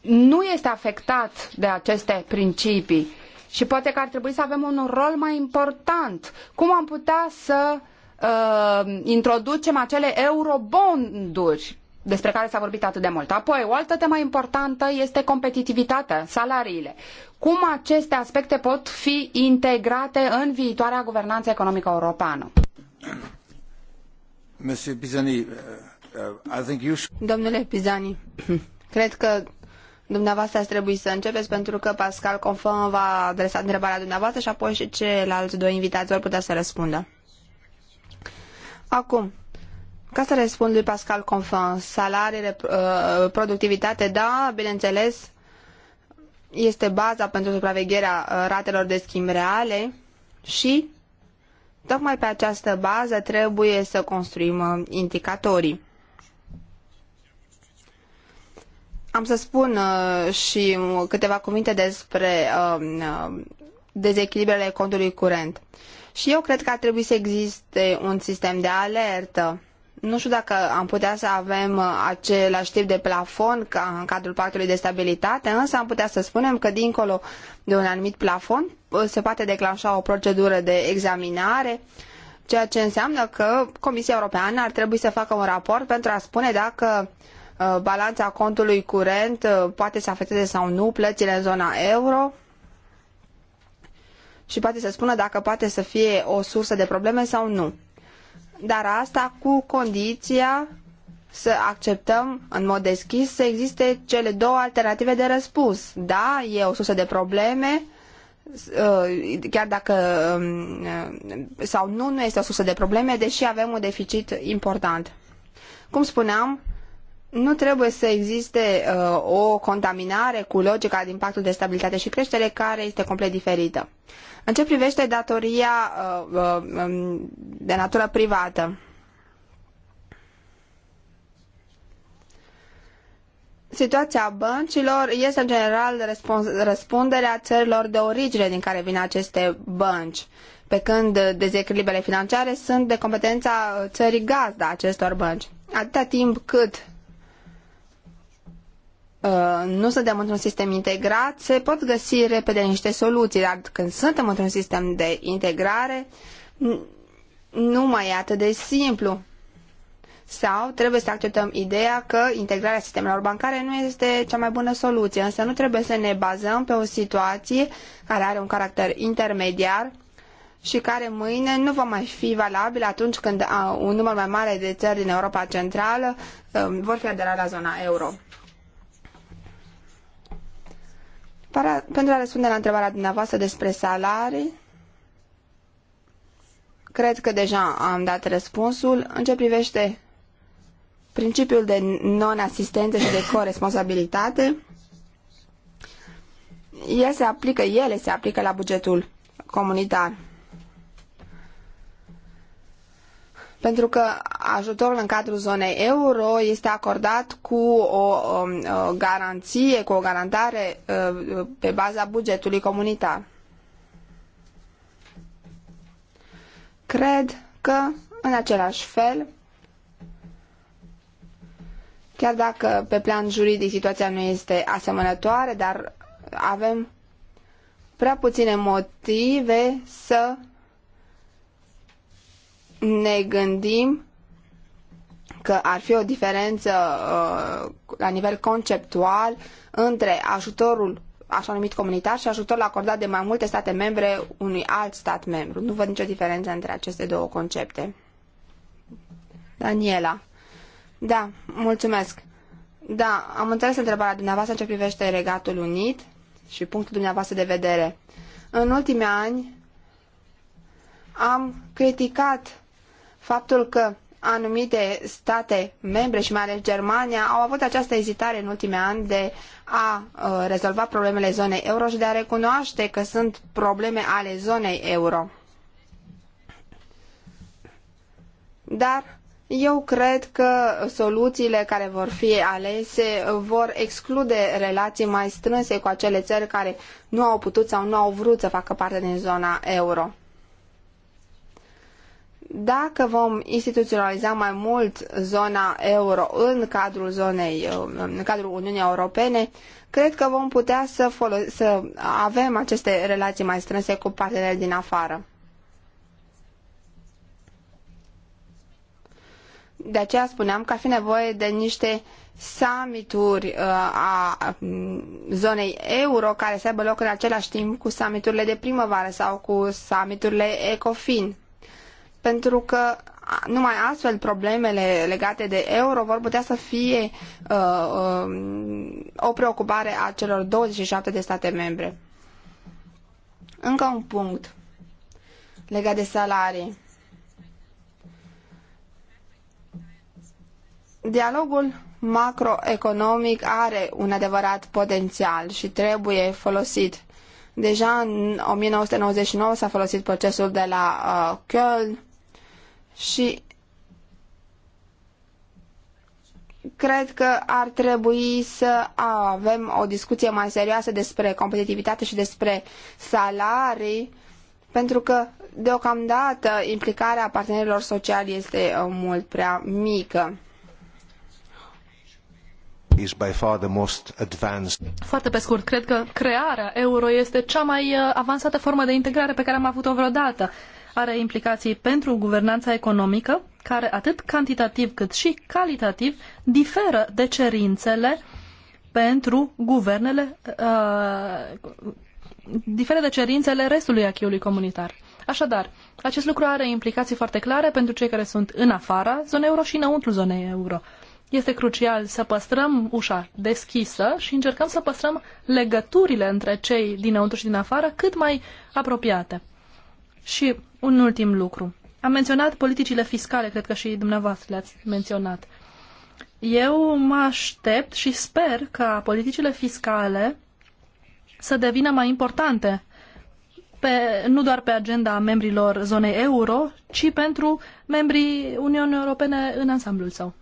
nu este afectat de aceste principii și poate că ar trebui să avem un rol mai important. Cum am putea să uh, introducem acele eurobonduri despre care s-a vorbit atât de mult. Apoi, o altă temă importantă este competitivitatea, salariile cum aceste aspecte pot fi integrate în viitoarea guvernanță economică europeană. Uh, uh, Domnule Pisani, cred că dumneavoastră ați trebui să începeți pentru că Pascal Confon va adresa întrebarea dumneavoastră și apoi și ceilalți doi invitați vor putea să răspundă. Acum, ca să răspund lui Pascal Confon, salarii, uh, productivitate, da, bineînțeles, este baza pentru supravegherea uh, ratelor de schimb reale și tocmai pe această bază trebuie să construim uh, indicatorii. Am să spun uh, și câteva cuvinte despre um, dezechilibrele contului curent. Și eu cred că ar trebui să existe un sistem de alertă nu știu dacă am putea să avem uh, același tip de plafon ca în cadrul pactului de stabilitate, însă am putea să spunem că dincolo de un anumit plafon uh, se poate declanșa o procedură de examinare, ceea ce înseamnă că Comisia Europeană ar trebui să facă un raport pentru a spune dacă uh, balanța contului curent poate să afecteze sau nu plățile în zona euro și poate să spună dacă poate să fie o sursă de probleme sau nu dar asta cu condiția să acceptăm în mod deschis să existe cele două alternative de răspuns. Da, e o sursă de probleme, uh, chiar dacă um, uh, sau nu, nu este o sursă de probleme, deși avem un deficit important. Cum spuneam, nu trebuie să existe uh, o contaminare cu logica din pactul de stabilitate și creștere care este complet diferită. În ce privește datoria uh, uh, um, de natură privată, Situația băncilor este în general răspunderea țărilor de origine din care vin aceste bănci, pe când dezechilibrele financiare sunt de competența uh, țării gazda acestor bănci. Atâta timp cât Uh, nu suntem într-un sistem integrat, se pot găsi repede niște soluții, dar când suntem într-un sistem de integrare, nu mai e atât de simplu. Sau trebuie să acceptăm ideea că integrarea sistemelor bancare nu este cea mai bună soluție, însă nu trebuie să ne bazăm pe o situație care are un caracter intermediar și care mâine nu va mai fi valabil atunci când uh, un număr mai mare de țări din Europa Centrală uh, vor fi aderate la zona euro. Pentru a răspunde la întrebarea dumneavoastră despre salarii, cred că deja am dat răspunsul. În ce privește principiul de non-asistență și de corresponsabilitate, el se aplică, ele se aplică la bugetul comunitar. pentru că ajutorul în cadrul zonei euro este acordat cu o, o, um, o garanție, cu o garantare uh, pe baza bugetului comunitar. Cred că, în același fel, chiar dacă pe plan juridic situația nu este asemănătoare, dar avem prea puține motive să ne gândim că ar fi o diferență uh, la nivel conceptual între ajutorul așa numit comunitar și ajutorul acordat de mai multe state membre unui alt stat membru. Nu văd nicio diferență între aceste două concepte. Daniela. Da, mulțumesc. Da, am înțeles întrebarea dumneavoastră ce privește Regatul Unit și punctul dumneavoastră de vedere. În ultimii ani am criticat faptul că anumite state membre și mai ales Germania au avut această ezitare în ultimii ani de a uh, rezolva problemele zonei euro și de a recunoaște că sunt probleme ale zonei euro. Dar eu cred că soluțiile care vor fi alese vor exclude relații mai strânse cu acele țări care nu au putut sau nu au vrut să facă parte din zona euro. Dacă vom instituționaliza mai mult zona euro în cadrul zonei, um, în cadrul Uniunii Europene, cred că vom putea să, folos- să avem aceste relații mai strânse cu parteneri din afară. De aceea spuneam că ar fi nevoie de niște summituri uh, a um, zonei euro care să aibă loc în același timp cu summiturile de primăvară sau cu summiturile ECOFIN pentru că numai astfel problemele legate de euro vor putea să fie uh, uh, o preocupare a celor 27 de state membre. Încă un punct legat de salarii. Dialogul macroeconomic are un adevărat potențial și trebuie folosit. Deja în 1999 s-a folosit procesul de la uh, Köln, și cred că ar trebui să avem o discuție mai serioasă despre competitivitate și despre salarii, pentru că deocamdată implicarea partenerilor sociali este uh, mult prea mică. Is by far the most advanced. Foarte pe scurt, cred că crearea euro este cea mai uh, avansată formă de integrare pe care am avut-o vreodată are implicații pentru guvernanța economică, care atât cantitativ cât și calitativ diferă de cerințele pentru guvernele, uh, diferă de cerințele restului acquis comunitar. Așadar, acest lucru are implicații foarte clare pentru cei care sunt în afara zonei euro și înăuntru zonei euro. Este crucial să păstrăm ușa deschisă și încercăm să păstrăm legăturile între cei dinăuntru și din afară cât mai apropiate. Și un ultim lucru. Am menționat politicile fiscale, cred că și dumneavoastră le-ați menționat. Eu mă aștept și sper ca politicile fiscale să devină mai importante, pe, nu doar pe agenda membrilor zonei euro, ci pentru membrii Uniunii Europene în ansamblul său.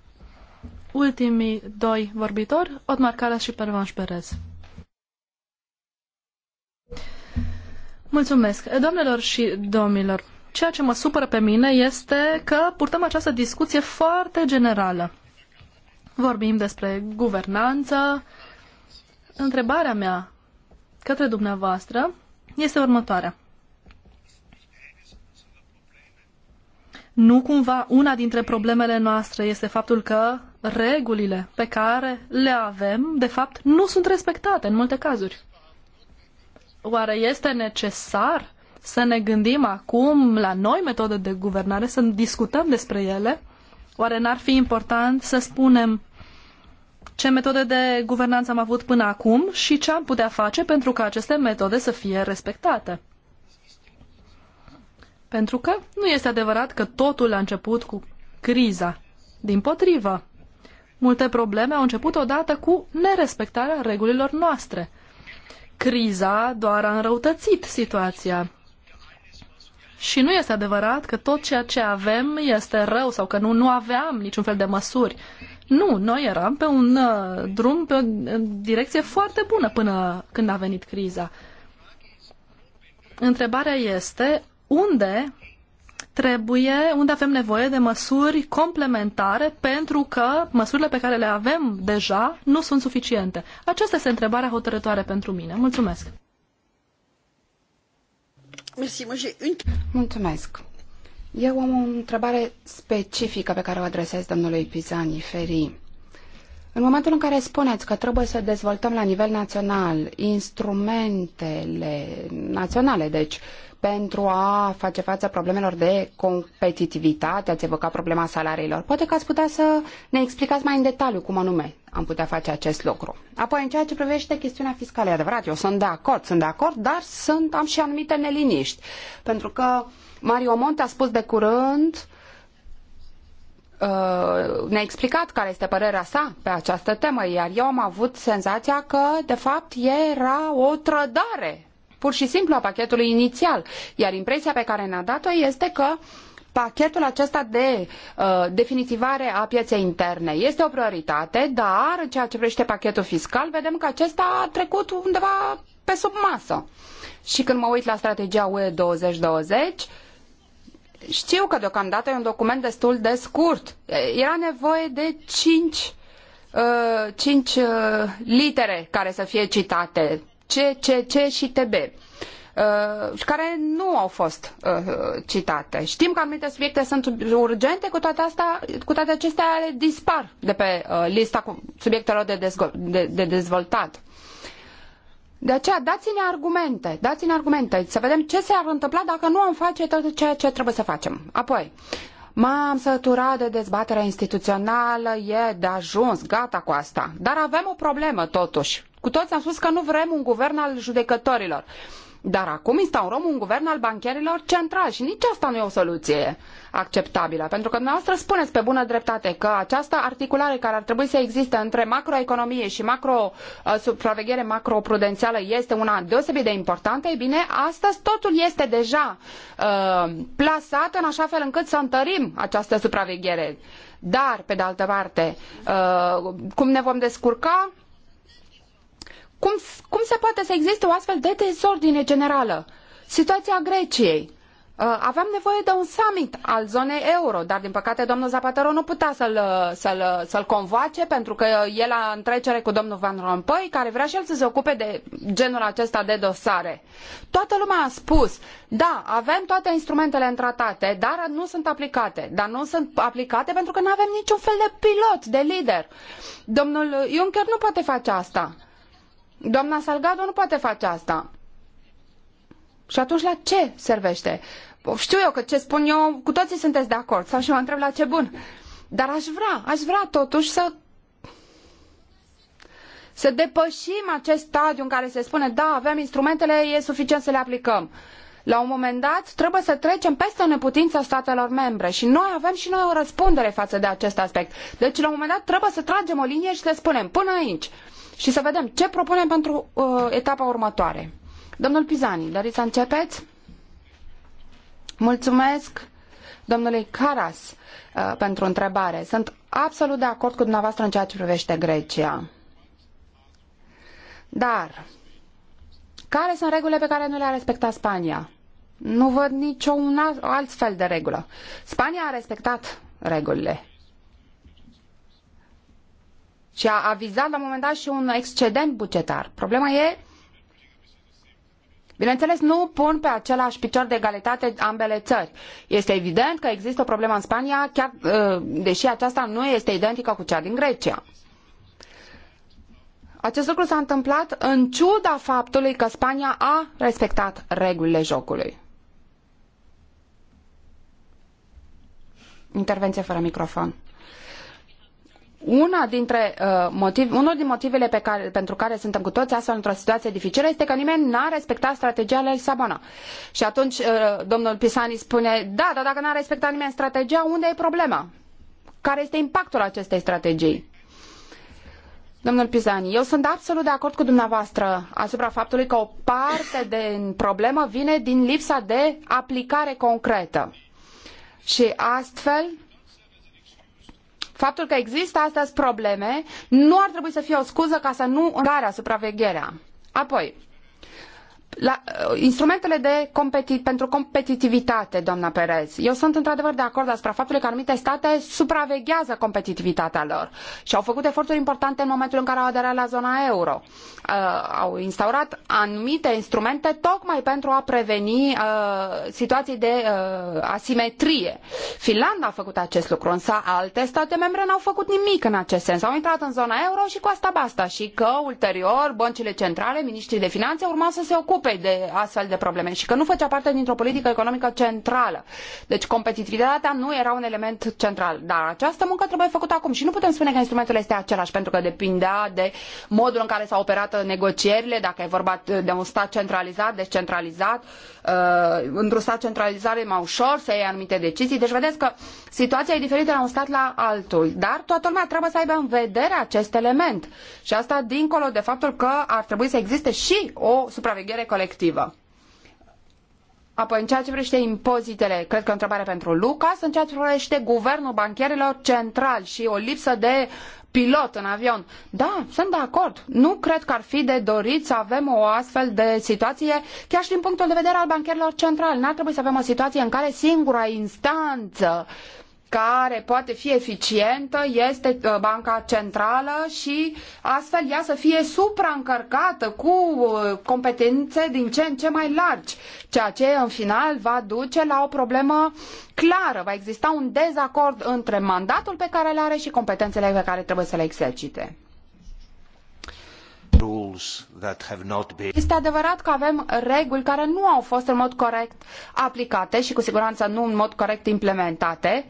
Ultimii doi vorbitori, Otmar Caras și Pervanș Perez. Mulțumesc. Doamnelor și domnilor, ceea ce mă supără pe mine este că purtăm această discuție foarte generală. Vorbim despre guvernanță. Întrebarea mea către dumneavoastră este următoarea. Nu cumva una dintre problemele noastre este faptul că regulile pe care le avem, de fapt, nu sunt respectate în multe cazuri. Oare este necesar să ne gândim acum la noi metode de guvernare, să discutăm despre ele? Oare n-ar fi important să spunem ce metode de guvernanță am avut până acum și ce am putea face pentru ca aceste metode să fie respectate? Pentru că nu este adevărat că totul a început cu criza. Din potrivă, multe probleme au început odată cu nerespectarea regulilor noastre criza doar a înrăutățit situația. Și nu este adevărat că tot ceea ce avem este rău sau că nu, nu aveam niciun fel de măsuri. Nu, noi eram pe un uh, drum, pe o direcție foarte bună până când a venit criza. Întrebarea este unde trebuie, unde avem nevoie de măsuri complementare pentru că măsurile pe care le avem deja nu sunt suficiente. Aceasta este întrebarea hotărătoare pentru mine. Mulțumesc! Mulțumesc! Eu am o întrebare specifică pe care o adresez domnului Pizani Feri. În momentul în care spuneți că trebuie să dezvoltăm la nivel național instrumentele naționale, deci pentru a face față problemelor de competitivitate, ați evocat problema salariilor, poate că ați putea să ne explicați mai în detaliu cum anume am putea face acest lucru. Apoi, în ceea ce privește chestiunea fiscală, e adevărat, eu sunt de acord, sunt de acord, dar sunt, am și anumite neliniști. Pentru că Mario Monte a spus de curând Uh, ne-a explicat care este părerea sa pe această temă, iar eu am avut senzația că, de fapt, era o trădare, pur și simplu, a pachetului inițial. Iar impresia pe care ne-a dat-o este că pachetul acesta de uh, definitivare a pieței interne este o prioritate, dar în ceea ce privește pachetul fiscal, vedem că acesta a trecut undeva pe sub masă. Și când mă uit la strategia UE 2020, știu că deocamdată e un document destul de scurt. Era nevoie de cinci, uh, cinci uh, litere care să fie citate. C, C, C și TB uh, care nu au fost uh, citate. Știm că anumite subiecte sunt urgente, cu toate, astea, cu toate acestea dispar de pe uh, lista cu subiectelor de, de, de dezvoltat. De aceea dați-ne argumente, dați-ne argumente, să vedem ce s-ar întâmpla dacă nu am face tot ceea ce trebuie să facem. Apoi, M-am săturat de dezbaterea instituțională, e de ajuns, gata cu asta. Dar avem o problemă totuși. Cu toți am spus că nu vrem un guvern al judecătorilor. Dar acum instaurăm un guvern al bancherilor central și nici asta nu e o soluție acceptabilă. Pentru că dumneavoastră spuneți pe bună dreptate că această articulare care ar trebui să existe între macroeconomie și macro, uh, supraveghere macroprudențială este una deosebit de importantă, e bine, astăzi totul este deja uh, plasat în așa fel încât să întărim această supraveghere. Dar, pe de altă parte, uh, cum ne vom descurca? Cum, cum se poate să existe o astfel de dezordine generală? Situația Greciei Uh, aveam nevoie de un summit al zonei euro, dar din păcate domnul Zapatero nu putea să-l, să-l, să-l convoace pentru că el a întrecere cu domnul Van Rompuy, care vrea și el să se ocupe de genul acesta de dosare. Toată lumea a spus, da, avem toate instrumentele în tratate, dar nu sunt aplicate. Dar nu sunt aplicate pentru că nu avem niciun fel de pilot, de lider. Domnul Juncker nu poate face asta. Doamna Salgado nu poate face asta. Și atunci la ce servește? Știu eu că ce spun eu, cu toții sunteți de acord, sau și mă întreb la ce bun. Dar aș vrea, aș vrea totuși să să depășim acest stadiu în care se spune, da, avem instrumentele, e suficient să le aplicăm. La un moment dat, trebuie să trecem peste neputința statelor membre și noi avem și noi o răspundere față de acest aspect. Deci, la un moment dat, trebuie să tragem o linie și să spunem, până aici, și să vedem ce propunem pentru uh, etapa următoare. Domnul Pizani, doriți să începeți? Mulțumesc domnului Caras uh, pentru întrebare. Sunt absolut de acord cu dumneavoastră în ceea ce privește Grecia. Dar, care sunt regulile pe care nu le-a respectat Spania? Nu văd niciun alt fel de regulă. Spania a respectat regulile. Și a avizat la un moment dat și un excedent bugetar. Problema e Bineînțeles, nu pun pe același picior de egalitate ambele țări. Este evident că există o problemă în Spania, chiar uh, deși aceasta nu este identică cu cea din Grecia. Acest lucru s-a întâmplat în ciuda faptului că Spania a respectat regulile jocului. Intervenție fără microfon una dintre, uh, unul din motivele pe care, pentru care suntem cu toți astfel într-o situație dificilă este că nimeni n-a respectat strategia la Lisabona. Și atunci uh, domnul Pisani spune, da, dar dacă n-a respectat nimeni strategia, unde e problema? Care este impactul acestei strategii? Domnul Pisani, eu sunt absolut de acord cu dumneavoastră asupra faptului că o parte din problemă vine din lipsa de aplicare concretă. Și astfel, Faptul că există astăzi probleme nu ar trebui să fie o scuză ca să nu încarea supravegherea. Apoi, la, uh, instrumentele de competi- pentru competitivitate, doamna Perez. Eu sunt într-adevăr de acord asupra faptului că anumite state supraveghează competitivitatea lor și au făcut eforturi importante în momentul în care au aderat la zona euro. Uh, au instaurat anumite instrumente tocmai pentru a preveni uh, situații de uh, asimetrie. Finlanda a făcut acest lucru, însă alte state membre n-au făcut nimic în acest sens. Au intrat în zona euro și cu asta basta și că ulterior băncile centrale, ministrii de finanțe urmau să se ocupe Europei de astfel de probleme și că nu făcea parte dintr-o politică economică centrală. Deci competitivitatea nu era un element central. Dar această muncă trebuie făcută acum și nu putem spune că instrumentul este același pentru că depindea de modul în care s-au operat negocierile, dacă e vorba de un stat centralizat, descentralizat uh, într-un stat centralizat e mai ușor să iei anumite decizii. Deci vedeți că situația e diferită de la un stat la altul, dar toată lumea trebuie să aibă în vedere acest element. Și asta dincolo de faptul că ar trebui să existe și o supraveghere colectivă. Apoi, în ceea ce privește impozitele, cred că e o întrebare pentru Lucas, în ceea ce privește guvernul bancherilor central și o lipsă de pilot în avion. Da, sunt de acord. Nu cred că ar fi de dorit să avem o astfel de situație, chiar și din punctul de vedere al bancherilor centrali. N-ar trebui să avem o situație în care singura instanță care poate fi eficientă este uh, Banca Centrală și astfel ea să fie supraîncărcată cu uh, competențe din ce în ce mai largi, ceea ce în final va duce la o problemă clară. Va exista un dezacord între mandatul pe care îl are și competențele pe care trebuie să le exercite. Rules este adevărat că avem reguli care nu au fost în mod corect aplicate și cu siguranță nu în mod corect implementate.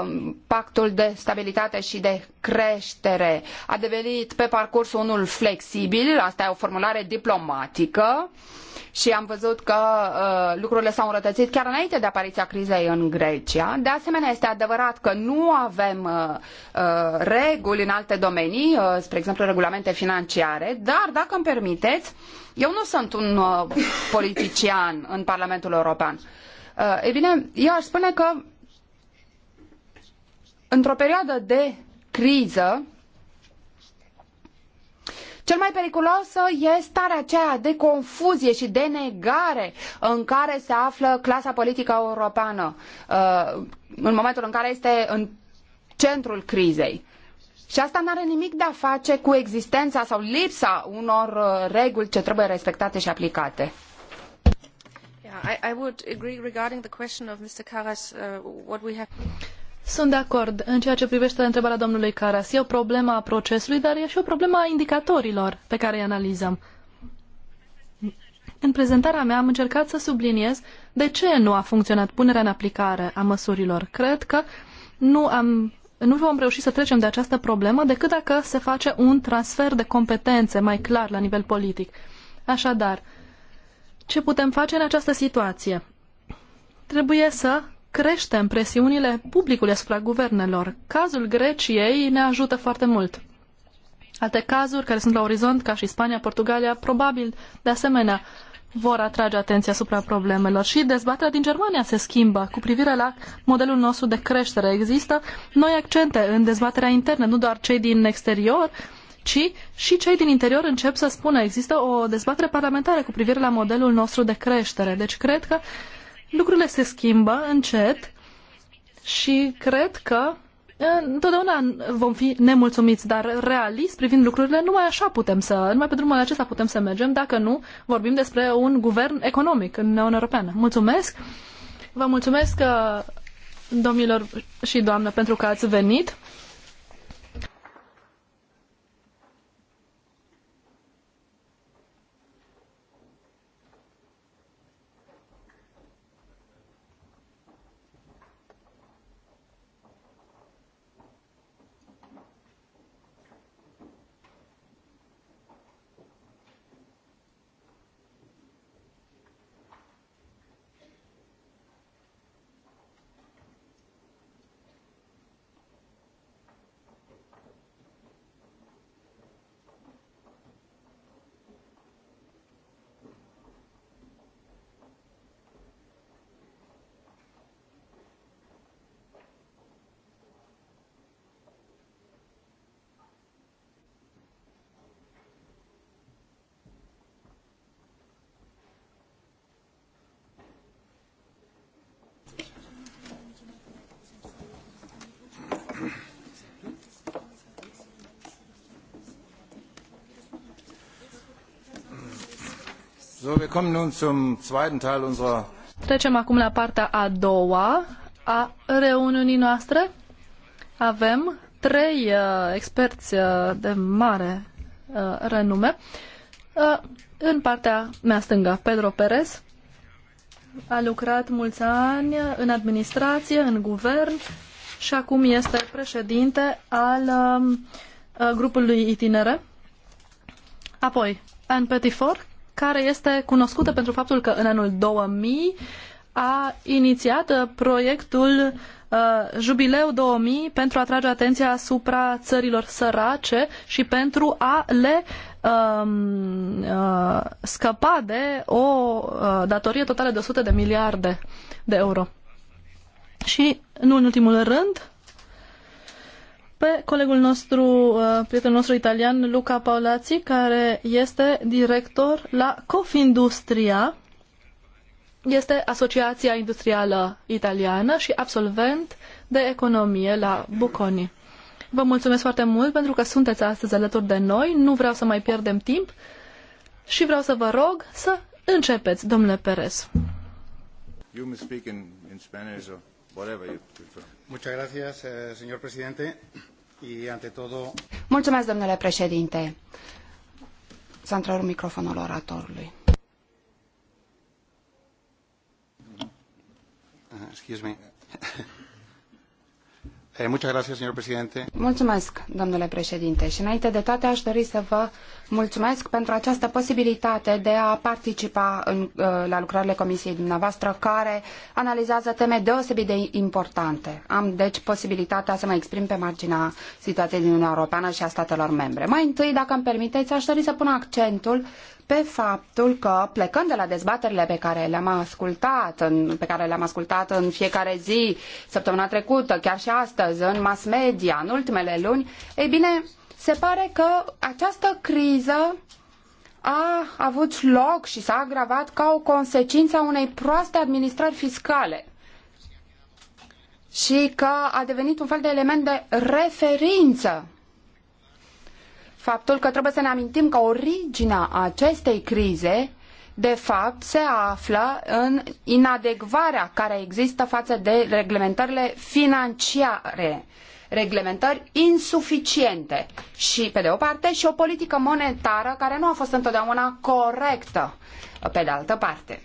Um, pactul de stabilitate și de creștere a devenit pe parcurs unul flexibil, asta e o formulare diplomatică și am văzut că uh, lucrurile s-au înrătățit chiar înainte de apariția crizei în Grecia. De asemenea, este adevărat că nu avem uh, uh, reguli în alte domenii, spre exemplu regulamente financiare, dar dacă îmi permiteți, eu nu sunt un uh, politician în Parlamentul European. Uh, e bine, eu aș spune că într-o perioadă de criză, cel mai periculos este starea aceea de confuzie și de negare în care se află clasa politică europeană, uh, în momentul în care este în centrul crizei. Și asta nu are nimic de a face cu existența sau lipsa unor uh, reguli ce trebuie respectate și aplicate. Uh, Sunt de acord în ceea ce privește întrebarea domnului Caras. E o problemă a procesului, dar e și o problemă a indicatorilor pe care îi analizăm. În prezentarea mea am încercat să subliniez de ce nu a funcționat punerea în aplicare a măsurilor. Cred că nu am nu vom reuși să trecem de această problemă decât dacă se face un transfer de competențe mai clar la nivel politic. Așadar, ce putem face în această situație? Trebuie să creștem presiunile publicului asupra guvernelor. Cazul Greciei ne ajută foarte mult. Alte cazuri care sunt la orizont, ca și Spania, Portugalia, probabil de asemenea vor atrage atenția asupra problemelor. Și dezbaterea din Germania se schimbă cu privire la modelul nostru de creștere. Există noi accente în dezbaterea internă, nu doar cei din exterior, ci și cei din interior încep să spună. Există o dezbatere parlamentară cu privire la modelul nostru de creștere. Deci cred că lucrurile se schimbă încet și cred că întotdeauna vom fi nemulțumiți, dar realist privind lucrurile, numai așa putem să, numai pe drumul acesta putem să mergem, dacă nu vorbim despre un guvern economic în Uniunea Europeană. Mulțumesc! Vă mulțumesc, uh, domnilor și doamnă, pentru că ați venit. Trecem acum la partea a doua a reuniunii noastre. Avem trei uh, experți uh, de mare uh, renume. Uh, în partea mea stângă, Pedro Perez a lucrat mulți ani în administrație, în guvern și acum este președinte al um, uh, grupului itinere. Apoi, Anne Petifor, care este cunoscută pentru faptul că în anul 2000 a inițiat uh, proiectul uh, Jubileu 2000 pentru a atrage atenția asupra țărilor sărace și pentru a le um, uh, scăpa de o uh, datorie totală de 100 de miliarde de euro. Și, nu în ultimul rând, pe colegul nostru, uh, prietenul nostru italian, Luca Paolazzi, care este director la Cofindustria, este Asociația Industrială Italiană și absolvent de economie la Bocconi. Vă mulțumesc foarte mult pentru că sunteți astăzi alături de noi. Nu vreau să mai pierdem timp și vreau să vă rog să începeți, domnule Perez. You speak in, in Spanish or whatever you prefer. Eh, Mulțumesc, domnule președinte. S-a întrerupt microfonul oratorului. Ah, excuse me. Eh, mulțumesc, domnule președinte. Și înainte de toate aș dori să vă mulțumesc pentru această posibilitate de a participa în, eh, la lucrările comisiei dumneavoastră care analizează teme deosebit de importante. Am deci posibilitatea să mă exprim pe marginea situației din Uniunea Europeană și a statelor membre. Mai întâi, dacă îmi permiteți, aș dori să pun accentul pe faptul că, plecând de la dezbaterile pe care le-am ascultat, în, pe care le-am ascultat în fiecare zi, săptămâna trecută, chiar și astăzi, în mass media, în ultimele luni, ei bine, se pare că această criză a avut loc și s-a agravat ca o consecință a unei proaste administrări fiscale și că a devenit un fel de element de referință faptul că trebuie să ne amintim că originea acestei crize de fapt se află în inadecvarea care există față de reglementările financiare reglementări insuficiente și, pe de o parte, și o politică monetară care nu a fost întotdeauna corectă, pe de altă parte.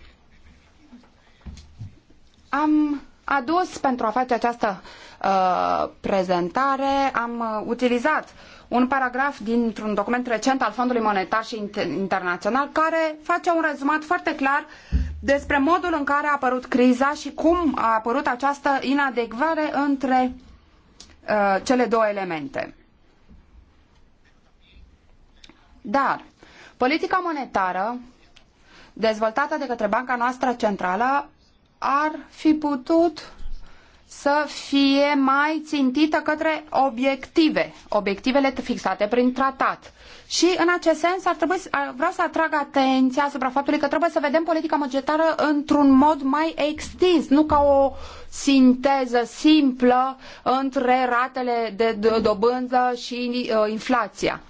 Am adus pentru a face această Uh, prezentare am uh, utilizat un paragraf dintr-un document recent al Fondului Monetar și Internațional care face un rezumat foarte clar despre modul în care a apărut criza și cum a apărut această inadecvare între uh, cele două elemente. Dar politica monetară dezvoltată de către banca noastră centrală ar fi putut să fie mai țintită către obiective, obiectivele fixate prin tratat. Și în acest sens ar trebui, vreau să atrag atenția asupra faptului că trebuie să vedem politica bugetară într-un mod mai extins, nu ca o sinteză simplă între ratele de dobândă și uh, inflația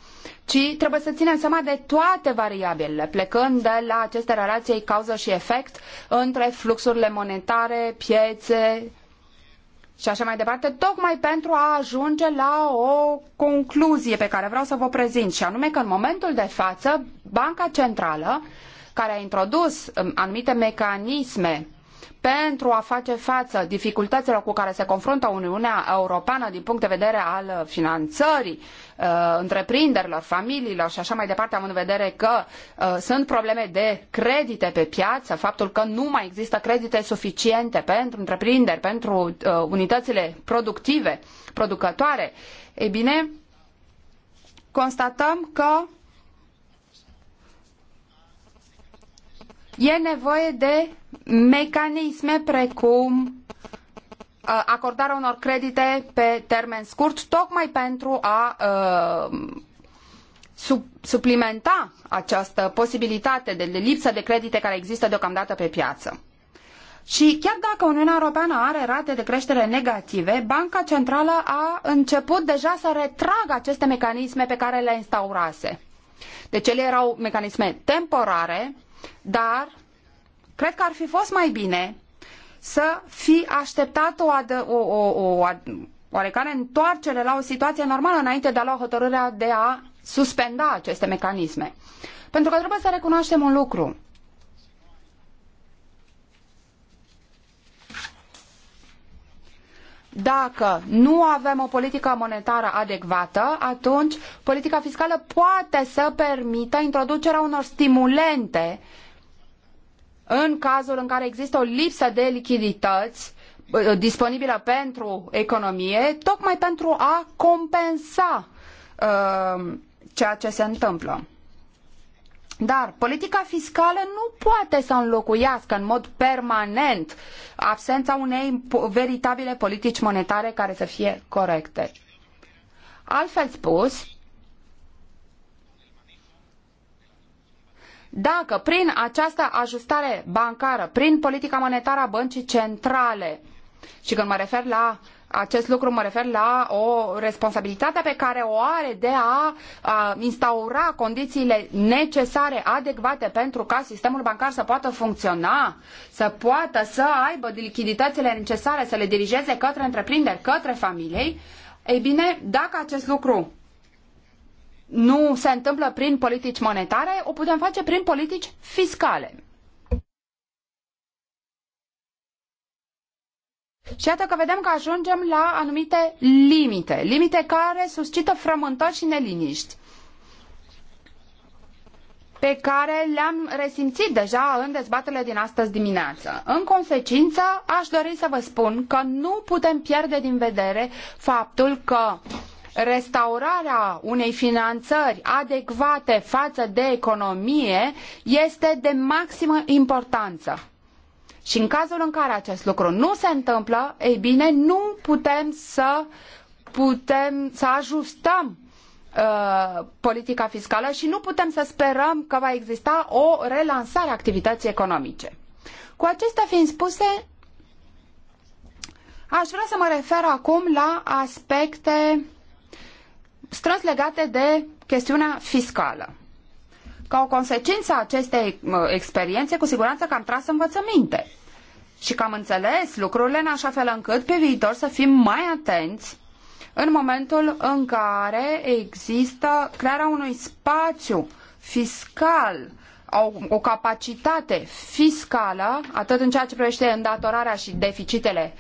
ci trebuie să ținem seama de toate variabilele, plecând de la aceste relații cauză și efect între fluxurile monetare, piețe, și așa mai departe, tocmai pentru a ajunge la o concluzie pe care vreau să vă prezint, și anume că în momentul de față, Banca Centrală, care a introdus um, anumite mecanisme pentru a face față dificultăților cu care se confruntă Uniunea Europeană din punct de vedere al finanțării uh, întreprinderilor, familiilor și așa mai departe, am în vedere că uh, sunt probleme de credite pe piață, faptul că nu mai există credite suficiente pentru întreprinderi, pentru uh, unitățile productive, producătoare, e bine, constatăm că E nevoie de mecanisme precum uh, acordarea unor credite pe termen scurt, tocmai pentru a uh, sub, suplimenta această posibilitate de lipsă de credite care există deocamdată pe piață. Și chiar dacă Uniunea Europeană are rate de creștere negative, Banca Centrală a început deja să retragă aceste mecanisme pe care le instaurase. Deci ele erau mecanisme temporare, uh, dar cred că ar fi fost mai bine să fi așteptat o, adă, o, o, o oarecare întoarcere la o situație normală înainte de a lua hotărârea de a suspenda aceste mecanisme. Pentru că trebuie să recunoaștem un lucru. dacă nu avem o politică monetară adecvată, atunci politica fiscală poate să permită introducerea unor stimulente în cazul în care există o lipsă de lichidități uh, disponibilă pentru economie, tocmai pentru a compensa uh, ceea ce se întâmplă. Dar politica fiscală nu poate să înlocuiască în mod permanent absența unei veritabile politici monetare care să fie corecte. Altfel spus, dacă prin această ajustare bancară, prin politica monetară a băncii centrale, și când mă refer la acest lucru mă refer la o responsabilitate pe care o are de a, a instaura condițiile necesare, adecvate pentru ca sistemul bancar să poată funcționa, să poată să aibă lichiditățile necesare, să le dirigeze către întreprinderi, către familii. Ei bine, dacă acest lucru nu se întâmplă prin politici monetare, o putem face prin politici fiscale. Și iată că vedem că ajungem la anumite limite, limite care suscită frământări și neliniști pe care le-am resimțit deja în dezbatele din astăzi dimineață. În consecință, aș dori să vă spun că nu putem pierde din vedere faptul că restaurarea unei finanțări adecvate față de economie este de maximă importanță. Și în cazul în care acest lucru nu se întâmplă, ei bine, nu putem să putem să ajustăm uh, politica fiscală și nu putem să sperăm că va exista o relansare a activității economice. Cu acestea fiind spuse, aș vrea să mă refer acum la aspecte strâns legate de chestiunea fiscală. Ca o consecință a acestei experiențe, cu siguranță că am tras învățăminte și că am înțeles lucrurile în așa fel încât pe viitor să fim mai atenți în momentul în care există crearea unui spațiu fiscal au o capacitate fiscală, atât în ceea ce privește îndatorarea și deficitele,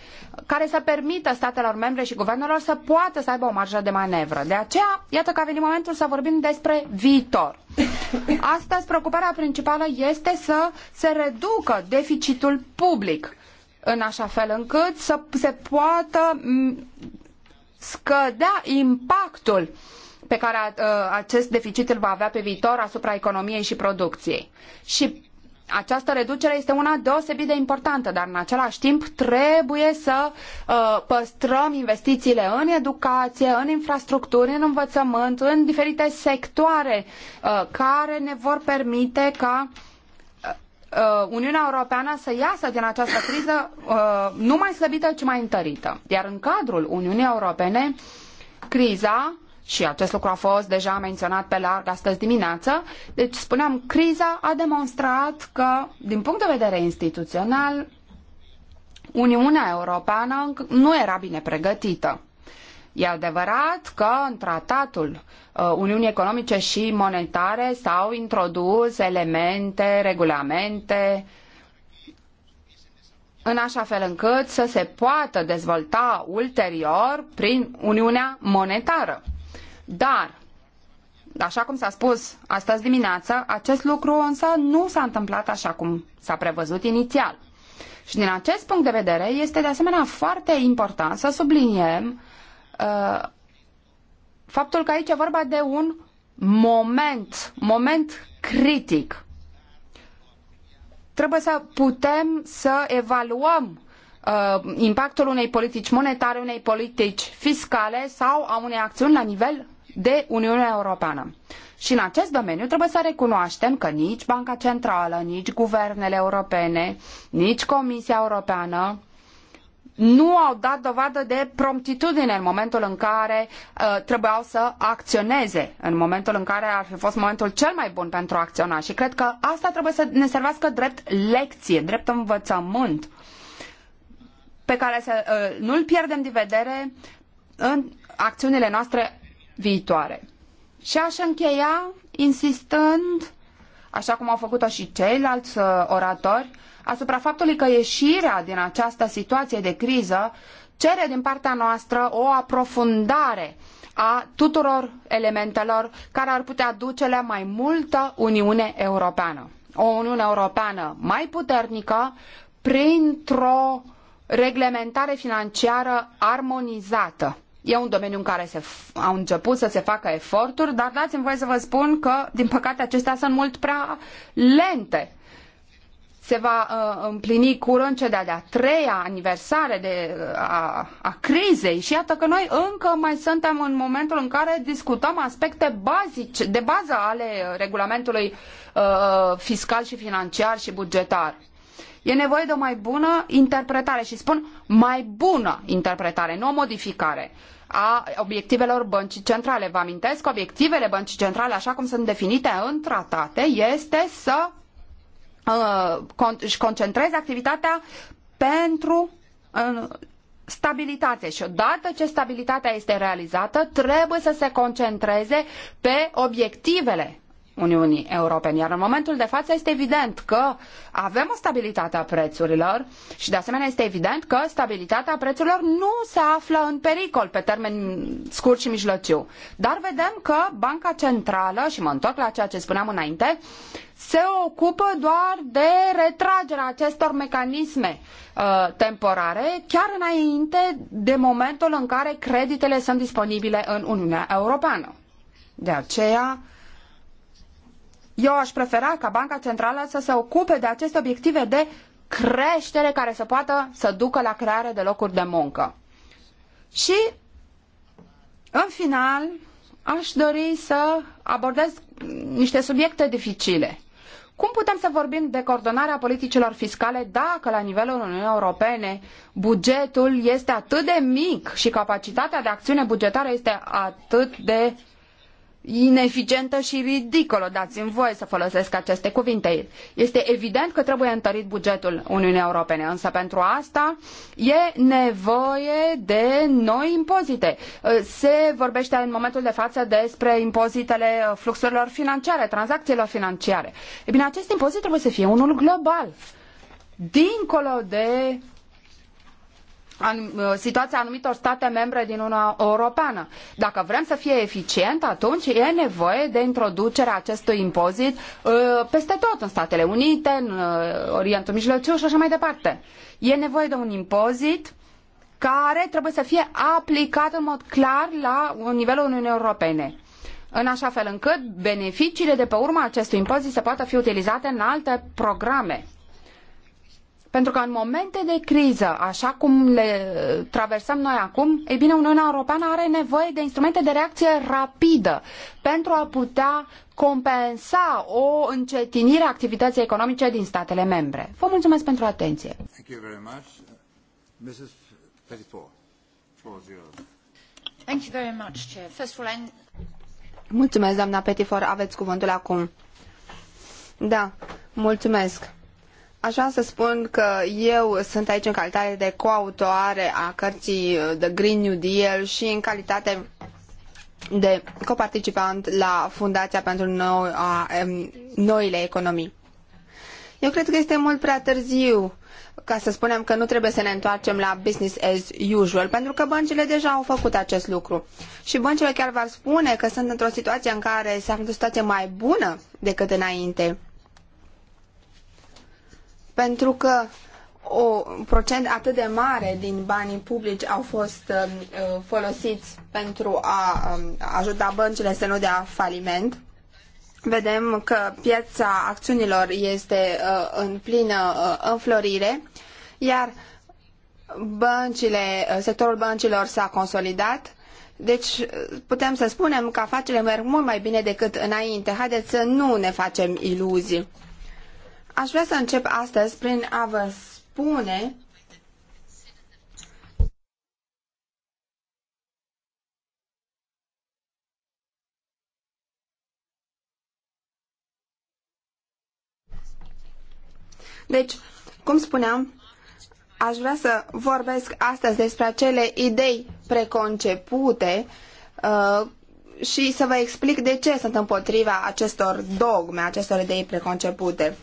care să permită statelor membre și guvernelor să poată să aibă o marjă de manevră. De aceea, iată că a venit momentul să vorbim despre viitor. Astăzi, preocuparea principală este să se reducă deficitul public, în așa fel încât să se poată scădea impactul uh, pe care uh, acest deficit îl va avea pe viitor asupra economiei și producției. Și această reducere este una deosebit de importantă, dar în același timp trebuie să uh, păstrăm investițiile în educație, în infrastructuri, în învățământ, în diferite sectoare uh, care ne vor permite ca Uniunea Europeană să iasă din această criză nu mai slăbită, ci mai întărită. Iar în cadrul Uniunii Europene, criza și acest lucru a fost deja menționat pe larg astăzi dimineață. Deci, spuneam, criza a demonstrat că, din punct de vedere instituțional, Uniunea Europeană nu era bine pregătită. E adevărat că în tratatul uh, Uniunii Economice și Monetare s-au introdus elemente, regulamente, în așa fel încât să se poată dezvolta ulterior prin Uniunea Monetară. Dar, așa cum s-a spus astăzi dimineața, acest lucru însă nu s-a întâmplat așa cum s-a prevăzut inițial. Și din acest punct de vedere este de asemenea foarte important să subliniem uh, faptul că aici e vorba de un moment, moment critic. Trebuie să putem să evaluăm uh, impactul unei politici monetare, unei politici fiscale sau a unei acțiuni la nivel de Uniunea Europeană. Și în acest domeniu trebuie să recunoaștem că nici Banca Centrală, nici guvernele europene, nici Comisia Europeană nu au dat dovadă de promptitudine în momentul în care uh, trebuiau să acționeze, în momentul în care ar fi fost momentul cel mai bun pentru a acționa. Și cred că asta trebuie să ne servească drept lecție, drept învățământ pe care să uh, nu-l pierdem de vedere în acțiunile noastre viitoare. Și aș încheia insistând, așa cum au făcut-o și ceilalți uh, oratori, asupra faptului că ieșirea din această situație de criză cere din partea noastră o aprofundare a tuturor elementelor care ar putea duce la mai multă Uniune Europeană. O Uniune Europeană mai puternică printr-o reglementare financiară armonizată E un domeniu în care se, au început să se facă eforturi, dar dați-mi voie să vă spun că, din păcate, acestea sunt mult prea lente. Se va uh, împlini curând cea de-a treia aniversare de, a, a crizei și iată că noi încă mai suntem în momentul în care discutăm aspecte bazice, de bază ale regulamentului uh, fiscal și financiar și bugetar. E nevoie de o mai bună interpretare și spun mai bună interpretare, nu o modificare a obiectivelor băncii centrale. Vă amintesc că obiectivele băncii centrale, așa cum sunt definite în tratate, este să uh, își concentreze activitatea pentru uh, stabilitate și odată ce stabilitatea este realizată, trebuie să se concentreze pe obiectivele Uniunii Europene. Iar în momentul de față este evident că avem o stabilitate a prețurilor și de asemenea este evident că stabilitatea prețurilor nu se află în pericol pe termen scurt și mijlociu. Dar vedem că Banca Centrală, și mă întorc la ceea ce spuneam înainte, se ocupă doar de retragerea acestor mecanisme uh, temporare chiar înainte de momentul în care creditele sunt disponibile în Uniunea Europeană. De aceea, eu aș prefera ca Banca Centrală să se ocupe de aceste obiective de creștere care să poată să ducă la crearea de locuri de muncă. Și, în final, aș dori să abordez niște subiecte dificile. Cum putem să vorbim de coordonarea politicilor fiscale dacă la nivelul Uniunii Europene bugetul este atât de mic și capacitatea de acțiune bugetară este atât de ineficientă și ridicolă, dați-mi voie să folosesc aceste cuvinte. Este evident că trebuie întărit bugetul Uniunii Europene, însă pentru asta e nevoie de noi impozite. Se vorbește în momentul de față despre impozitele fluxurilor financiare, tranzacțiilor financiare. E bine, acest impozit trebuie să fie unul global, dincolo de Uh, situația anumitor state membre din Uniunea Europeană. Dacă vrem să fie eficient, atunci e nevoie de introducerea acestui impozit uh, peste tot, în Statele Unite, în uh, Orientul Mijlociu și așa mai departe. E nevoie de un impozit care trebuie să fie aplicat în mod clar la nivelul Uniunii Europene în așa fel încât beneficiile de pe urma acestui impozit să poată fi utilizate în alte programe. Pentru că în momente de criză, așa cum le traversăm noi acum, e bine, Uniunea Europeană are nevoie de instrumente de reacție rapidă pentru a putea compensa o încetinire a activității economice din statele membre. Vă mulțumesc pentru atenție. Mulțumesc, doamna Petifor. Aveți cuvântul acum. Da, mulțumesc. Aș vrea să spun că eu sunt aici în calitate de coautoare a cărții uh, The Green New Deal și în calitate de coparticipant la Fundația pentru noi a, Noile Economii. Eu cred că este mult prea târziu ca să spunem că nu trebuie să ne întoarcem la business as usual, pentru că băncile deja au făcut acest lucru. Și băncile chiar v-ar spune că sunt într-o situație în care se află o situație mai bună decât înainte pentru că o procent atât de mare din banii publici au fost um, uh, folosiți pentru a uh, ajuta băncile să nu dea faliment. Vedem că piața acțiunilor este uh, în plină uh, înflorire, iar băncile, uh, sectorul băncilor s-a consolidat. Deci uh, putem să spunem că afacerile merg mult mai bine decât înainte. Haideți să nu ne facem iluzii. Aș vrea să încep astăzi prin a vă spune Deci, cum spuneam, aș vrea să vorbesc astăzi despre acele idei preconcepute uh, și să vă explic de ce sunt împotriva acestor dogme, acestor idei preconcepute.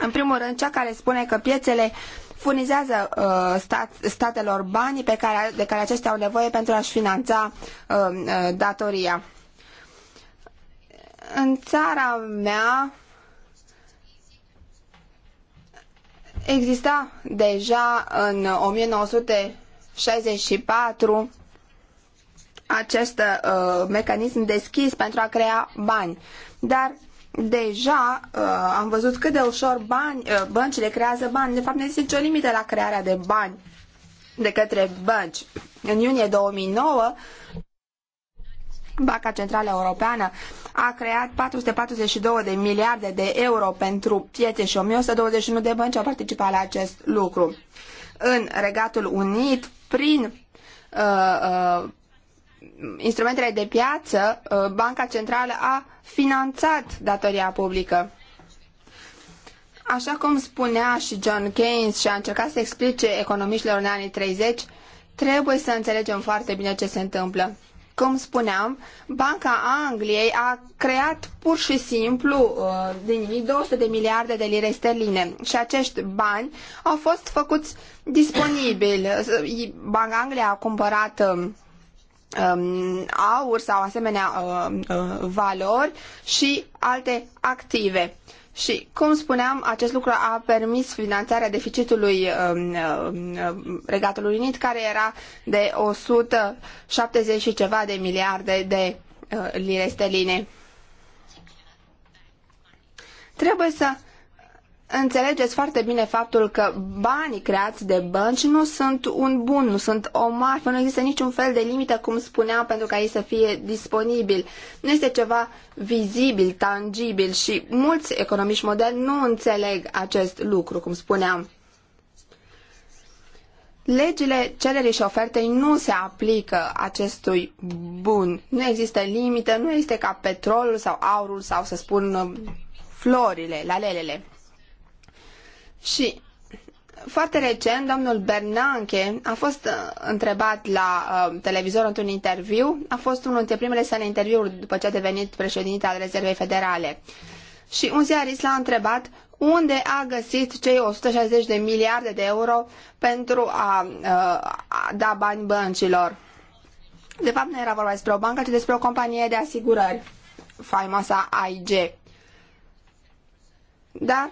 În primul rând, cea care spune că piețele furnizează uh, stat, statelor banii pe care, de care aceștia au nevoie pentru a-și finanța uh, uh datoria. În țara mea exista deja în 1964 acest uh, mecanism deschis pentru a crea bani. Dar deja uh, am văzut cât de ușor bani, uh, băncile creează bani. De fapt, nu există nicio limită la crearea de bani de către bănci. În iunie 2009, Banca Centrală Europeană a creat 442 de miliarde de euro pentru piețe și 1121 de bănci au participat la acest lucru. În Regatul Unit, prin uh, uh, instrumentele de piață, uh, Banca Centrală a finanțat datoria publică. Așa cum spunea și John Keynes și a încercat să explice economiștilor în anii 30, trebuie să înțelegem foarte bine ce se întâmplă. Cum spuneam, Banca Angliei a creat pur și simplu uh, din nimic 200 de miliarde de lire sterline și acești bani au fost făcuți disponibili. Banca Angliei a cumpărat um, Um, aur sau asemenea um, uh, valori și alte active. Și, cum spuneam, acest lucru a permis finanțarea deficitului um, uh, Regatului Unit, care era de 170 și ceva de miliarde de uh, lire sterline. Trebuie să înțelegeți foarte bine faptul că banii creați de bănci nu sunt un bun, nu sunt o marfă, nu există niciun fel de limită, cum spuneam, pentru ca ei să fie disponibili. Nu este ceva vizibil, tangibil și mulți economiști moderni nu înțeleg acest lucru, cum spuneam. Legile cererii și ofertei nu se aplică acestui bun. Nu există limită, nu este ca petrolul sau aurul sau, să spun, florile, lalelele. Și foarte recent, domnul Bernanke a fost uh, întrebat la uh, televizor într-un interviu, a fost unul dintre primele sale interviuri după ce a devenit președinte al Rezervei Federale. Și un ziarist l-a întrebat unde a găsit cei 160 de miliarde de euro pentru a, uh, a da bani băncilor. De fapt, nu era vorba despre o bancă, ci despre o companie de asigurări, faimoasa AIG. Dar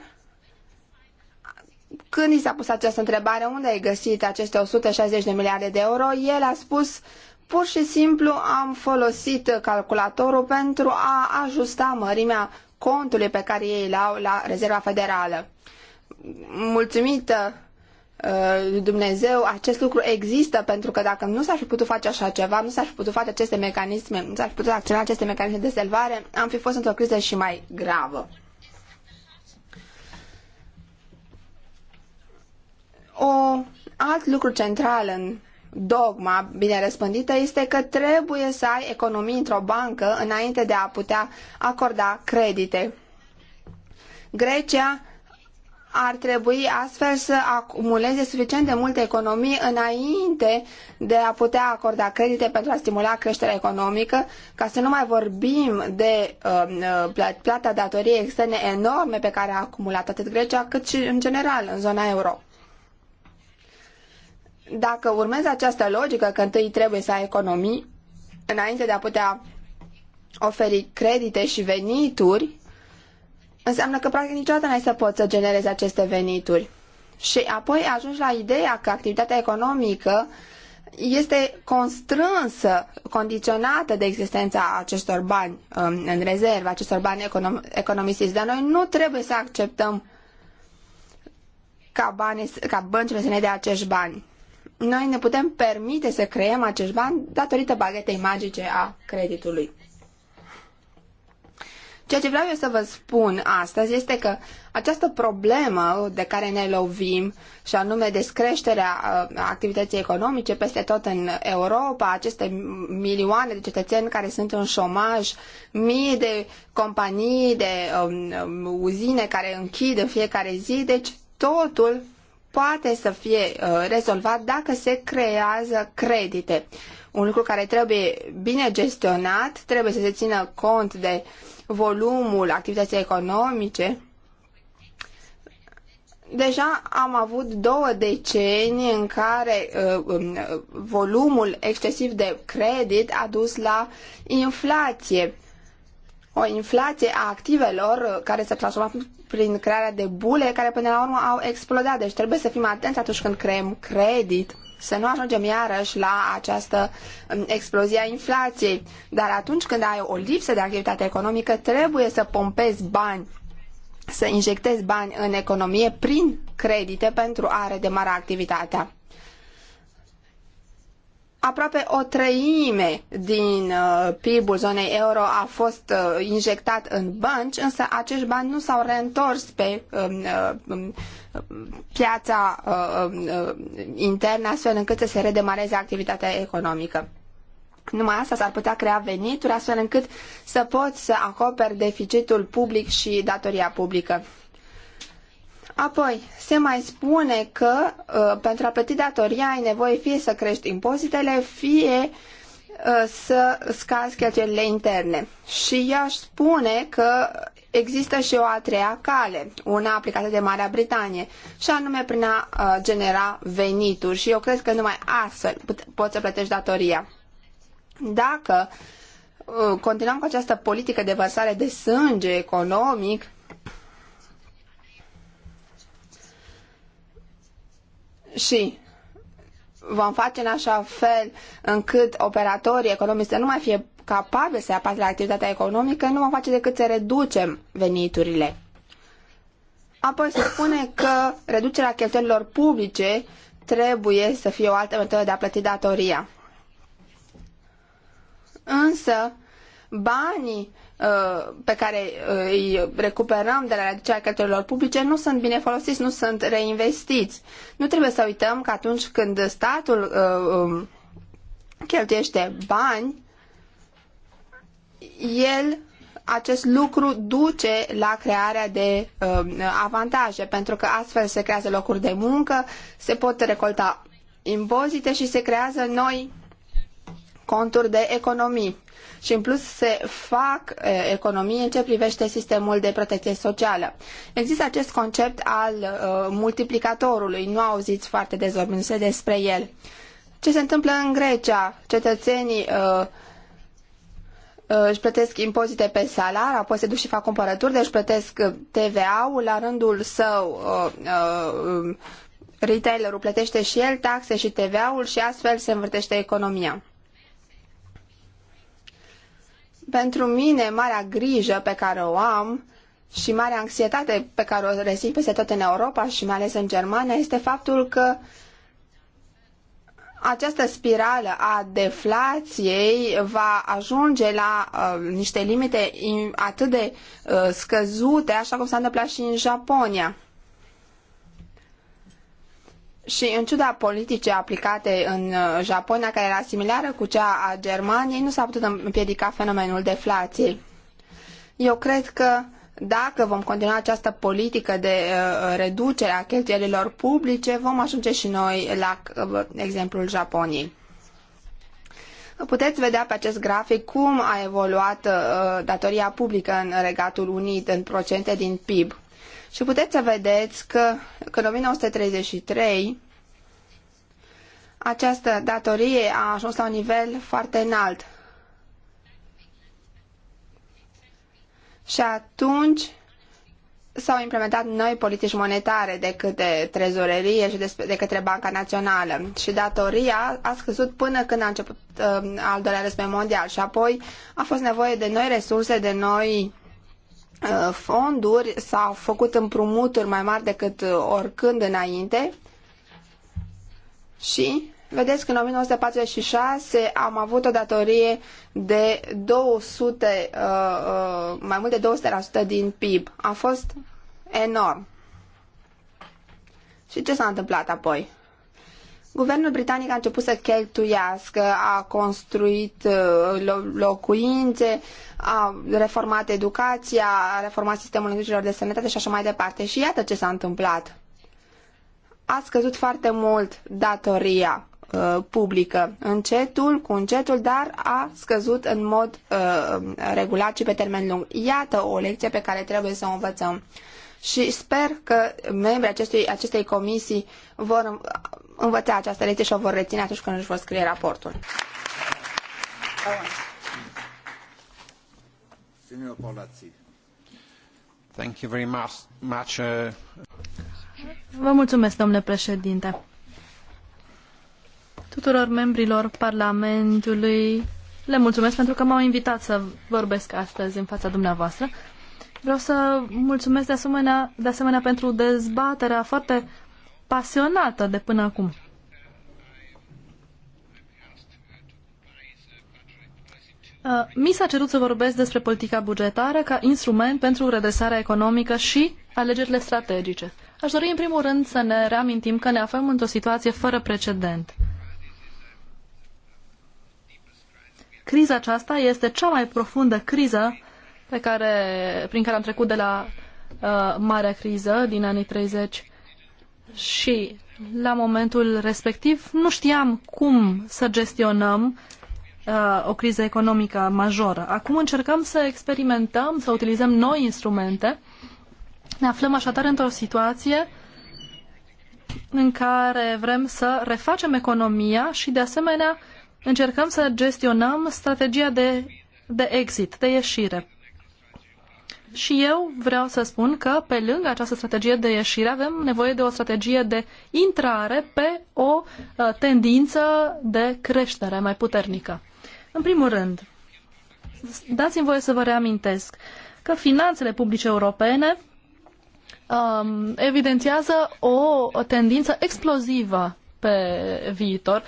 când i s-a pus această întrebare, unde ai găsit aceste 160 de miliarde de euro, el a spus pur și simplu am folosit calculatorul pentru a ajusta mărimea contului pe care ei l-au la Rezerva Federală. Mulțumită lui uh, Dumnezeu, acest lucru există pentru că dacă nu s-ar fi putut face așa ceva, nu s-ar fi putut face aceste mecanisme, nu s-ar fi putut acționa aceste mecanisme de salvare, am fi fost într-o criză și mai gravă. O alt lucru central în dogma bine răspândită este că trebuie să ai economii într-o bancă înainte de a putea acorda credite. Grecia ar trebui astfel să acumuleze suficient de multe economii înainte de a putea acorda credite pentru a stimula creșterea economică, ca să nu mai vorbim de um, uh, plata datoriei externe enorme pe care a acumulat atât Grecia cât și în general în zona euro. Dacă urmezi această logică că întâi trebuie să ai economii înainte de a putea oferi credite și venituri, înseamnă că practic niciodată n-ai să poți să generezi aceste venituri. Și apoi ajungi la ideea că activitatea economică este constrânsă, condiționată de existența acestor bani um, în rezervă, acestor bani econom- economisiți. Dar noi nu trebuie să acceptăm ca, banii, ca băncile să ne dea acești bani noi ne putem permite să creăm acești bani datorită baghetei magice a creditului. Ceea ce vreau eu să vă spun astăzi este că această problemă de care ne lovim, și anume descreșterea uh, activității economice peste tot în Europa, aceste milioane de cetățeni care sunt în șomaj, mii de companii, de um, um uzine care închid în fiecare zi, deci totul poate să fie uh, rezolvat dacă se creează credite. Un lucru care trebuie bine gestionat, trebuie să se țină cont de volumul activității economice. Deja am avut două decenii în care uh, um, uh volumul excesiv de credit a dus la inflație o inflație a activelor uh, care s-a transformat prin crearea de bule care până la urmă au explodat. Deci trebuie să fim atenți atunci când creăm credit, să nu ajungem iarăși la această um, explozie a inflației. Dar atunci când ai o lipsă de activitate economică, trebuie să pompezi bani, să injectezi bani în economie prin credite pentru a redemara activitatea aproape o treime din uh, PIB-ul zonei euro a fost uh, injectat în bănci, însă acești bani nu s-au reîntors pe um, uh, um, piața um, internă, astfel încât să se redemareze activitatea economică. Numai asta s-ar putea crea venituri, astfel încât să poți să acoperi deficitul public și datoria publică. Apoi, se mai spune că uh, pentru a plăti datoria ai nevoie fie să crești impozitele, fie uh, să scazi cheltuielile interne. Și ea spune că există și o a treia cale, una aplicată de Marea Britanie, și anume prin a uh, genera venituri. Și eu cred că numai astfel poți să plătești datoria. Dacă uh, continuăm cu această politică de vărsare de sânge economic, și vom face în așa fel încât operatorii economici să nu mai fie capabili să apase la activitatea economică, nu vom face decât să reducem veniturile. Apoi se spune că reducerea cheltuielilor publice trebuie să fie o altă metodă de a plăti datoria. Însă, banii Uh, pe care uh, îi recuperăm de la reducerea cheltuielilor publice nu sunt bine folosiți, nu sunt reinvestiți. Nu trebuie să uităm că atunci când statul uh, um, cheltuiește bani, el acest lucru duce la crearea de um, avantaje, pentru că astfel se creează locuri de muncă, se pot recolta impozite și se creează noi conturi de economii și în plus se fac economii în ce privește sistemul de protecție socială. Există acest concept al multiplicatorului, nu auziți foarte des vorbindu-se despre el. Ce se întâmplă în Grecia? Cetățenii uh, își plătesc impozite pe salar, apoi se duc și fac cumpărături, deci plătesc TVA-ul, la rândul său retailerul plătește și el taxe și TVA-ul și astfel se învârtește economia. Pentru mine, marea grijă pe care o am și marea anxietate pe care o resimt peste tot în Europa și mai ales în Germania este faptul că această spirală a deflației va ajunge la uh, niște limite atât de uh, scăzute, așa cum s-a întâmplat și în Japonia. Și în ciuda politicii aplicate în uh, Japonia, care era similară cu cea a Germaniei, nu s-a putut împiedica fenomenul deflației. Eu cred că dacă vom continua această politică de uh, reducere a cheltuielilor publice, vom ajunge și noi la uh, exemplul Japoniei. Puteți vedea pe acest grafic cum a evoluat datoria publică în Regatul Unit în procente din PIB. Și puteți să vedeți că, că în 1933 această datorie a ajuns la un nivel foarte înalt. Și atunci s-au implementat noi politici monetare de către trezorerie și de către Banca Națională și datoria a scăzut până când a început uh, al doilea război mondial și apoi a fost nevoie de noi resurse, de noi Uh, fonduri, s-au făcut împrumuturi mai mari decât oricând înainte și Vedeți că în 1946 am avut o datorie de 200, uh, uh, mai mult de 200% din PIB. A fost enorm. Și ce s-a întâmplat apoi? Guvernul britanic a început să cheltuiască, a construit uh, locuințe, a reformat educația, a reformat sistemul îngrijirilor de sănătate și așa mai departe. Și iată ce s-a întâmplat. A scăzut foarte mult datoria uh, publică, încetul cu încetul, dar a scăzut în mod uh, regulat și pe termen lung. Iată o lecție pe care trebuie să o învățăm și sper că membrii acestui, acestei comisii vor învăța această lecție și o vor reține atunci când își vor scrie raportul. Thank you very much. much uh... Vă mulțumesc, domnule președinte. Tuturor membrilor Parlamentului le mulțumesc pentru că m-au invitat să vorbesc astăzi în fața dumneavoastră. Vreau să mulțumesc de asemenea, de asemenea pentru dezbaterea foarte pasionată de până acum. Uh, mi s-a cerut să vorbesc despre politica bugetară ca instrument pentru redresarea economică și alegerile strategice. Aș dori în primul rând să ne reamintim că ne aflăm într-o situație fără precedent. Criza aceasta este cea mai profundă criză pe care, prin care am trecut de la uh, marea criză din anii 30 și la momentul respectiv nu știam cum să gestionăm uh, o criză economică majoră. Acum încercăm să experimentăm, să utilizăm noi instrumente. Ne aflăm așadar într-o situație în care vrem să refacem economia și de asemenea încercăm să gestionăm strategia de, de exit, de ieșire. Și eu vreau să spun că pe lângă această strategie de ieșire avem nevoie de o strategie de intrare pe o uh, tendință de creștere mai puternică. În primul rând, dați-mi voie să vă reamintesc că finanțele publice europene um, evidențiază o tendință explozivă pe viitor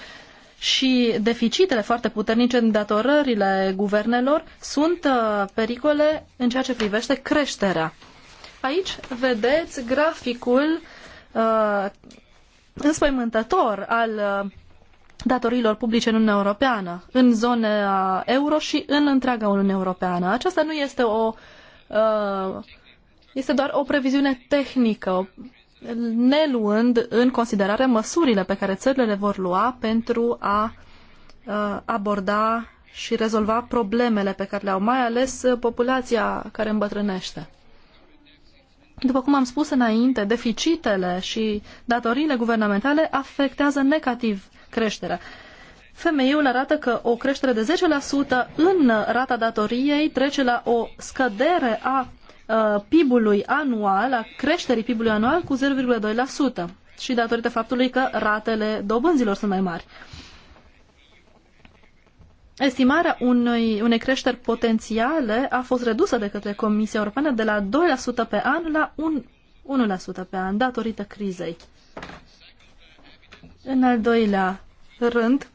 și deficitele foarte puternice în datorările guvernelor sunt uh, pericole în ceea ce privește creșterea. Aici vedeți graficul uh, înspăimântător al uh, datoriilor publice în Uniunea Europeană, în zona uh, euro și în întreaga Uniune Europeană. Aceasta nu este o uh, este doar o previziune tehnică, o ne luând în considerare măsurile pe care țările le vor lua pentru a uh, aborda și rezolva problemele pe care le-au, mai ales uh, populația care îmbătrânește. După cum am spus înainte, deficitele și datoriile guvernamentale afectează negativ creșterea. Femeiul arată că o creștere de 10% în rata datoriei trece la o scădere a Uh, PIB-ului anual, a creșterii PIB-ului anual cu 0,2% și datorită faptului că ratele dobânzilor sunt mai mari. Estimarea unei, unei creșteri potențiale a fost redusă de către Comisia Europeană de la 2% pe an la 1, 1% pe an, datorită crizei. În al doilea rând,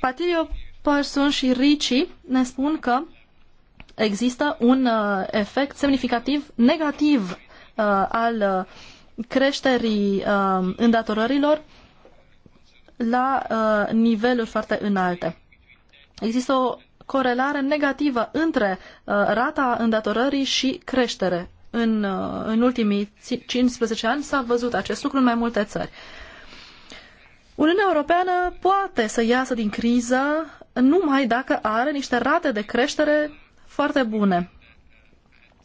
Patilio Parson și Ricci ne spun că există un uh, efect semnificativ negativ uh, al uh, creșterii îndatorărilor la niveluri foarte înalte. Există o corelare negativă între rata îndatorării și creștere. În, în ultimii 15 ani s-a văzut acest lucru în mai multe țări. Uniunea Europeană poate să iasă din criză numai dacă are niște rate de creștere foarte bune.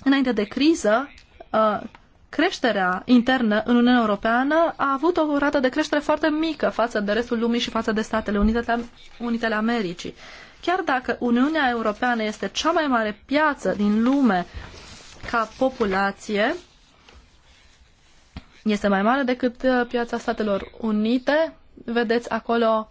Înainte de criză, uh, creșterea internă în Uniunea Europeană a avut o rată de creștere foarte mică față de restul lumii și față de Statele Unite, Unitele Americii. Chiar dacă Uniunea Europeană este cea mai mare piață din lume ca populație, este mai mare decât uh, piața Statelor Unite. Vedeți acolo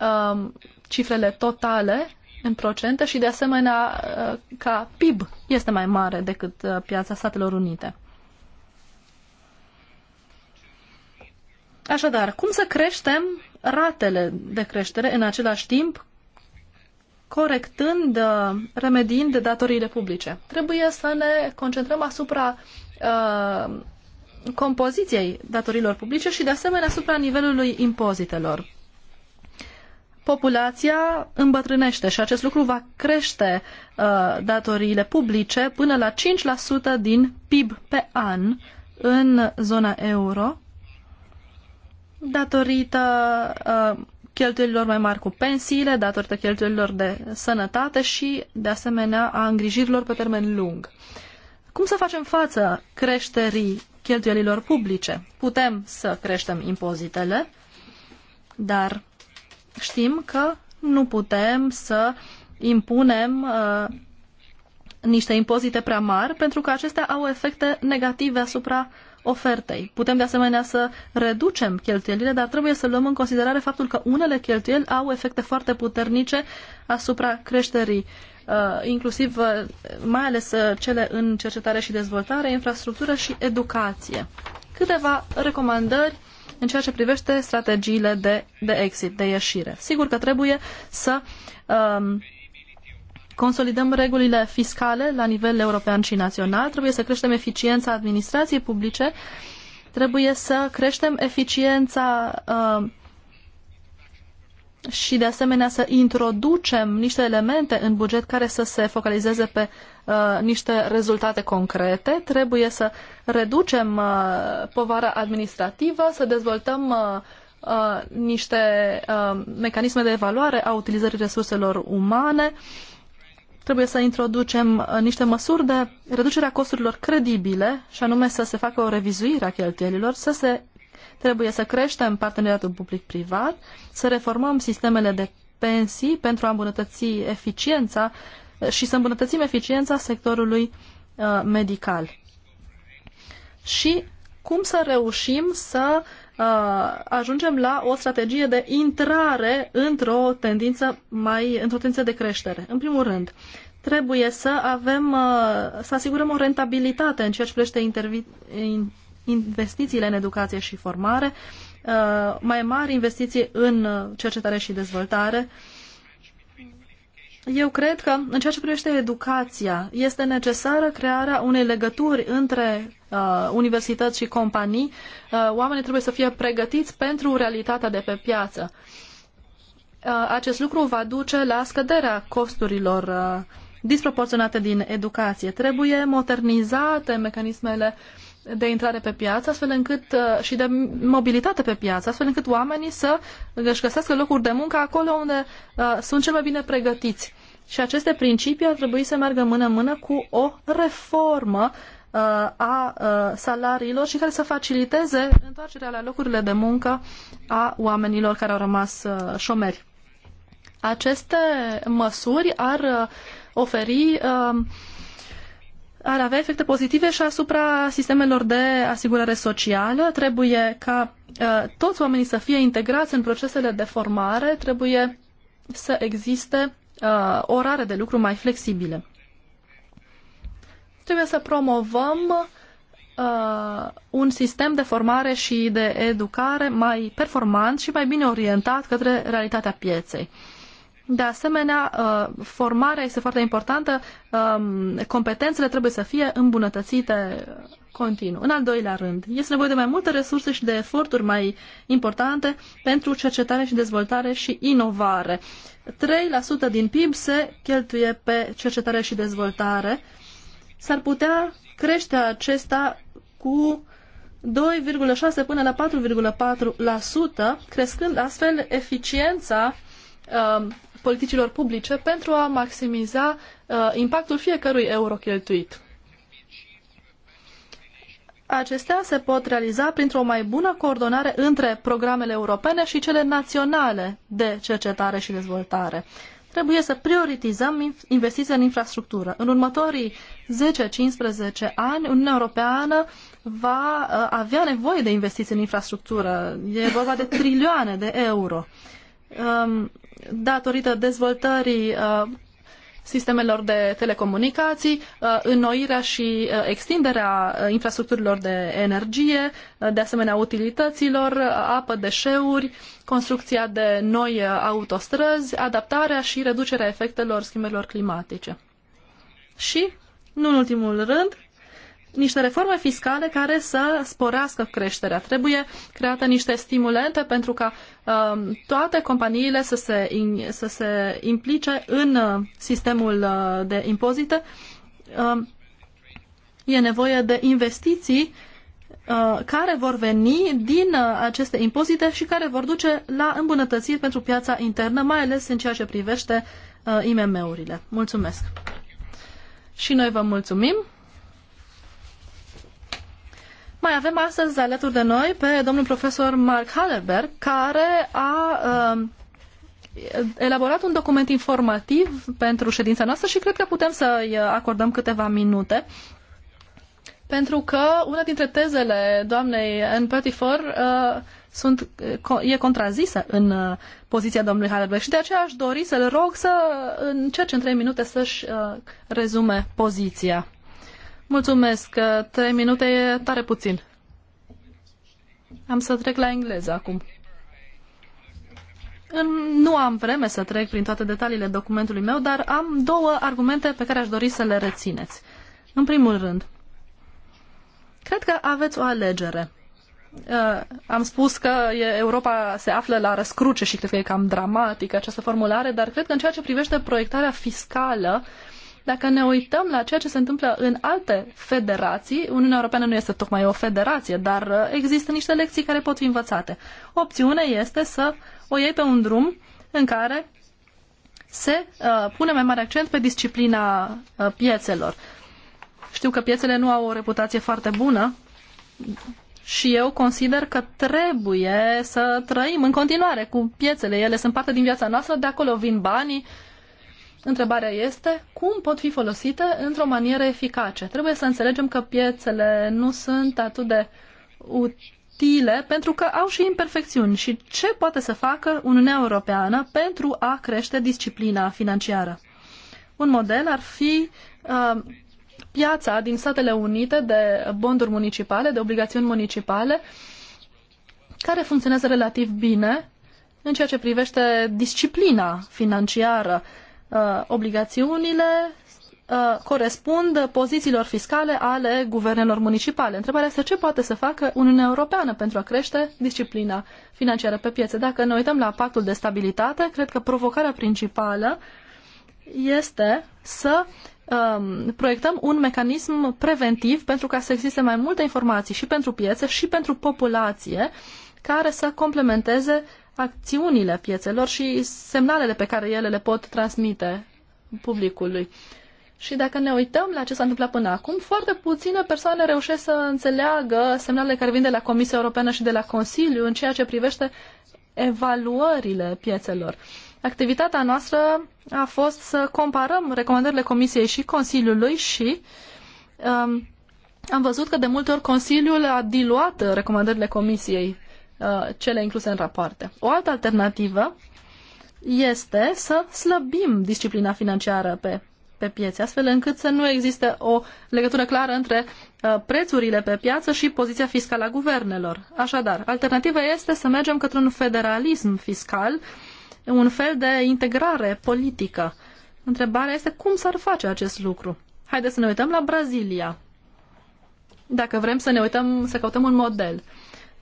um, cifrele totale în procente și de asemenea uh, ca PIB este mai mare decât uh, piața Statelor Unite. Așadar, cum să creștem ratele de creștere în același timp corectând, uh, remediind datoriile publice? Trebuie să ne concentrăm asupra uh, compoziției datorilor publice și de asemenea asupra nivelului impozitelor populația îmbătrânește și acest lucru va crește uh, datoriile publice până la 5% din PIB pe an în zona euro datorită uh, cheltuielilor mai mari cu pensiile, datorită cheltuielilor de sănătate și, de asemenea, a îngrijirilor pe termen lung. Cum să facem față creșterii cheltuielilor publice? Putem să creștem impozitele, dar știm că nu putem să impunem uh, niște impozite prea mari, pentru că acestea au efecte negative asupra ofertei. Putem de asemenea să reducem cheltuielile, dar trebuie să luăm în considerare faptul că unele cheltuieli au efecte foarte puternice asupra creșterii, uh, inclusiv uh, mai ales cele în cercetare și dezvoltare, infrastructură și educație. Câteva recomandări în ceea ce privește strategiile de, de exit, de ieșire. Sigur că trebuie să um, consolidăm regulile fiscale la nivel european și național, trebuie să creștem eficiența administrației publice, trebuie să creștem eficiența uh, și de asemenea să introducem niște elemente în buget care să se focalizeze pe uh, niște rezultate concrete. Trebuie să reducem uh, povara administrativă, să dezvoltăm uh, uh, niște uh, mecanisme de evaluare a utilizării resurselor umane. Trebuie să introducem uh, niște măsuri de reducere a costurilor credibile, și anume să se facă o revizuire a cheltuielilor, să se Trebuie să creștem parteneriatul public-privat, să reformăm sistemele de pensii pentru a îmbunătăți eficiența și să îmbunătățim eficiența sectorului uh, medical. Și cum să reușim să uh, ajungem la o strategie de intrare într-o tendință mai într-o tendință de creștere. În primul rând, trebuie să avem uh, să asigurăm o rentabilitate în ceea ce privește investițiile în educație și formare, uh, mai mari investiții în cercetare și dezvoltare. Eu cred că, în ceea ce privește educația, este necesară crearea unei legături între uh, universități și companii. Uh, oamenii trebuie să fie pregătiți pentru realitatea de pe piață. Uh, acest lucru va duce la scăderea costurilor uh, disproporționate din educație. Trebuie modernizate mecanismele uh, de intrare pe piață, astfel încât uh, și de mobilitate pe piață, astfel încât oamenii să își găsească locuri de muncă acolo unde uh, sunt cel mai bine pregătiți. Și aceste principii ar trebui să meargă mână-mână cu o reformă uh, a uh, salariilor și care să faciliteze întoarcerea la locurile de muncă a oamenilor care au rămas uh, șomeri. Aceste măsuri ar uh, oferi uh, ar avea efecte pozitive și asupra sistemelor de asigurare socială. Trebuie ca uh, toți oamenii să fie integrați în procesele de formare, trebuie să existe uh, orare de lucru mai flexibile. Trebuie să promovăm uh, un sistem de formare și de educare mai performant și mai bine orientat către realitatea pieței. De asemenea, uh, formarea este foarte importantă, um, competențele trebuie să fie îmbunătățite continuu. În al doilea rând, este nevoie de mai multe resurse și de eforturi mai importante pentru cercetare și dezvoltare și inovare. 3% din PIB se cheltuie pe cercetare și dezvoltare. S-ar putea crește acesta cu 2,6 până la 4,4%, crescând astfel eficiența um, politicilor publice pentru a maximiza uh, impactul fiecărui euro cheltuit. Acestea se pot realiza printr-o mai bună coordonare între programele europene și cele naționale de cercetare și dezvoltare. Trebuie să prioritizăm investiția în infrastructură. În următorii 10-15 ani, Uniunea Europeană va uh, avea nevoie de investiții în infrastructură. E vorba de trilioane de euro. Um, datorită dezvoltării uh, sistemelor de telecomunicații, uh, înnoirea și uh, extinderea infrastructurilor de energie, de asemenea utilităților, apă, deșeuri, construcția de noi autostrăzi, adaptarea și reducerea efectelor schimbărilor climatice. Și, nu în ultimul rând, niște reforme fiscale care să sporească creșterea. Trebuie create niște stimulente pentru ca um, toate companiile să se, in, să se implice în uh, sistemul uh, de impozite. Um, e nevoie de investiții uh, care vor veni din uh, aceste impozite și care vor duce la îmbunătățiri pentru piața internă, mai ales în ceea ce privește uh, IMM-urile. Mulțumesc! Și noi vă mulțumim! Mai avem astăzi alături de noi pe domnul profesor Mark Hallerberg, care a uh, elaborat un document informativ pentru ședința noastră și cred că putem să-i acordăm câteva minute. Pentru că una dintre tezele doamnei în Petifor uh, sunt, e contrazisă în uh, poziția domnului Hallerberg și de aceea aș dori să-l rog să încerce în trei minute să-și uh, rezume poziția. Mulțumesc. Trei minute e tare puțin. Am să trec la engleză acum. nu am vreme să trec prin toate detaliile documentului meu, dar am două argumente pe care aș dori să le rețineți. În primul rând, cred că aveți o alegere. Uh, am spus că Europa se află la răscruce și cred că e cam dramatică această formulare, dar cred că în ceea ce privește proiectarea fiscală, dacă ne uităm la ceea ce se întâmplă în alte federații, Uniunea Europeană nu este tocmai o federație, dar uh, există niște lecții care pot fi învățate. O opțiune este să o iei pe un drum în care se uh, pune mai mare accent pe disciplina uh, piețelor. Știu că piețele nu au o reputație foarte bună și eu consider că trebuie să trăim în continuare cu piețele. Ele sunt parte din viața noastră, de acolo vin banii, uh, Întrebarea este cum pot fi folosite într-o manieră eficace. Trebuie să înțelegem că piețele nu sunt atât de utile pentru că au și imperfecțiuni și ce poate să facă Uniunea Europeană pentru a crește disciplina financiară. Un model ar fi uh, piața din Statele Unite de bonduri municipale, de obligațiuni municipale, care funcționează relativ bine în ceea ce privește disciplina financiară. Uh, uh, obligațiunile uh, corespund pozițiilor fiscale ale guvernelor municipale. Întrebarea este ce poate să facă Uniunea Europeană pentru a crește disciplina financiară pe piețe. Dacă ne uităm la pactul de stabilitate, cred că provocarea principală este să um, proiectăm un mecanism preventiv pentru ca să existe mai multe informații și pentru piețe și pentru populație care să complementeze acțiunile piețelor și semnalele pe care ele le pot transmite publicului. Și dacă ne uităm la ce s-a întâmplat până acum, foarte puține persoane reușesc să înțeleagă semnalele care vin de la Comisia Europeană și de la Consiliu în ceea ce privește evaluările piețelor. Activitatea noastră a fost să comparăm recomandările Comisiei și Consiliului și um, am văzut că de multe ori Consiliul a diluat recomandările Comisiei Uh, cele incluse în rapoarte. O altă alternativă este să slăbim disciplina financiară pe, pe piețe, astfel încât să nu existe o legătură clară între uh, prețurile pe piață și poziția fiscală a guvernelor. Așadar, alternativa este să mergem către un federalism fiscal, un fel de integrare politică. Întrebarea este cum s-ar face acest lucru. Haideți să ne uităm la Brazilia. Dacă vrem să ne uităm, să căutăm un model.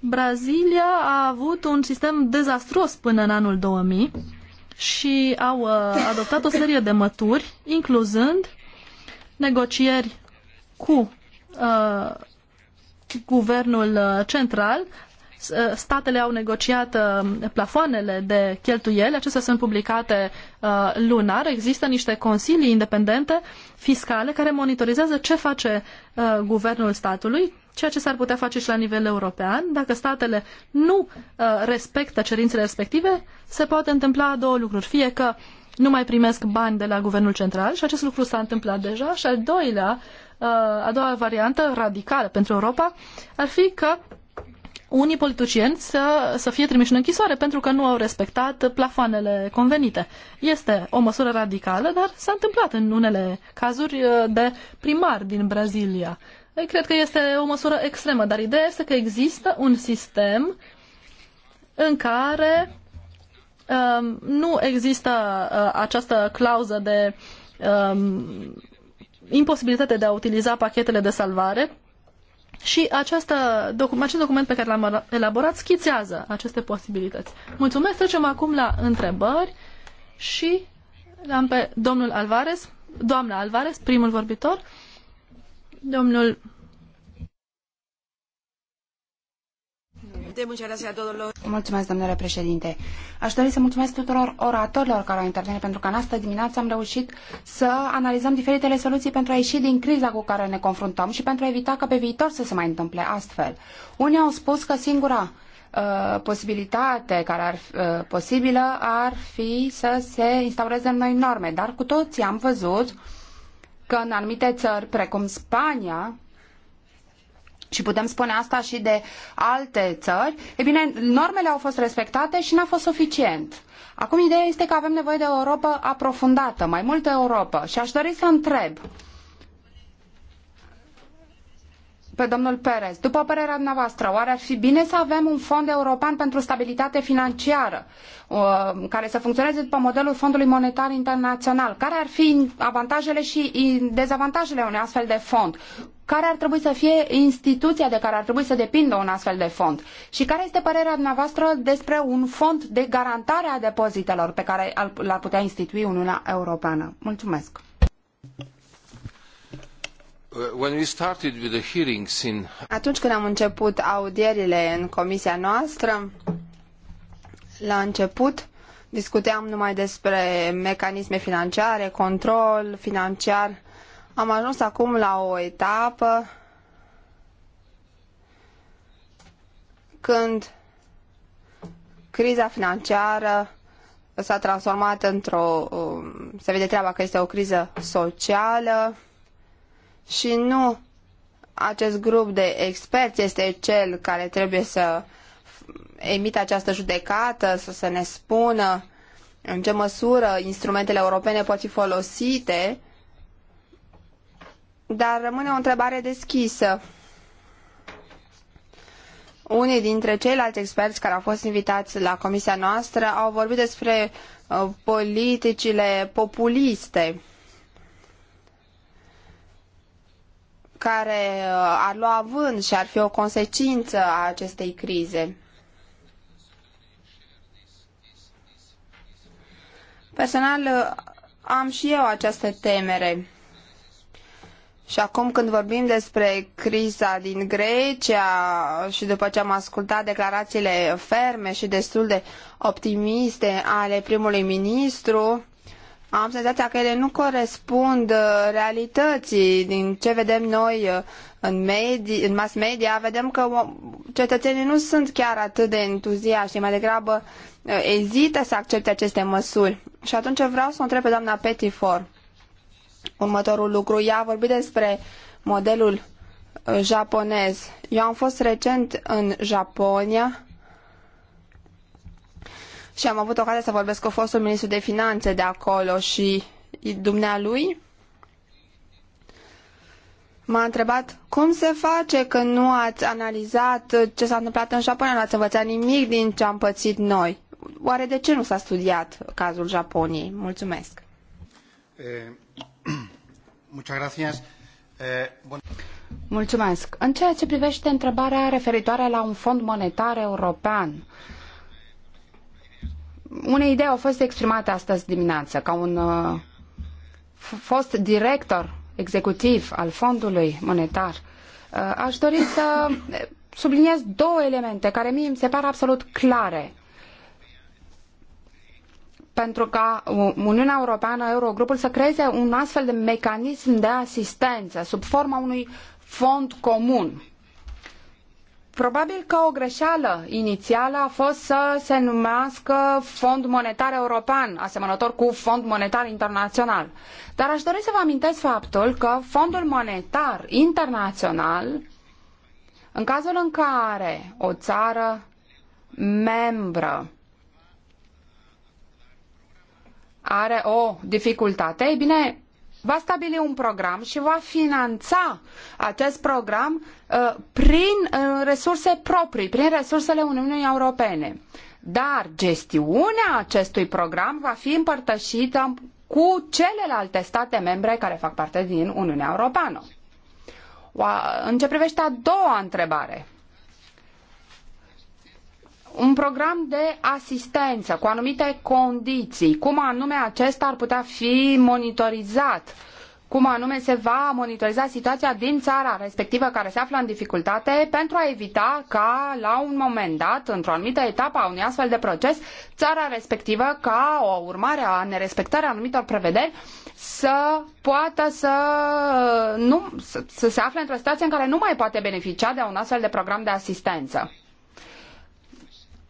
Brazilia a avut un sistem dezastros până în anul 2000 și au uh, adoptat o serie de mături, incluzând negocieri cu uh, guvernul uh, central. Uh, statele au negociat uh, plafoanele de cheltuieli, acestea sunt publicate uh, lunar. Există niște consilii independente fiscale care monitorizează ce face uh, guvernul statului, ceea ce s-ar putea face și la nivel european. Dacă statele nu uh, respectă cerințele respective, se poate întâmpla două lucruri. Fie că nu mai primesc bani de la guvernul central și acest lucru s-a întâmplat deja și al doilea, uh, a doua variantă radicală pentru Europa ar fi că unii politicieni să, să fie trimiși în închisoare pentru că nu au respectat plafoanele convenite. Este o măsură radicală, dar s-a întâmplat în unele cazuri uh, de primar din Brazilia cred că este o măsură extremă, dar ideea este că există un sistem în care um, nu există uh, această clauză de um, imposibilitate de a utiliza pachetele de salvare și această, docu acest document pe care l-am elaborat schițează aceste posibilități. Mulțumesc, trecem acum la întrebări și l-am pe domnul Alvarez, doamna Alvarez, primul vorbitor. Domnul Mulțumesc, domnule președinte. Aș dori să mulțumesc tuturor oratorilor care au intervenit, pentru că în astăzi dimineață am reușit să analizăm diferitele soluții pentru a ieși din criza cu care ne confruntăm și pentru a evita ca pe viitor să se mai întâmple astfel. Unii au spus că singura uh, posibilitate care ar fi uh, posibilă ar fi să se instaureze noi norme, dar cu toții am văzut că în anumite țări, precum Spania, și putem spune asta și de alte țări, e bine, normele au fost respectate și n-a fost suficient. Acum ideea este că avem nevoie de o Europa aprofundată, mai multă Europa. Și aș dori să întreb, uh, pe domnul Perez. După părerea dumneavoastră, oare ar fi bine să avem un fond european pentru stabilitate financiară uh, care să funcționeze după modelul Fondului Monetar Internațional? Care ar fi avantajele și dezavantajele unui astfel de fond? Care ar trebui să fie instituția de care ar trebui să depindă un astfel de fond? Și care este părerea dumneavoastră despre un fond de garantare a depozitelor pe care l-ar putea institui Uniunea Europeană? Mulțumesc! Uh, Atunci când am început audierile în comisia noastră, la început discuteam numai despre mecanisme financiare, control financiar. Am ajuns acum la o etapă când criza financiară s-a transformat într-o... Um, se vede treaba că este o criză socială, și nu acest grup de experți este cel care trebuie să emită această judecată, să, să ne spună în ce măsură instrumentele europene pot fi folosite, dar rămâne o întrebare deschisă. Unii dintre ceilalți experți care au fost invitați la comisia noastră au vorbit despre uh, politicile populiste. care uh, ar lua având și ar fi o consecință a acestei crize. Personal, uh, am și eu această temere. Și acum când vorbim despre criza din Grecia și după ce am ascultat declarațiile ferme și destul de optimiste ale primului ministru, am senzația că ele nu corespund uh, realității din ce vedem noi uh, în, în mass media. Vedem că uh, cetățenii nu sunt chiar atât de entuziaști, mai degrabă ezită să accepte aceste măsuri. Și atunci vreau să o întreb pe doamna Petifor următorul lucru. Ea a vorbit despre modelul japonez. Eu am fost recent în Japonia și am avut ocazia să vorbesc cu fostul ministru de finanțe de acolo și dumnealui m-a întrebat cum se face că nu ați analizat ce s-a întâmplat în Japonia, nu ați învățat nimic din ce am pățit noi. Oare de ce nu s-a studiat cazul Japoniei? Mulțumesc. Eh, eh, Mulțumesc. În ceea ce privește întrebarea referitoare la un fond monetar european, unei idei au fost exprimate astăzi dimineață ca un uh, fost director executiv al Fondului Monetar. Uh, aș dori să eh, subliniez două elemente care mie mi se par absolut clare pentru ca Uniunea Europeană, Eurogrupul, să creeze un astfel de mecanism de asistență sub forma unui fond comun Probabil că o greșeală inițială a fost să se numească Fond Monetar European, asemănător cu Fond Monetar Internațional. Dar aș dori să vă amintesc faptul că Fondul Monetar Internațional, în cazul în care o țară membră are o dificultate, e bine, va stabili un program și va finanța acest program uh, prin uh, resurse proprii, prin resursele Uniunii Europene. Dar gestiunea acestui program va fi împărtășită cu celelalte state membre care fac parte din Uniunea Europeană. În ce privește a doua întrebare, un program de asistență cu anumite condiții, cum anume acesta ar putea fi monitorizat, cum anume se va monitoriza situația din țara respectivă care se află în dificultate pentru a evita ca la un moment dat, într-o anumită etapă a unui astfel de proces, țara respectivă, ca o urmare a nerespectării anumitor prevederi, să poată să, nu, să, să se afle într-o situație în care nu mai poate beneficia de un astfel de program de asistență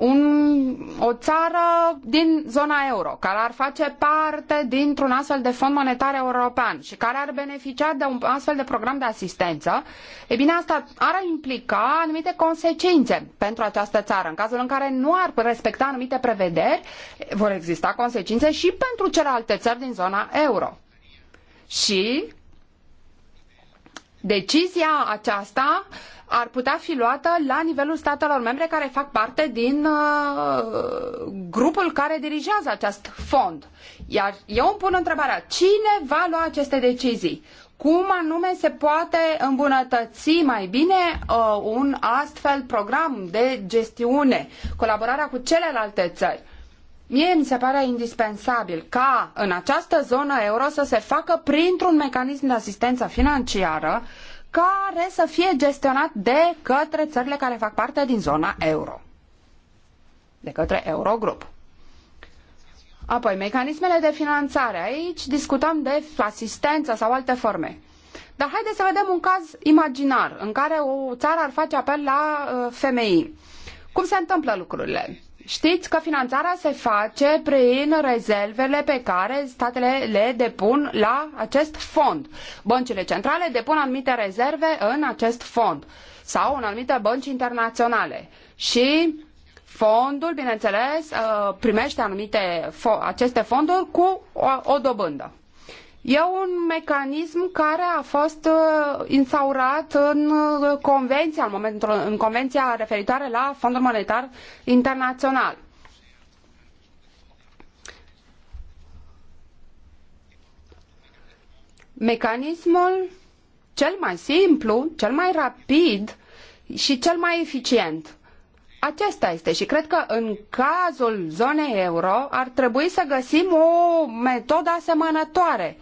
un, o țară din zona euro, care ar face parte dintr-un astfel de fond monetar european și care ar beneficia de un astfel de program de asistență, e bine, asta ar implica anumite consecințe pentru această țară. În cazul în care nu ar respecta anumite prevederi, vor exista consecințe și pentru celelalte țări din zona euro. Și Decizia aceasta ar putea fi luată la nivelul statelor membre care fac parte din uh, grupul care dirigează acest fond. Iar eu îmi pun întrebarea, cine va lua aceste decizii? Cum anume se poate îmbunătăți mai bine uh, un astfel program de gestiune, colaborarea cu celelalte țări? Mie mi se pare indispensabil ca în această zonă euro să se facă printr-un mecanism de asistență financiară care să fie gestionat de către țările care fac parte din zona euro, de către Eurogrup. Apoi, mecanismele de finanțare. Aici discutăm de asistență sau alte forme. Dar haideți să vedem un caz imaginar în care o țară ar face apel la uh, femei. Cum se întâmplă lucrurile? Știți că finanțarea se face prin rezervele pe care statele le depun la acest fond. Băncile centrale depun anumite rezerve în acest fond sau în anumite bănci internaționale. Și fondul, bineînțeles, uh, primește anumite aceste fonduri cu o, o dobândă. E un mecanism care a fost uh, instaurat în uh, convenția, în, momentul, în convenția referitoare la Fondul Monetar Internațional. Mecanismul cel mai simplu, cel mai rapid și cel mai eficient. Acesta este și cred că în cazul zonei euro ar trebui să găsim o metodă asemănătoare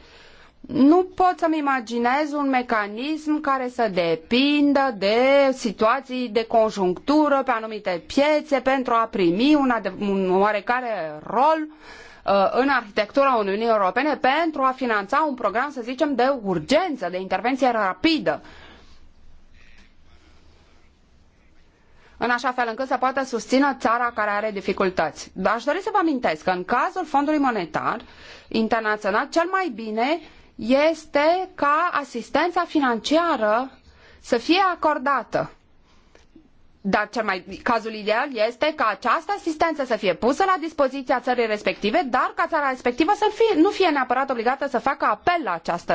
nu pot să-mi imaginez un mecanism care să depindă de situații de conjunctură pe anumite piețe pentru a primi un, un oarecare rol uh, în arhitectura Uniunii Europene pentru a finanța un program, să zicem, de urgență, de intervenție rapidă. în așa fel încât să poată susține țara care are dificultăți. Aș dori să vă amintesc că în cazul Fondului Monetar Internațional, cel mai bine este ca asistența financiară să fie acordată dar cel mai, cazul ideal este ca această asistență să fie pusă la dispoziția țării respective, dar ca țara respectivă să fie, nu fie neapărat obligată să facă apel la, această,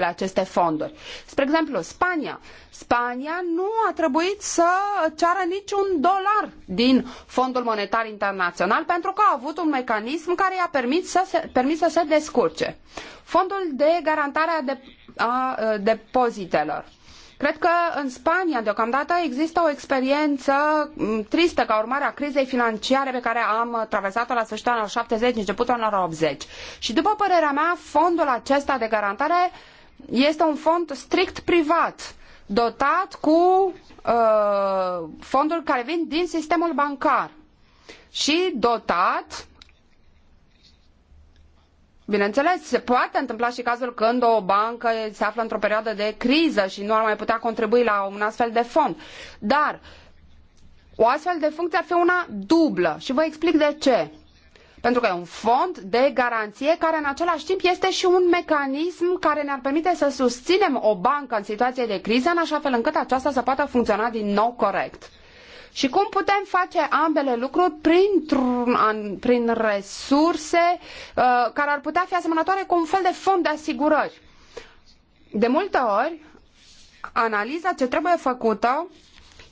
la aceste fonduri. Spre exemplu, Spania. Spania nu a trebuit să ceară niciun dolar din Fondul Monetar Internațional pentru că a avut un mecanism care i-a permis să se, permis să se descurce. Fondul de garantare a, de, a, a depozitelor Cred că în Spania, deocamdată, există o experiență mm, tristă ca urmare a crizei financiare pe care am uh, traversat-o la sfârșitul anilor 70, începutul anilor 80. Și după părerea mea, fondul acesta de garantare este un fond strict privat, dotat cu uh, fonduri care vin din sistemul bancar și dotat Bineînțeles, se poate întâmpla și cazul când o bancă se află într-o perioadă de criză și nu ar mai putea contribui la un astfel de fond. Dar o astfel de funcție ar fi una dublă și vă explic de ce. Pentru că e un fond de garanție care în același timp este și un mecanism care ne-ar permite să susținem o bancă în situație de criză în așa fel încât aceasta să poată funcționa din nou corect. Și cum putem face ambele lucruri prin resurse uh, care ar putea fi asemănătoare cu un fel de fond de asigurări? De multe ori, analiza ce trebuie făcută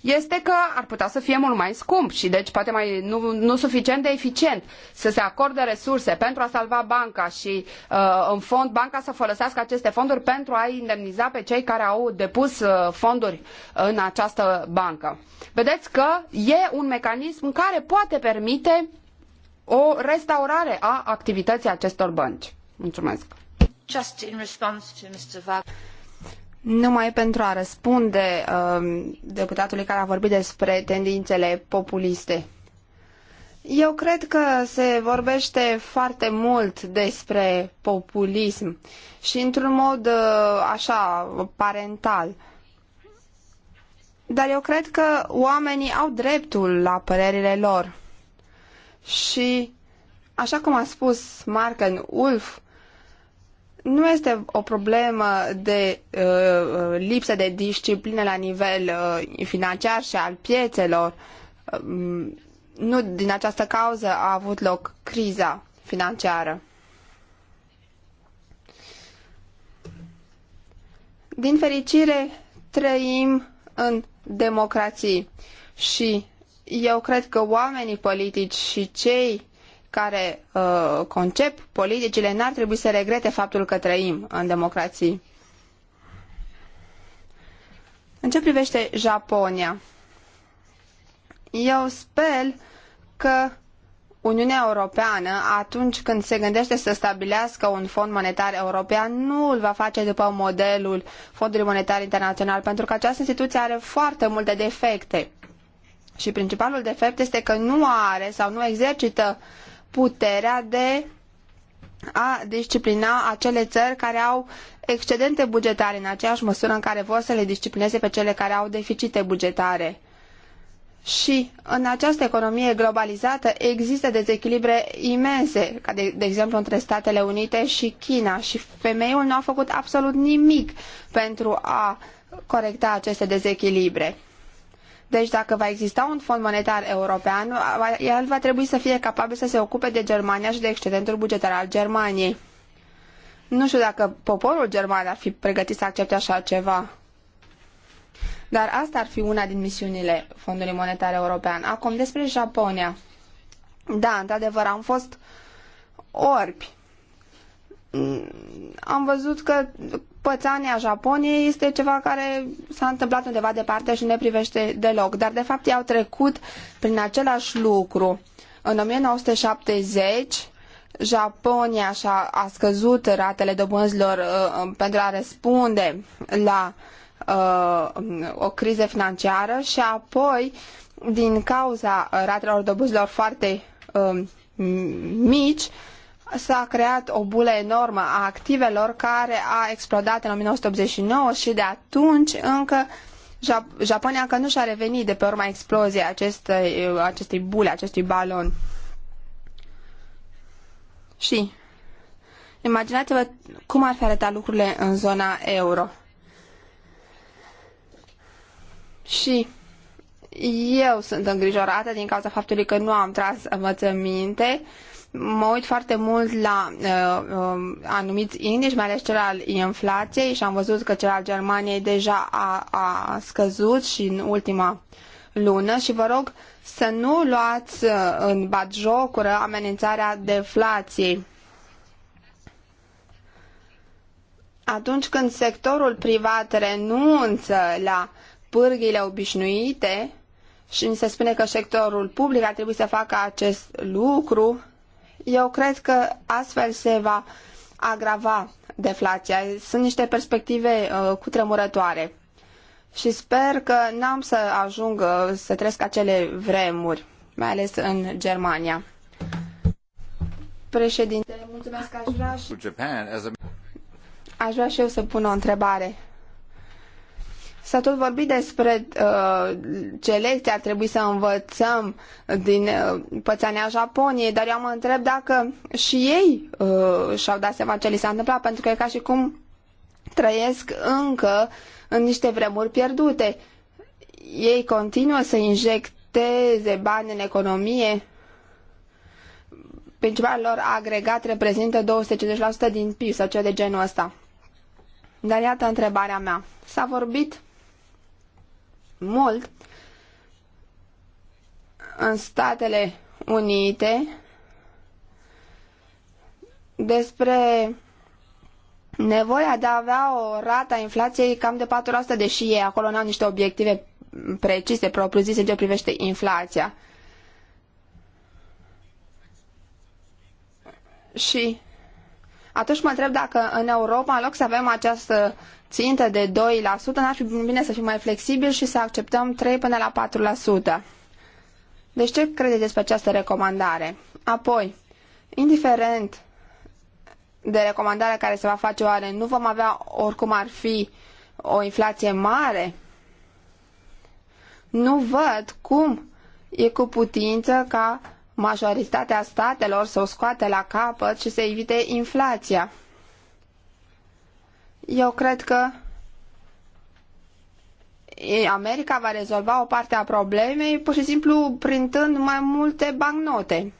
este că ar putea să fie mult mai scump și deci poate mai nu, nu suficient de eficient să se acorde resurse pentru a salva banca și uh, în fond banca să folosească aceste fonduri pentru a indemniza pe cei care au depus uh, fonduri în această bancă. Vedeți că e un mecanism care poate permite o restaurare a activității acestor bănci. Mulțumesc. Just in response to Mr. Wagner numai pentru a răspunde um, deputatului care a vorbit despre tendințele populiste. Eu cred că se vorbește foarte mult despre populism și într-un mod uh, așa parental. Dar eu cred că oamenii au dreptul la părerile lor. Și, așa cum a spus Marken Ulf, nu este o problemă de uh, uh, lipsă de disciplină la nivel uh, financiar și al piețelor. Uh, nu din această cauză a avut loc criza financiară. Din fericire, trăim în democrații și eu cred că oamenii politici și cei care uh, concep politicile n-ar trebui să regrete faptul că trăim în democrații. În ce privește Japonia? Eu sper că Uniunea Europeană, atunci când se gândește să stabilească un fond monetar european, nu îl va face după modelul Fondului Monetar Internațional, pentru că această instituție are foarte multe defecte. Și principalul defect este că nu are sau nu exercită puterea de a disciplina acele țări care au excedente bugetare în aceeași măsură în care vor să le disciplineze pe cele care au deficite bugetare. Și în această economie globalizată există dezechilibre imense, ca de, de exemplu între Statele Unite și China și femeiul nu a făcut absolut nimic pentru a corecta aceste dezechilibre. Deci dacă va exista un fond monetar european, el va trebui să fie capabil să se ocupe de Germania și de excedentul bugetar al Germaniei. Nu știu dacă poporul german ar fi pregătit să accepte așa ceva. Dar asta ar fi una din misiunile Fondului Monetar European. Acum, despre Japonia. Da, într-adevăr, am fost orbi. Mm, am văzut că pățania Japoniei este ceva care s-a întâmplat undeva departe și ne privește deloc. Dar, de fapt, ei au trecut prin același lucru. În 1970, Japonia și-a a scăzut ratele dobânzilor uh, um, pentru a răspunde la uh, o criză financiară și apoi, din cauza ratelor dobânzilor foarte uh, mici, s-a creat o bulă enormă a activelor care a explodat în 1989 și de atunci încă Japonia încă nu și-a revenit de pe urma exploziei acestei, acestei bule, acestui balon. Și imaginați-vă cum ar fi arătat lucrurile în zona euro. Și eu sunt îngrijorată din cauza faptului că nu am tras învățăminte mă uit foarte mult la uh, uh, anumiți indici, mai ales cel al inflației și am văzut că cel al Germaniei deja a, a scăzut și în ultima lună și vă rog să nu luați uh, în batjocură amenințarea deflației. Atunci când sectorul privat renunță la pârghile obișnuite și ni se spune că sectorul public ar trebui să facă acest lucru, eu cred că astfel se va agrava deflația. Sunt niște perspective uh, cutremurătoare și sper că n-am să ajung uh, să trăiesc acele vremuri, mai ales în Germania. Președinte, mulțumesc, aș vrea și, aș vrea și eu să pun o întrebare. S-a tot vorbit despre uh, ce lecții ar trebui să învățăm din uh, pățania Japoniei, dar eu mă întreb dacă și ei uh, și-au dat seama ce li s-a întâmplat, pentru că e ca și cum trăiesc încă în niște vremuri pierdute. Ei continuă să injecteze bani în economie. Principalul lor agregat reprezintă 250% din PIB sau ceva de genul ăsta. Dar iată întrebarea mea. S-a vorbit mult în Statele Unite despre nevoia de a avea o rată a inflației cam de 4%, deși ei acolo n-au niște obiective precise, propriu-zise, în ce privește inflația. Și atunci mă întreb dacă în Europa, în loc să avem această țintă de 2%, n-ar fi bine să fim mai flexibili și să acceptăm 3 până la 4%. Deci ce credeți despre această recomandare? Apoi, indiferent de recomandarea care se va face oare, nu vom avea oricum ar fi o inflație mare? Nu văd cum e cu putință ca majoritatea statelor să o scoate la capăt și să evite inflația. Eu cred că America va rezolva o parte a problemei pur și simplu printând mai multe bancnote.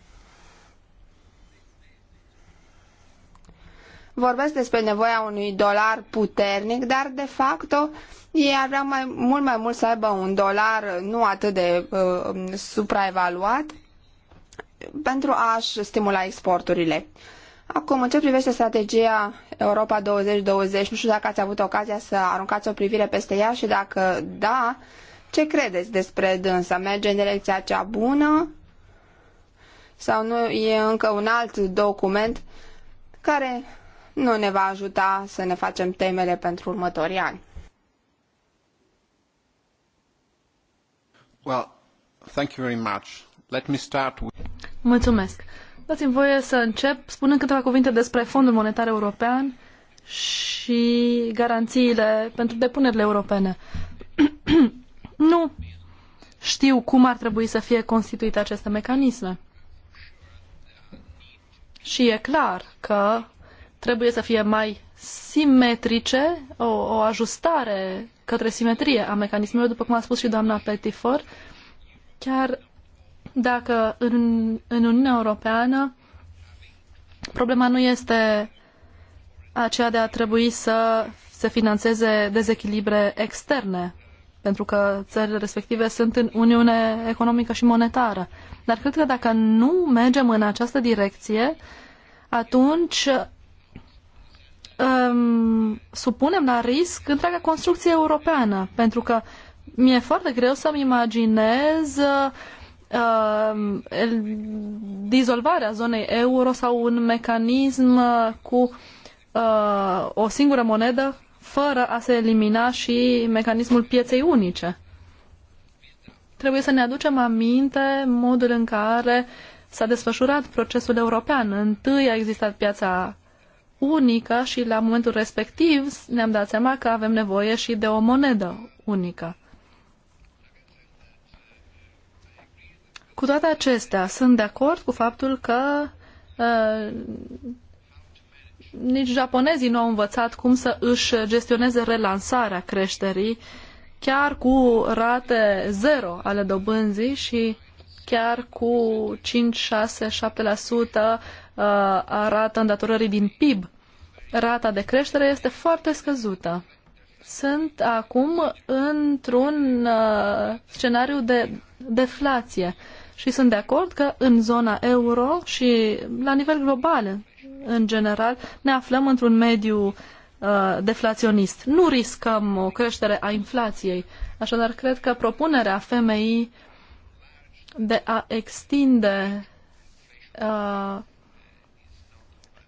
Vorbesc despre nevoia unui dolar puternic, dar de facto ei ar vrea mai, mult mai mult să aibă un dolar nu atât de uh, supraevaluat pentru a-și stimula exporturile. Acum, în ce privește strategia Europa 2020, nu știu dacă ați avut ocazia să aruncați o privire peste ea și dacă da, ce credeți despre dânsa? Merge în direcția cea bună sau nu e încă un alt document care nu ne va ajuta să ne facem temele pentru următorii ani? Well, thank you very much. Let me start with... Mulțumesc. Dați-mi voie să încep spunând câteva cuvinte despre Fondul Monetar European și garanțiile pentru depunerile europene. nu știu cum ar trebui să fie constituite aceste mecanisme. Și e clar că trebuie să fie mai simetrice, o, o ajustare către simetrie a mecanismelor, după cum a spus și doamna Petifor, chiar dacă în, în Uniunea Europeană problema nu este aceea de a trebui să se financeze dezechilibre externe, pentru că țările respective sunt în Uniune Economică și Monetară. Dar cred că dacă nu mergem în această direcție, atunci um, supunem la risc întreaga construcție europeană, pentru că mi-e foarte greu să-mi imaginez uh, uh, dizolvarea zonei euro sau un mecanism uh, cu uh, o singură monedă fără a se elimina și mecanismul pieței unice. Trebuie să ne aducem aminte modul în care s-a desfășurat procesul european. Întâi a existat piața unică și la momentul respectiv ne-am dat seama că avem nevoie și de o monedă unică. Cu toate acestea, sunt de acord cu faptul că uh, nici japonezii nu au învățat cum să își gestioneze relansarea creșterii, chiar cu rate zero ale dobânzii și chiar cu 5, 6, 7% a rată îndatorării din PIB. Rata de creștere este foarte scăzută. Sunt acum într-un uh, scenariu de deflație. Și sunt de acord că în zona euro și la nivel global, în general, ne aflăm într-un mediu uh, deflaționist. Nu riscăm o creștere a inflației. Așadar, cred că propunerea FMI de a extinde uh,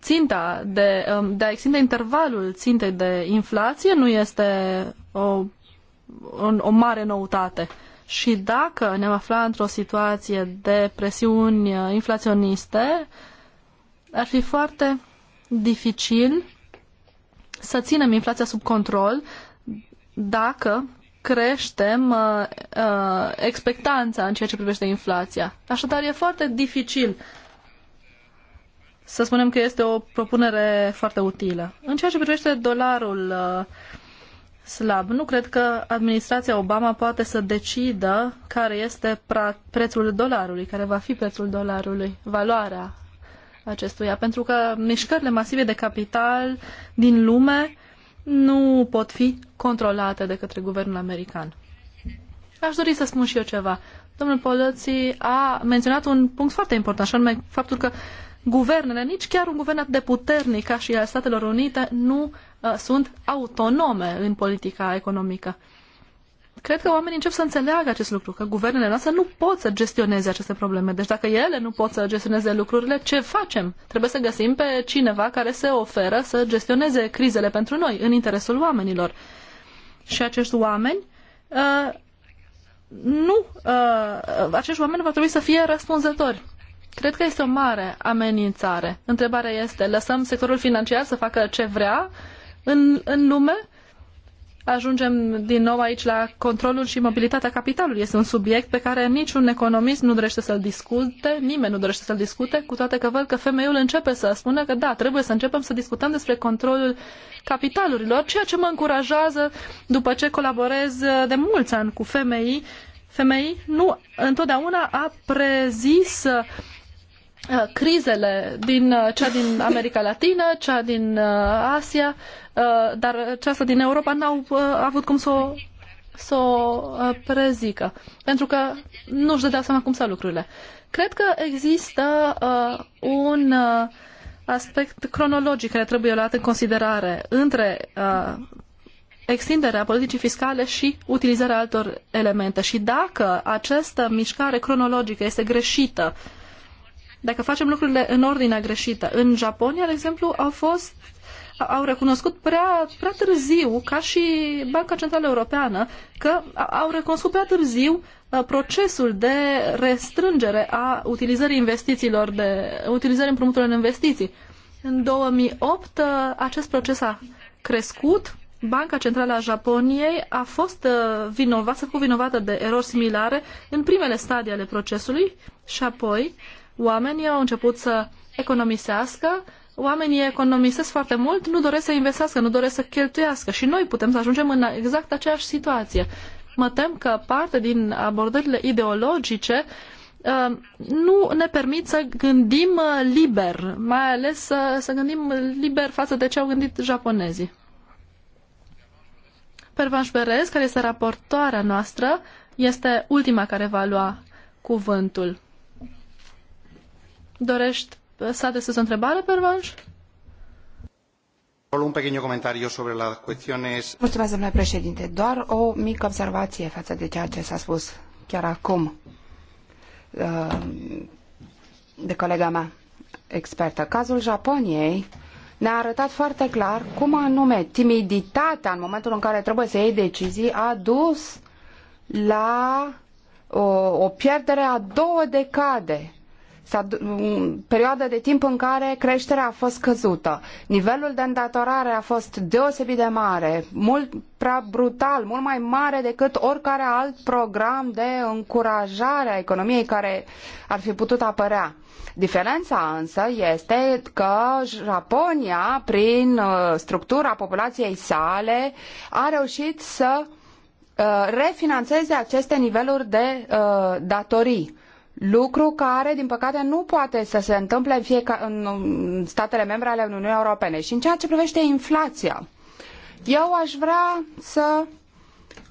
ținta, de, um, de a extinde intervalul țintei de inflație nu este o, o, o mare noutate și dacă ne-am aflat într-o situație de presiuni uh, inflaționiste, ar fi foarte dificil să ținem inflația sub control dacă creștem uh, uh, expectanța în ceea ce privește inflația. Așadar, e foarte dificil să spunem că este o propunere foarte utilă. În ceea ce privește dolarul uh, slab. Nu cred că administrația Obama poate să decidă care este prețul dolarului, care va fi prețul dolarului, valoarea acestuia, pentru că mișcările masive de capital din lume nu pot fi controlate de către guvernul american. Aș dori să spun și eu ceva. Domnul Poloți a menționat un punct foarte important, și anume faptul că guvernele, nici chiar un guvern atât de puternic ca și al Statelor Unite, nu Uh, sunt autonome în politica economică. Cred că oamenii încep să înțeleagă acest lucru, că guvernele noastre nu pot să gestioneze aceste probleme. Deci dacă ele nu pot să gestioneze lucrurile, ce facem? Trebuie să găsim pe cineva care se oferă să gestioneze crizele pentru noi, în interesul oamenilor. Și acești oameni uh, nu, uh, acești oameni va trebui să fie răspunzători. Cred că este o mare amenințare. Întrebarea este, lăsăm sectorul financiar să facă ce vrea în, în lume. Ajungem din nou aici la controlul și mobilitatea capitalului. Este un subiect pe care niciun economist nu dorește să-l discute, nimeni nu dorește să-l discute, cu toate că văd că femeiul începe să spună că da, trebuie să începem să discutăm despre controlul capitalurilor, ceea ce mă încurajează după ce colaborez de mulți ani cu femei. Femei nu întotdeauna a prezis Uh, crizele din uh, cea din America Latină, cea din uh, Asia, dar cea din Europa n-au avut cum să o, să o prezică, pentru că nu își dădeau seama cum stau lucrurile. Cred că există uh, un uh, aspect cronologic care trebuie luat în considerare între uh, extinderea politicii fiscale și utilizarea altor elemente. Și dacă această mișcare cronologică este greșită, uh, dacă facem lucrurile în ordinea greșită, în Japonia, de exemplu, au fost au recunoscut prea, prea târziu, ca și Banca Centrală Europeană, că au recunoscut prea târziu uh, procesul de restrângere a utilizării investițiilor, de utilizării împrumuturilor în investiții. În 2008 uh, acest proces a crescut, Banca Centrală a Japoniei a fost uh, vinovată, a fost vinovată de erori similare în primele stadii ale procesului și apoi Oamenii au început să economisească, oamenii economisesc foarte mult, nu doresc să investească, nu doresc să cheltuiască și noi putem să ajungem în exact aceeași situație. Mă tem că parte din abordările ideologice uh, nu ne permit să gândim uh, liber, mai ales să, să gândim liber față de ce au gândit japonezii. Pervanș Berez, care este raportoarea noastră, este ultima care va lua cuvântul. Dorești să adresezi o întrebare, Pervanș? Un pequeño comentario sobre las cuestiones... Mulțumesc, domnule președinte. Doar o mică observație față de ceea ce s-a spus chiar acum uh, de colega mea expertă. Cazul Japoniei ne-a arătat foarte clar cum anume timiditatea în momentul în care trebuie să iei decizii a dus la o, uh, o pierdere a două decade perioadă de timp în care creșterea a fost căzută. Nivelul de îndatorare a fost deosebit de mare, mult prea brutal, mult mai mare decât oricare alt program de încurajare a economiei care ar fi putut apărea. Diferența însă este că Japonia, prin uh, structura populației sale, a reușit să uh, refinanțeze aceste niveluri de uh, datorii Lucru care, din păcate, nu poate să se întâmple în, fiecare, în statele membre ale Uniunii Europene. Și în ceea ce privește inflația, eu aș vrea să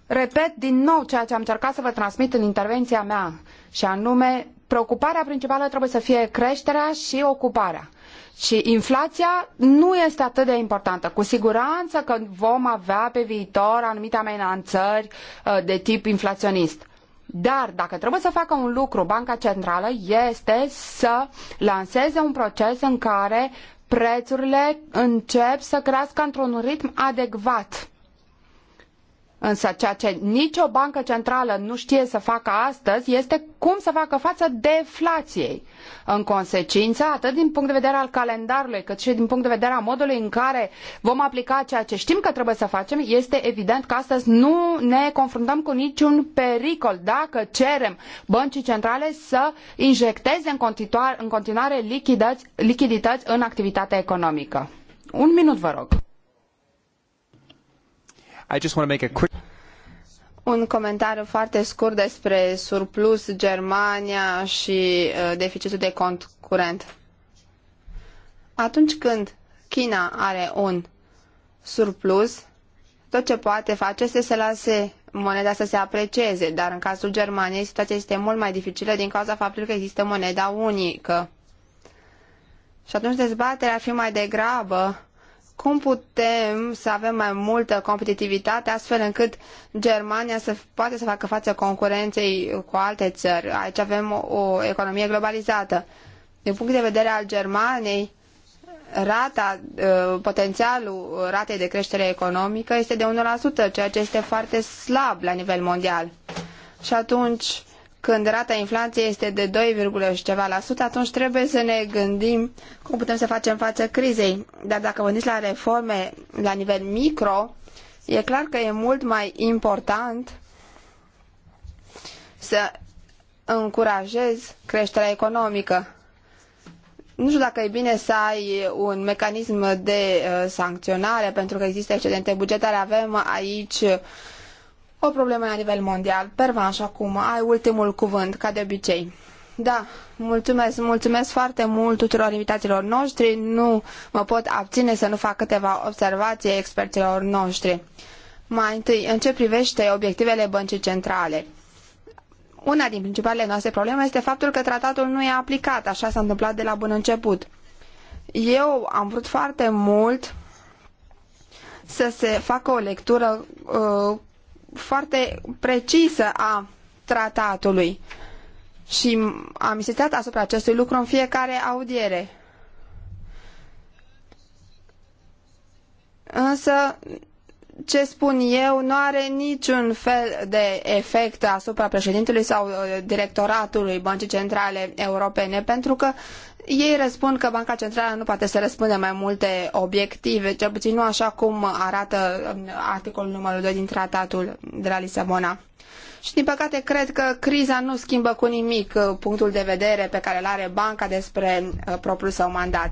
repet din nou ceea ce am încercat să vă transmit în intervenția mea, și anume, preocuparea principală trebuie să fie creșterea și ocuparea. Și inflația nu este atât de importantă. Cu siguranță că vom avea pe viitor anumite amenințări uh, de tip inflaționist. Dar dacă trebuie să facă un lucru, Banca Centrală este să lanseze un proces în care prețurile încep să crească într-un ritm adecvat Însă ceea ce nicio bancă centrală nu știe să facă astăzi este cum să facă față deflației. În consecință, atât din punct de vedere al calendarului, cât și din punct de vedere al modului în care vom aplica ceea ce știm că trebuie să facem, este evident că astăzi nu ne confruntăm cu niciun pericol dacă cerem băncii centrale să injecteze în continuare, în continuare lichidități în activitatea economică. Un minut, vă rog. I just want to make a quick un comentariu foarte scurt despre surplus Germania și uh, deficitul de cont curent. Atunci când China are un surplus, tot ce poate face este să lase moneda să se aprecieze, dar în cazul Germaniei situația este mult mai dificilă din cauza faptului că există moneda unică. Și atunci dezbaterea ar fi mai degrabă cum putem să avem mai multă competitivitate astfel încât Germania să poată să facă față concurenței cu alte țări. Aici avem o economie globalizată. Din punct de vedere al Germaniei, rata, ă, potențialul ratei de creștere economică este de 1%, ceea ce este foarte slab la nivel mondial. Și atunci, când rata inflației este de 2, și ceva la sută, atunci trebuie să ne gândim cum putem să facem față crizei. Dar dacă gândiți la reforme la nivel micro, e clar că e mult mai important să încurajezi creșterea economică. Nu știu dacă e bine să ai un mecanism de uh, sancționare pentru că există excedente bugetare. Avem aici o problemă la nivel mondial. așa acum, ai ultimul cuvânt, ca de obicei. Da, mulțumesc, mulțumesc foarte mult tuturor invitațiilor noștri. Nu mă pot abține să nu fac câteva observații experților noștri. Mai întâi, în ce privește obiectivele băncii centrale. Una din principalele noastre probleme este faptul că tratatul nu e aplicat, așa s-a întâmplat de la bun început. Eu am vrut foarte mult să se facă o lectură uh, foarte precisă a tratatului și am insistat asupra acestui lucru în fiecare audiere. Însă ce spun eu nu are niciun fel de efect asupra președintelui sau uh, directoratului Băncii Centrale Europene, pentru că ei răspund că Banca Centrală nu poate să răspundă mai multe obiective, cel puțin nu așa cum arată um, articolul numărul 2 din tratatul de la Lisabona. Și din păcate cred că criza nu schimbă cu nimic uh, punctul de vedere pe care îl are banca despre uh, propriul său mandat.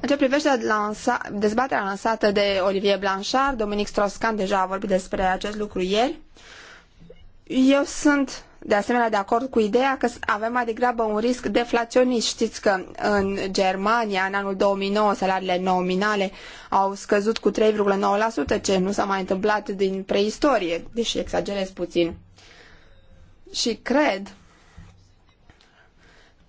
În ce privește lansa, dezbaterea lansată de Olivier Blanchard, Dominic Strauss-Kahn deja a vorbit despre acest lucru ieri, eu sunt de asemenea de acord cu ideea că avem mai degrabă un risc deflaționist. Știți că în Germania, în anul 2009, salariile nominale au scăzut cu 3,9%, ce nu s-a mai întâmplat din preistorie, deși exagerez puțin. Și cred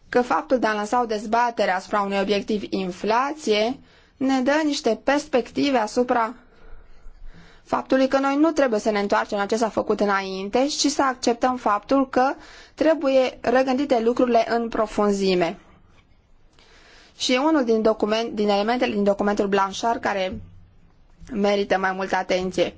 că faptul de a lansa o dezbatere asupra unui obiectiv inflație ne dă niște perspective asupra faptului că noi nu trebuie să ne întoarcem la ce s-a făcut înainte și să acceptăm faptul că trebuie regândite lucrurile în profunzime. Și e unul din, document, din elementele din documentul Blanchard care merită mai multă atenție.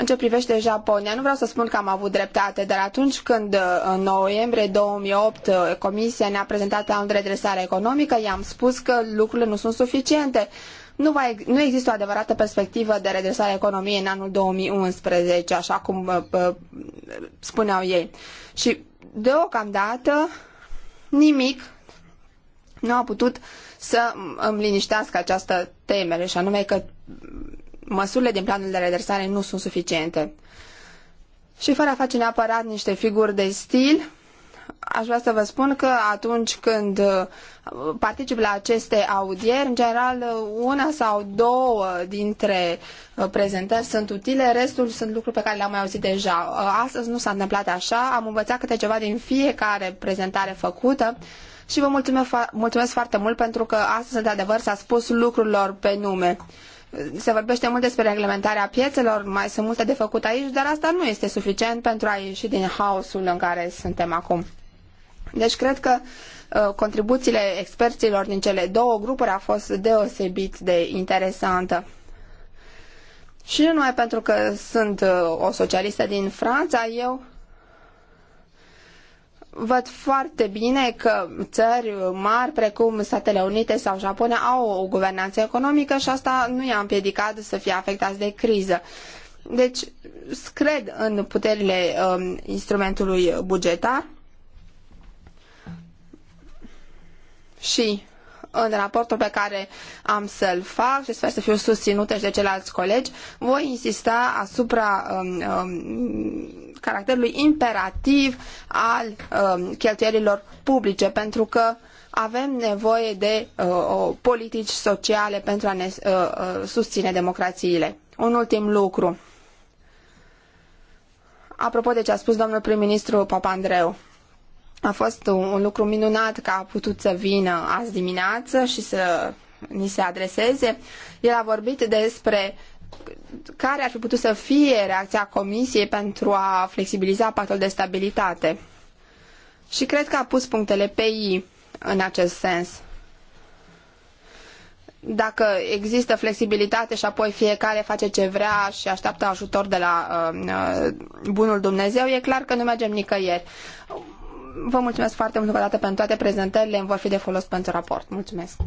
În ce privește Japonia, nu vreau să spun că am avut dreptate, dar atunci când uh, în noiembrie 2008 uh, Comisia ne-a prezentat planul de redresare economică, i-am spus că lucrurile nu sunt suficiente. Nu, va, nu există o adevărată perspectivă de redresare economiei în anul 2011, așa cum uh, spuneau ei. Și deocamdată nimic nu a putut să îmi liniștească această temere, și anume că măsurile din planul de redresare nu sunt suficiente. Și fără a face neapărat niște figuri de stil, aș vrea să vă spun că atunci când uh, particip la aceste audieri, în general uh, una sau două dintre uh, prezentări sunt utile, restul sunt lucruri pe care le-am mai auzit deja. Astăzi nu s-a întâmplat așa, am învățat câte ceva din fiecare prezentare făcută și vă mulțumesc, mulțumesc foarte mult pentru că astăzi, într-adevăr, s-a spus lucrurilor pe nume. Se vorbește mult despre reglementarea piețelor, mai sunt multe de făcut aici, dar asta nu este suficient pentru a ieși din haosul în care suntem acum. Deci cred că uh, contribuțiile experților din cele două grupuri a fost deosebit de interesantă. Și nu numai pentru că sunt uh, o socialistă din Franța, eu văd foarte bine că țări mari precum Statele Unite sau Japonia au o guvernanță economică și asta nu i-a împiedicat să fie afectați de criză. Deci, cred în puterile um, instrumentului bugetar și în raportul pe care am să-l fac și sper să fiu susținută și de ceilalți colegi, voi insista asupra um, um, caracterului imperativ al uh, cheltuielilor publice, pentru că avem nevoie de uh, politici sociale pentru a ne uh, uh, susține democrațiile. Un ultim lucru. Apropo de ce a spus domnul prim-ministru Papandreu, a fost un, un lucru minunat că a putut să vină azi dimineață și să ni se adreseze. El a vorbit despre care ar fi putut să fie reacția Comisiei pentru a flexibiliza pactul de stabilitate. Și cred că a pus punctele pe I în acest sens. Dacă există flexibilitate și apoi fiecare face ce vrea și așteaptă ajutor de la uh, uh bunul Dumnezeu, e clar că nu mergem nicăieri. Vă mulțumesc foarte mult o dată pentru toate prezentările, îmi vor fi de folos pentru raport. Mulțumesc!